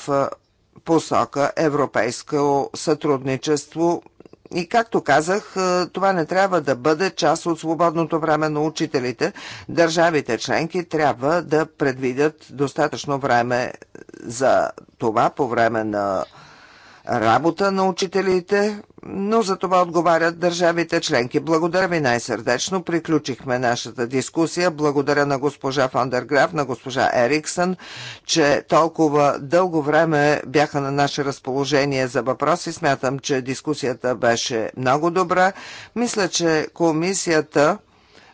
посока европейско сътрудничество. И както казах, това не трябва да бъде част от свободното време на учителите. Държавите членки трябва да предвидят достатъчно време за това по време на работа на учителите, но за това отговарят държавите членки. Благодаря ви най-сърдечно. Приключихме нашата дискусия. Благодаря на госпожа Фандерграф, на госпожа Ериксън, че толкова дълго време бяха на наше разположение за въпроси. Смятам, че дискусията беше много добра. Мисля, че комисията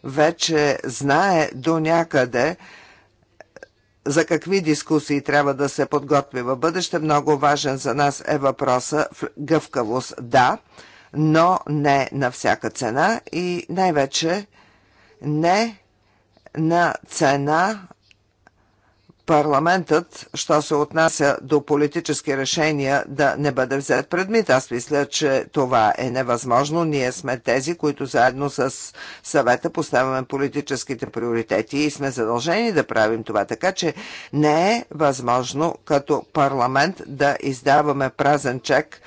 вече знае до някъде, за какви дискусии трябва да се подготви в бъдеще, много важен за нас е въпроса в гъвкавост. Да, но не на всяка цена и най-вече не на цена парламентът, що се отнася до политически решения, да не бъде взет предмет. Аз мисля, че това е невъзможно. Ние сме тези, които заедно с съвета поставяме политическите приоритети и сме задължени да правим това. Така че не е възможно като парламент да издаваме празен чек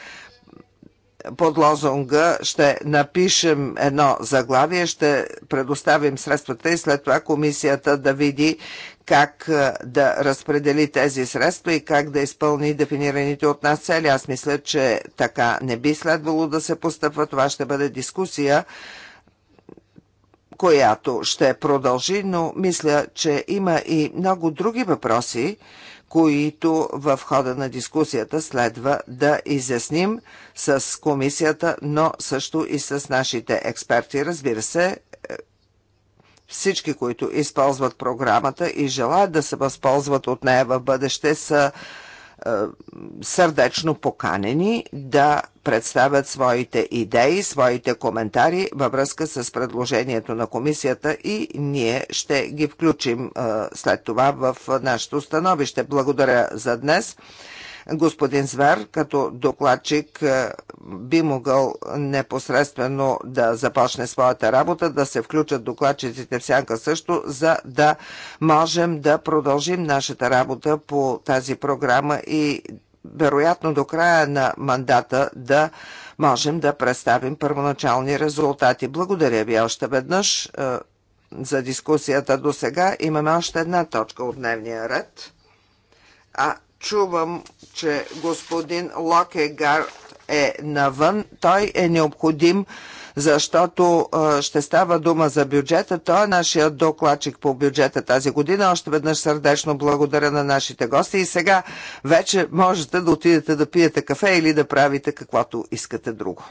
под лозунга ще напишем едно заглавие, ще предоставим средствата и след това комисията да види как да разпредели тези средства и как да изпълни дефинираните от нас цели. Аз мисля, че така не би следвало да се постъпва. Това ще бъде дискусия, която ще продължи, но мисля, че има и много други въпроси, които в хода на дискусията следва да изясним с комисията, но също и с нашите експерти. Разбира се, всички, които използват програмата и желаят да се възползват от нея в бъдеще, са е, сърдечно поканени да представят своите идеи, своите коментари във връзка с предложението на комисията и ние ще ги включим е, след това в нашето становище. Благодаря за днес господин Звер като докладчик е, би могъл непосредствено да започне своята работа, да се включат докладчиците в сянка също, за да можем да продължим нашата работа по тази програма и вероятно до края на мандата да можем да представим първоначални резултати. Благодаря ви още веднъж е, за дискусията до сега. Имаме още една точка от дневния ред, а чувам, че господин Локегард е навън. Той е необходим, защото ще става дума за бюджета. Той е нашия докладчик по бюджета тази година. Още веднъж сърдечно благодаря на нашите гости. И сега вече можете да отидете да пиете кафе или да правите каквото искате друго.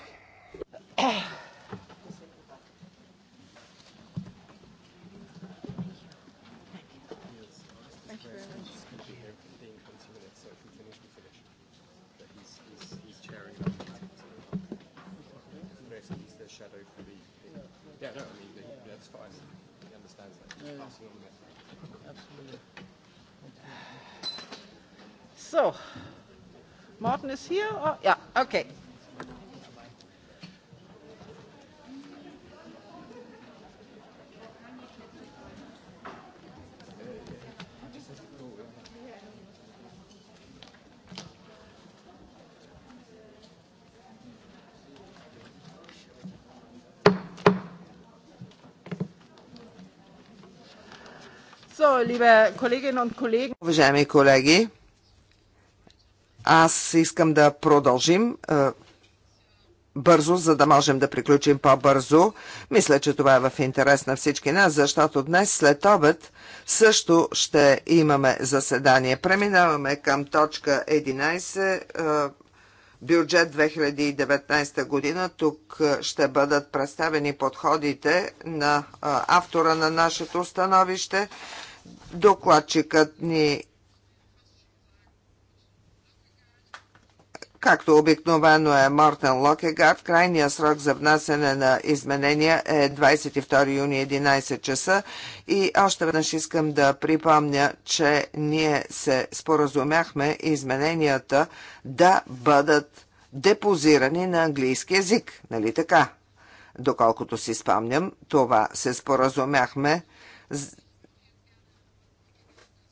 So, Martin ist hier. Oh, ja, okay. So, liebe Kolleginnen und Kollegen. Уважаеми колеги, аз искам да продължим бързо, за да можем да приключим по-бързо. Мисля, че това е в интерес на всички нас, защото днес след обед също ще имаме заседание. Преминаваме към точка 11. бюджет 2019 година. Тук ще бъдат представени подходите на автора на нашето становище. Докладчикът ни Както обикновено е Мортен Локегард, крайният срок за внасене на изменения е 22 юни 11 часа и още веднъж искам да припомня, че ние се споразумяхме измененията да бъдат депозирани на английски язик, нали така? Доколкото си спомням, това се споразумяхме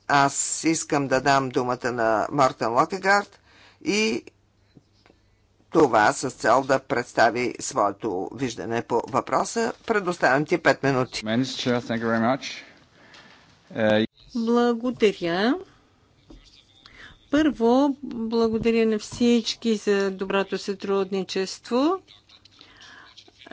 аз искам да дам думата на Мортен Локегард и това с цел да представи своето виждане по въпроса. Предоставям ти 5 минути. Благодаря. Първо, благодаря на всички за доброто сътрудничество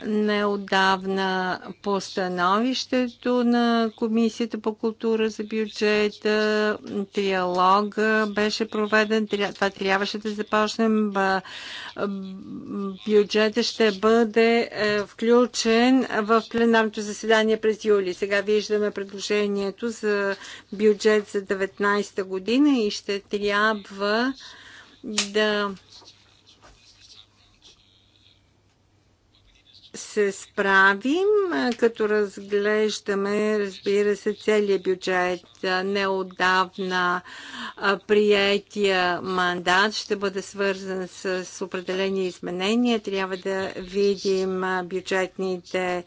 неодавна по становището на Комисията по култура за бюджета. Триалога беше проведен. Това трябваше да започнем. Бюджета ще бъде е, включен в пленарното заседание през юли. Сега виждаме предложението за бюджет за 19 година и ще трябва да се справим, като разглеждаме, разбира се, целият бюджет. Неодавна приятия мандат ще бъде свързан с определени изменения. Трябва да видим бюджетните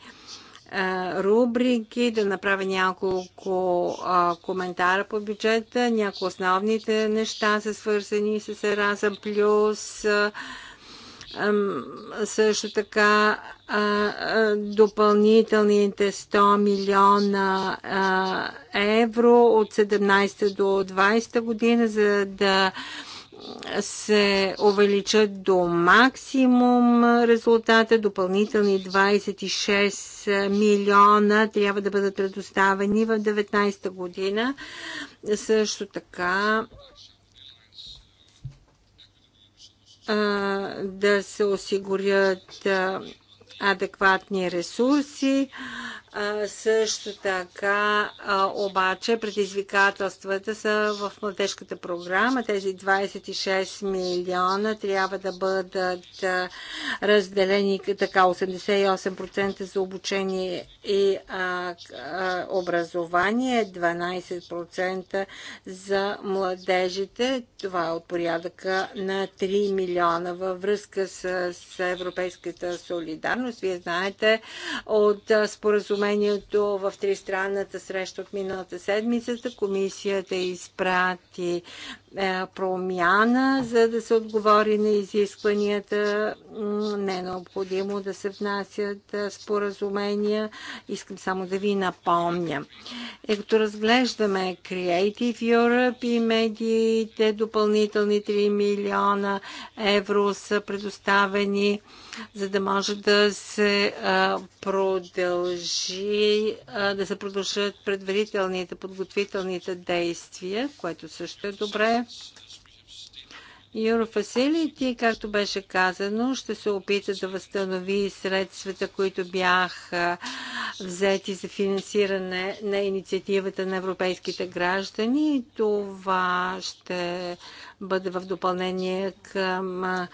рубрики, да направя няколко а, коментара по бюджета. Някои основните неща са свързани с Еразъм Плюс, а, също така допълнителните 100 милиона евро от 17 до 20 година, за да се увеличат до максимум резултата. Допълнителни 26 милиона трябва да бъдат предоставени в 19 година. Също така да се осигурят адекватни ресурси, също така, обаче, предизвикателствата са в младежката програма. Тези 26 милиона трябва да бъдат разделени така 88% за обучение и образование, 12% за младежите. Това е от порядъка на 3 милиона във връзка с, с европейската солидарност. Вие знаете от споразумението споразумението в тристранната среща от миналата седмица. Комисията изпрати е, промяна, за да се отговори на изискванията. Не е необходимо да се внасят е, споразумения. Искам само да ви напомня. Е, като разглеждаме Creative Europe и медиите, допълнителни 3 милиона евро са предоставени за да може да се е, продължи, да се продължат предварителните, подготвителните действия, което също е добре се. Eurofacility, както беше казано, ще се опита да възстанови средствата, които бяха взети за финансиране на инициативата на европейските граждани. Това ще бъде в допълнение към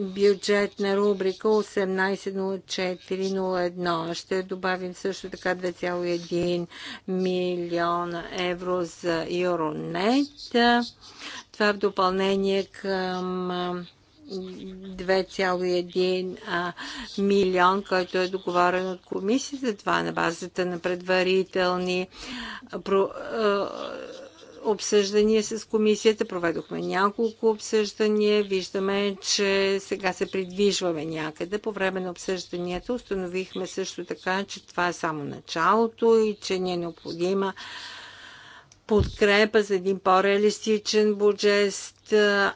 бюджетна рубрика 180401. Ще добавим също така 2,1 милиона евро за Юронет. Това в допълнение към 2,1 милион, който е договорен от комисията. Това е на базата на предварителни обсъждания с комисията. Проведохме няколко обсъждания. Виждаме, че сега се придвижваме някъде. По време на обсъжданията установихме също така, че това е само началото и че ни е необходима подкрепа за един по-реалистичен бюджет, е,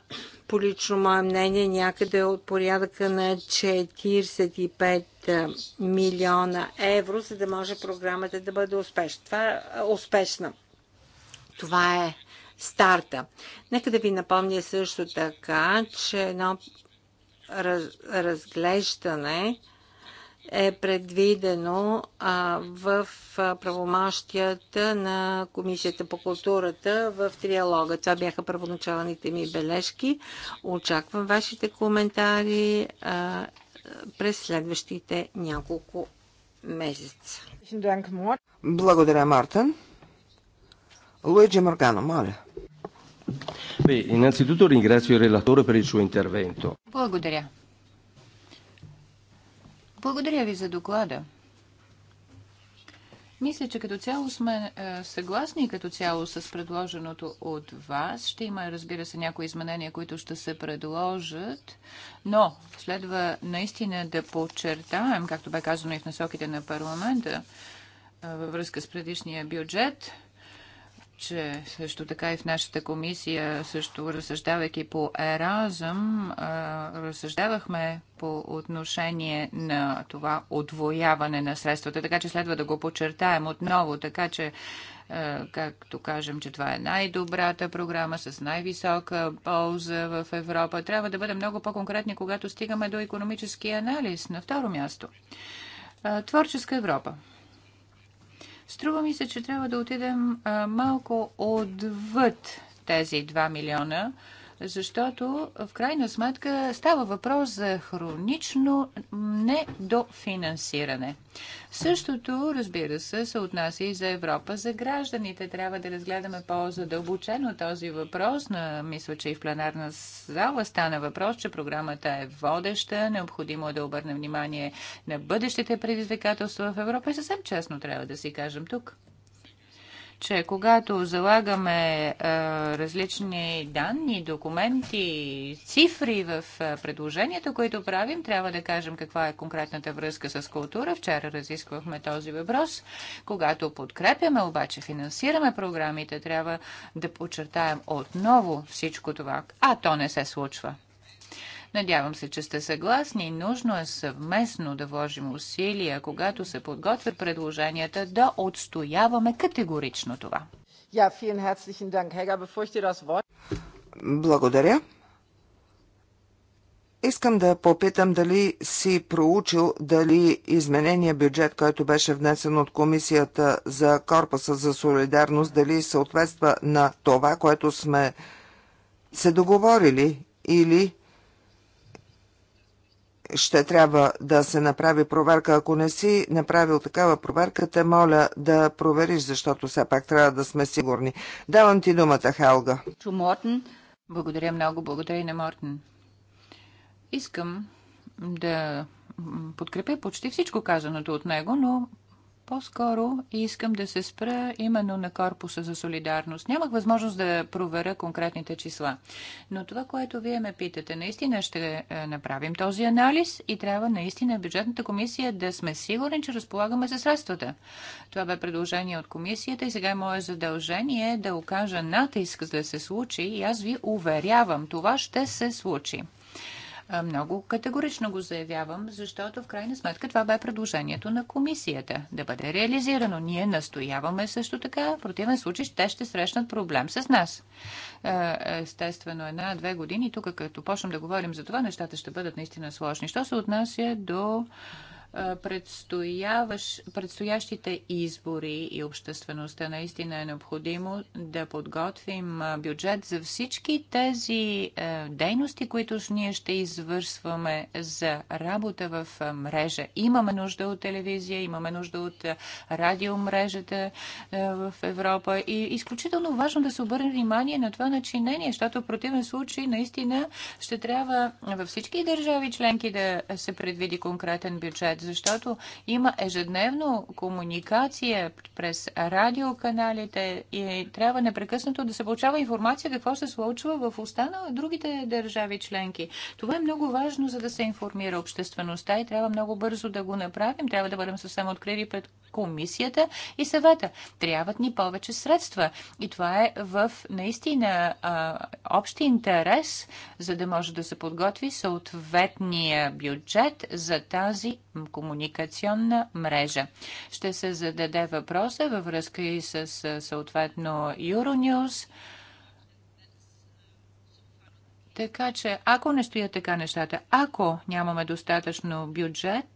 по лично мое мнение, някъде от порядъка на 45 е, милиона евро, за да може програмата да бъде успешна. Това е успешна. Това е старта. Нека да ви напомня също така, че едно разглеждане е предвидено в правомащията на Комисията по културата в триалога. Това бяха първоначалните ми бележки. Очаквам вашите коментари през следващите няколко месеца. Благодаря, Мартин. Луиджи Моргано, моля. innanzitutto ringrazio il relatore per il suo intervento. Благодаря. Благодаря ви за доклада. Мисля, че като цяло сме е, съгласни като цяло с предложеното от вас. Ще има, разбира се, някои изменения, които ще се предложат, но следва наистина да подчертаем, както бе казано и в насоките на парламента, е, във връзка с предишния бюджет – че също така и в нашата комисия, също разсъждавайки по еразъм, разсъждавахме по отношение на това отвояване на средствата, така че следва да го подчертаем отново, така че както кажем, че това е най-добрата програма с най-висока полза в Европа. Трябва да бъдем много по-конкретни, когато стигаме до економически анализ. На второ място. Творческа Европа. Струва ми се, че трябва да отидем малко отвъд тези 2 милиона, защото в крайна сметка става въпрос за хронично недофинансиране. Същото, разбира се, се отнася и за Европа за гражданите. Трябва да разгледаме по-задълбочено този въпрос. Но мисля, че и в пленарна зала стана въпрос, че програмата е водеща. Необходимо е да обърнем внимание на бъдещите предизвикателства в Европа. И съвсем честно трябва да си кажем тук че когато залагаме различни данни, документи, цифри в е, предложенията, които правим, трябва да кажем каква е конкретната връзка с култура. Вчера разисквахме този въпрос. Когато подкрепяме, обаче финансираме програмите, трябва да подчертаем отново всичко това, а то не се случва. Надявам се, че сте съгласни. Нужно е съвместно да вложим усилия, когато се подготвят предложенията, да отстояваме категорично това. Благодаря. Искам да попитам дали си проучил дали изменения бюджет, който беше внесен от Комисията за Корпуса за солидарност, дали съответства на това, което сме се договорили или ще трябва да се направи проверка. Ако не си направил такава проверка, те моля да провериш, защото все пак трябва да сме сигурни. Давам ти думата, Хелга. Благодаря много, благодаря и на Мортен. Искам да подкрепя почти всичко казаното от него, но по-скоро искам да се спра именно на корпуса за солидарност. Нямах възможност да проверя конкретните числа. Но това, което вие ме питате, наистина ще е, направим този анализ и трябва наистина бюджетната комисия да сме сигурни, че разполагаме за средствата. Това бе предложение от комисията и сега е мое задължение да окажа натиск за да се случи и аз ви уверявам, това ще се случи. Много категорично го заявявам, защото в крайна сметка това бе предложението на комисията да бъде реализирано. Ние настояваме също така, в противен случай те ще срещнат проблем с нас. Естествено, една-две години, тук като почнем да говорим за това, нещата ще бъдат наистина сложни. Що се отнася до предстоящите избори и обществеността наистина е необходимо да подготвим бюджет за всички тези дейности, които ние ще извършваме за работа в мрежа. Имаме нужда от телевизия, имаме нужда от радиомрежата в Европа и изключително важно да се обърне внимание на това начинение, защото в противен случай наистина ще трябва във всички държави членки да се предвиди конкретен бюджет защото има ежедневно комуникация през радиоканалите и трябва непрекъснато да се получава информация какво се случва в останал другите държави членки. Това е много важно, за да се информира обществеността и трябва много бързо да го направим. Трябва да бъдем съвсем открити пред комисията и съвета. Трябват ни повече средства. И това е в наистина общи общ интерес, за да може да се подготви съответния бюджет за тази комуникационна мрежа. Ще се зададе въпроса във връзка и с съответно Euronews. Така че, ако не стоят така нещата, ако нямаме достатъчно бюджет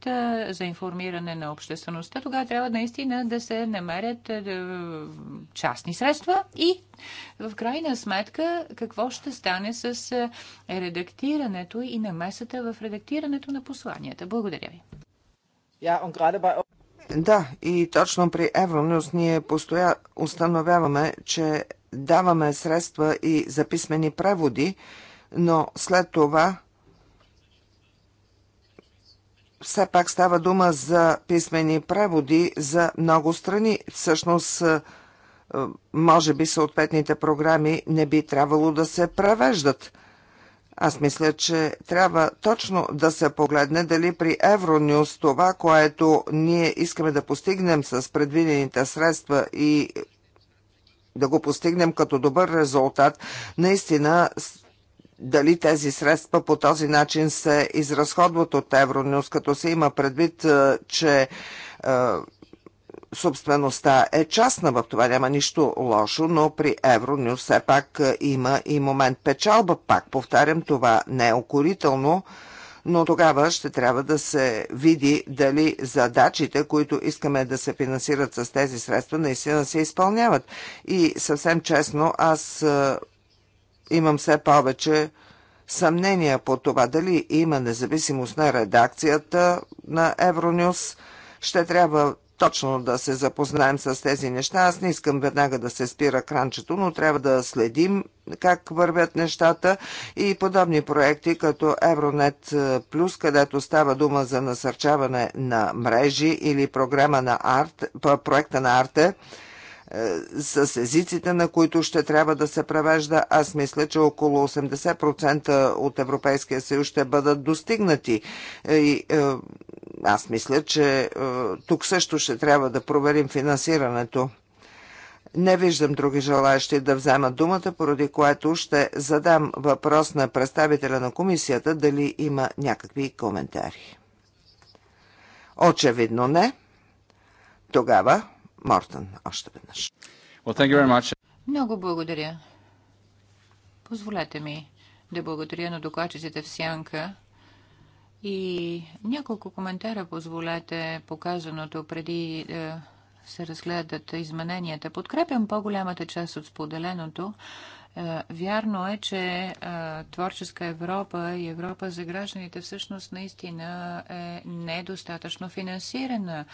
за информиране на обществеността, тогава трябва наистина да се намерят частни средства и в крайна сметка какво ще стане с редактирането и намесата в редактирането на посланията. Благодаря ви да, и точно при Евронюс ние постоя установяваме, че даваме средства и за писмени преводи, но след това все пак става дума за писмени преводи за много страни. Всъщност, е, може би съответните програми не би трябвало да се превеждат – аз мисля, че трябва точно да се погледне дали при Евронюс това, което ние искаме да постигнем с предвидените средства и да го постигнем като добър резултат, наистина дали тези средства по този начин се изразходват от Евронюс, като се има предвид, е, че е, собствеността е частна, в това няма нищо лошо, но при Евронюс все пак е, има и момент печалба. Пак повтарям, това не е окорително, но тогава ще трябва да се види дали задачите, които искаме да се финансират с тези средства, наистина се изпълняват. И съвсем честно, аз е, имам все повече съмнения по това дали има независимост на редакцията на Евронюс. Ще трябва точно да се запознаем с тези неща. Аз не искам веднага да се спира кранчето, но трябва да следим как вървят нещата и подобни проекти като Евронет е, Плюс, където става дума за насърчаване на мрежи или програма на арт, проекта на арте, с езиците, на които ще трябва да се превежда. Аз мисля, че около 80% от Европейския съюз ще бъдат достигнати. Е, и, е, аз мисля, че е, тук също ще трябва да проверим финансирането. Не виждам други желаящи да вземат думата, поради което ще задам въпрос на представителя на комисията дали има някакви коментари. Очевидно не. Тогава Мортън още веднъж. Много благодаря. Позволете ми да благодаря на докладчиците в Сянка и няколко коментара позволете показаното преди да е, се разгледат измененията. Подкрепям по-голямата част от споделеното, е, вярно е, че е, Творческа Европа и Европа за гражданите всъщност наистина е недостатъчно финансирана.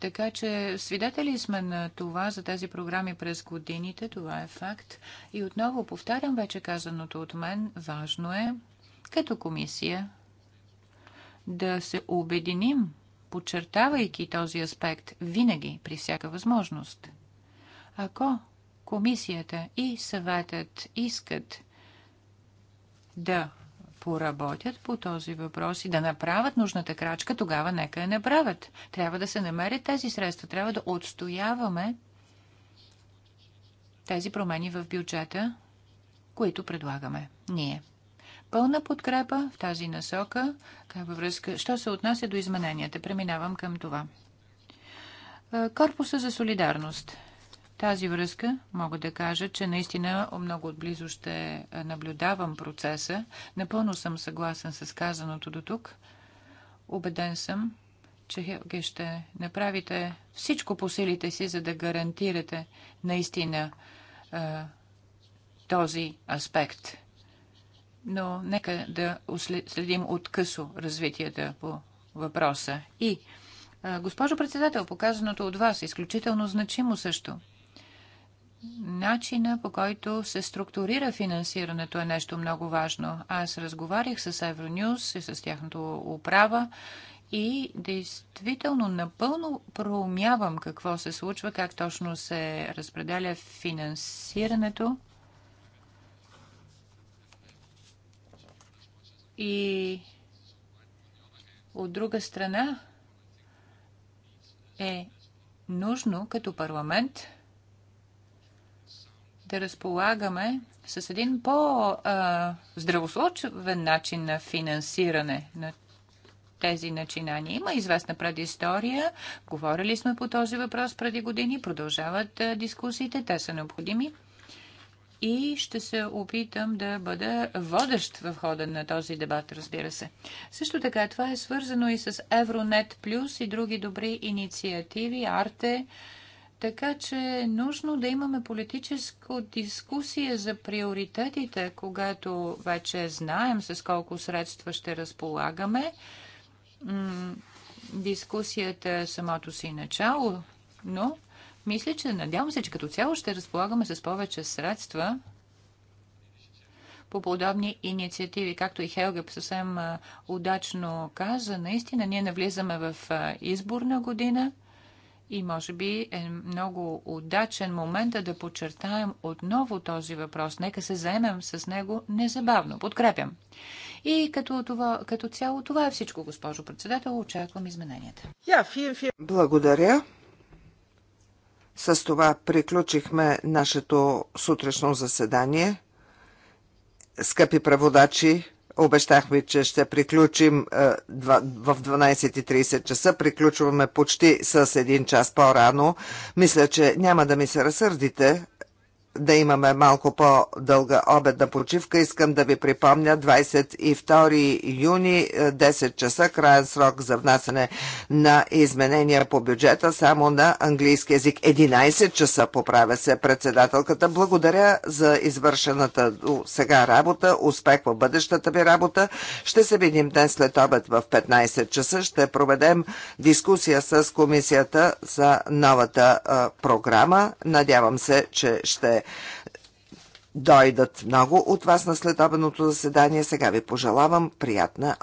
Така че свидетели сме на това за тези програми през годините. Това е факт. И отново повтарям вече казаното от мен. Важно е като комисия да се обединим, подчертавайки този аспект винаги при всяка възможност. Ако Комисията и съветът искат да поработят по този въпрос и да направят нужната крачка, тогава нека я направят. Трябва да се намерят тези средства. Трябва да отстояваме тези промени в бюджета, които предлагаме ние. Пълна подкрепа в тази насока, във връзка, що се отнася до измененията. Преминавам към това. Е, Корпуса за солидарност тази връзка мога да кажа, че наистина много отблизо ще наблюдавам процеса. Напълно съм съгласен с казаното до тук. Обеден съм, че Хелге ще направите всичко по силите си, за да гарантирате наистина а, този аспект. Но нека да следим откъсо развитията по въпроса. И, а, госпожо председател, показаното от вас е изключително значимо също – начина по който се структурира финансирането е нещо много важно. Аз разговарях с Евронюс и с тяхното управа и действително напълно проумявам какво се случва, как точно се разпределя финансирането. И от друга страна е нужно като парламент да разполагаме с един по здравословчен начин на финансиране на тези начинания. Има известна предистория. Говорили сме по този въпрос преди години. Продължават дискусиите. Те са необходими. И ще се опитам да бъда водещ в хода на този дебат, разбира се. Също така, това е свързано и с Евронет Плюс и други добри инициативи, Арте, така че е нужно да имаме политическа дискусия за приоритетите, когато вече знаем с колко средства ще разполагаме. Дискусията е самото си начало, но мисля, че надявам се, че като цяло ще разполагаме с повече средства по подобни инициативи, както и Хелга съвсем удачно каза. Наистина, ние навлизаме в изборна година – и може би е много удачен момент е да подчертаем отново този въпрос. Нека се заемем с него незабавно. Подкрепям. И като, това, като цяло това е всичко, госпожо председател. Очаквам измененията. Благодаря. С това приключихме нашето сутрешно заседание. Скъпи праводачи. Обещахме, че ще приключим е, в 12.30 часа. Приключваме почти с един час по-рано. Мисля, че няма да ми се разсърдите, да имаме малко по-дълга обедна почивка. Искам да ви припомня 22 юни 10 е, часа краен срок за внасене на изменения по бюджета само на английски язик. 11 часа поправя се председателката. Благодаря за извършената сега работа. Успех в бъдещата ви работа. Ще се видим днес след обед в 15 часа. Ще проведем дискусия с комисията за новата а, е, програма. Надявам се, че ще дойдат много от вас на следобеното заседание. Сега ви пожелавам приятна обед.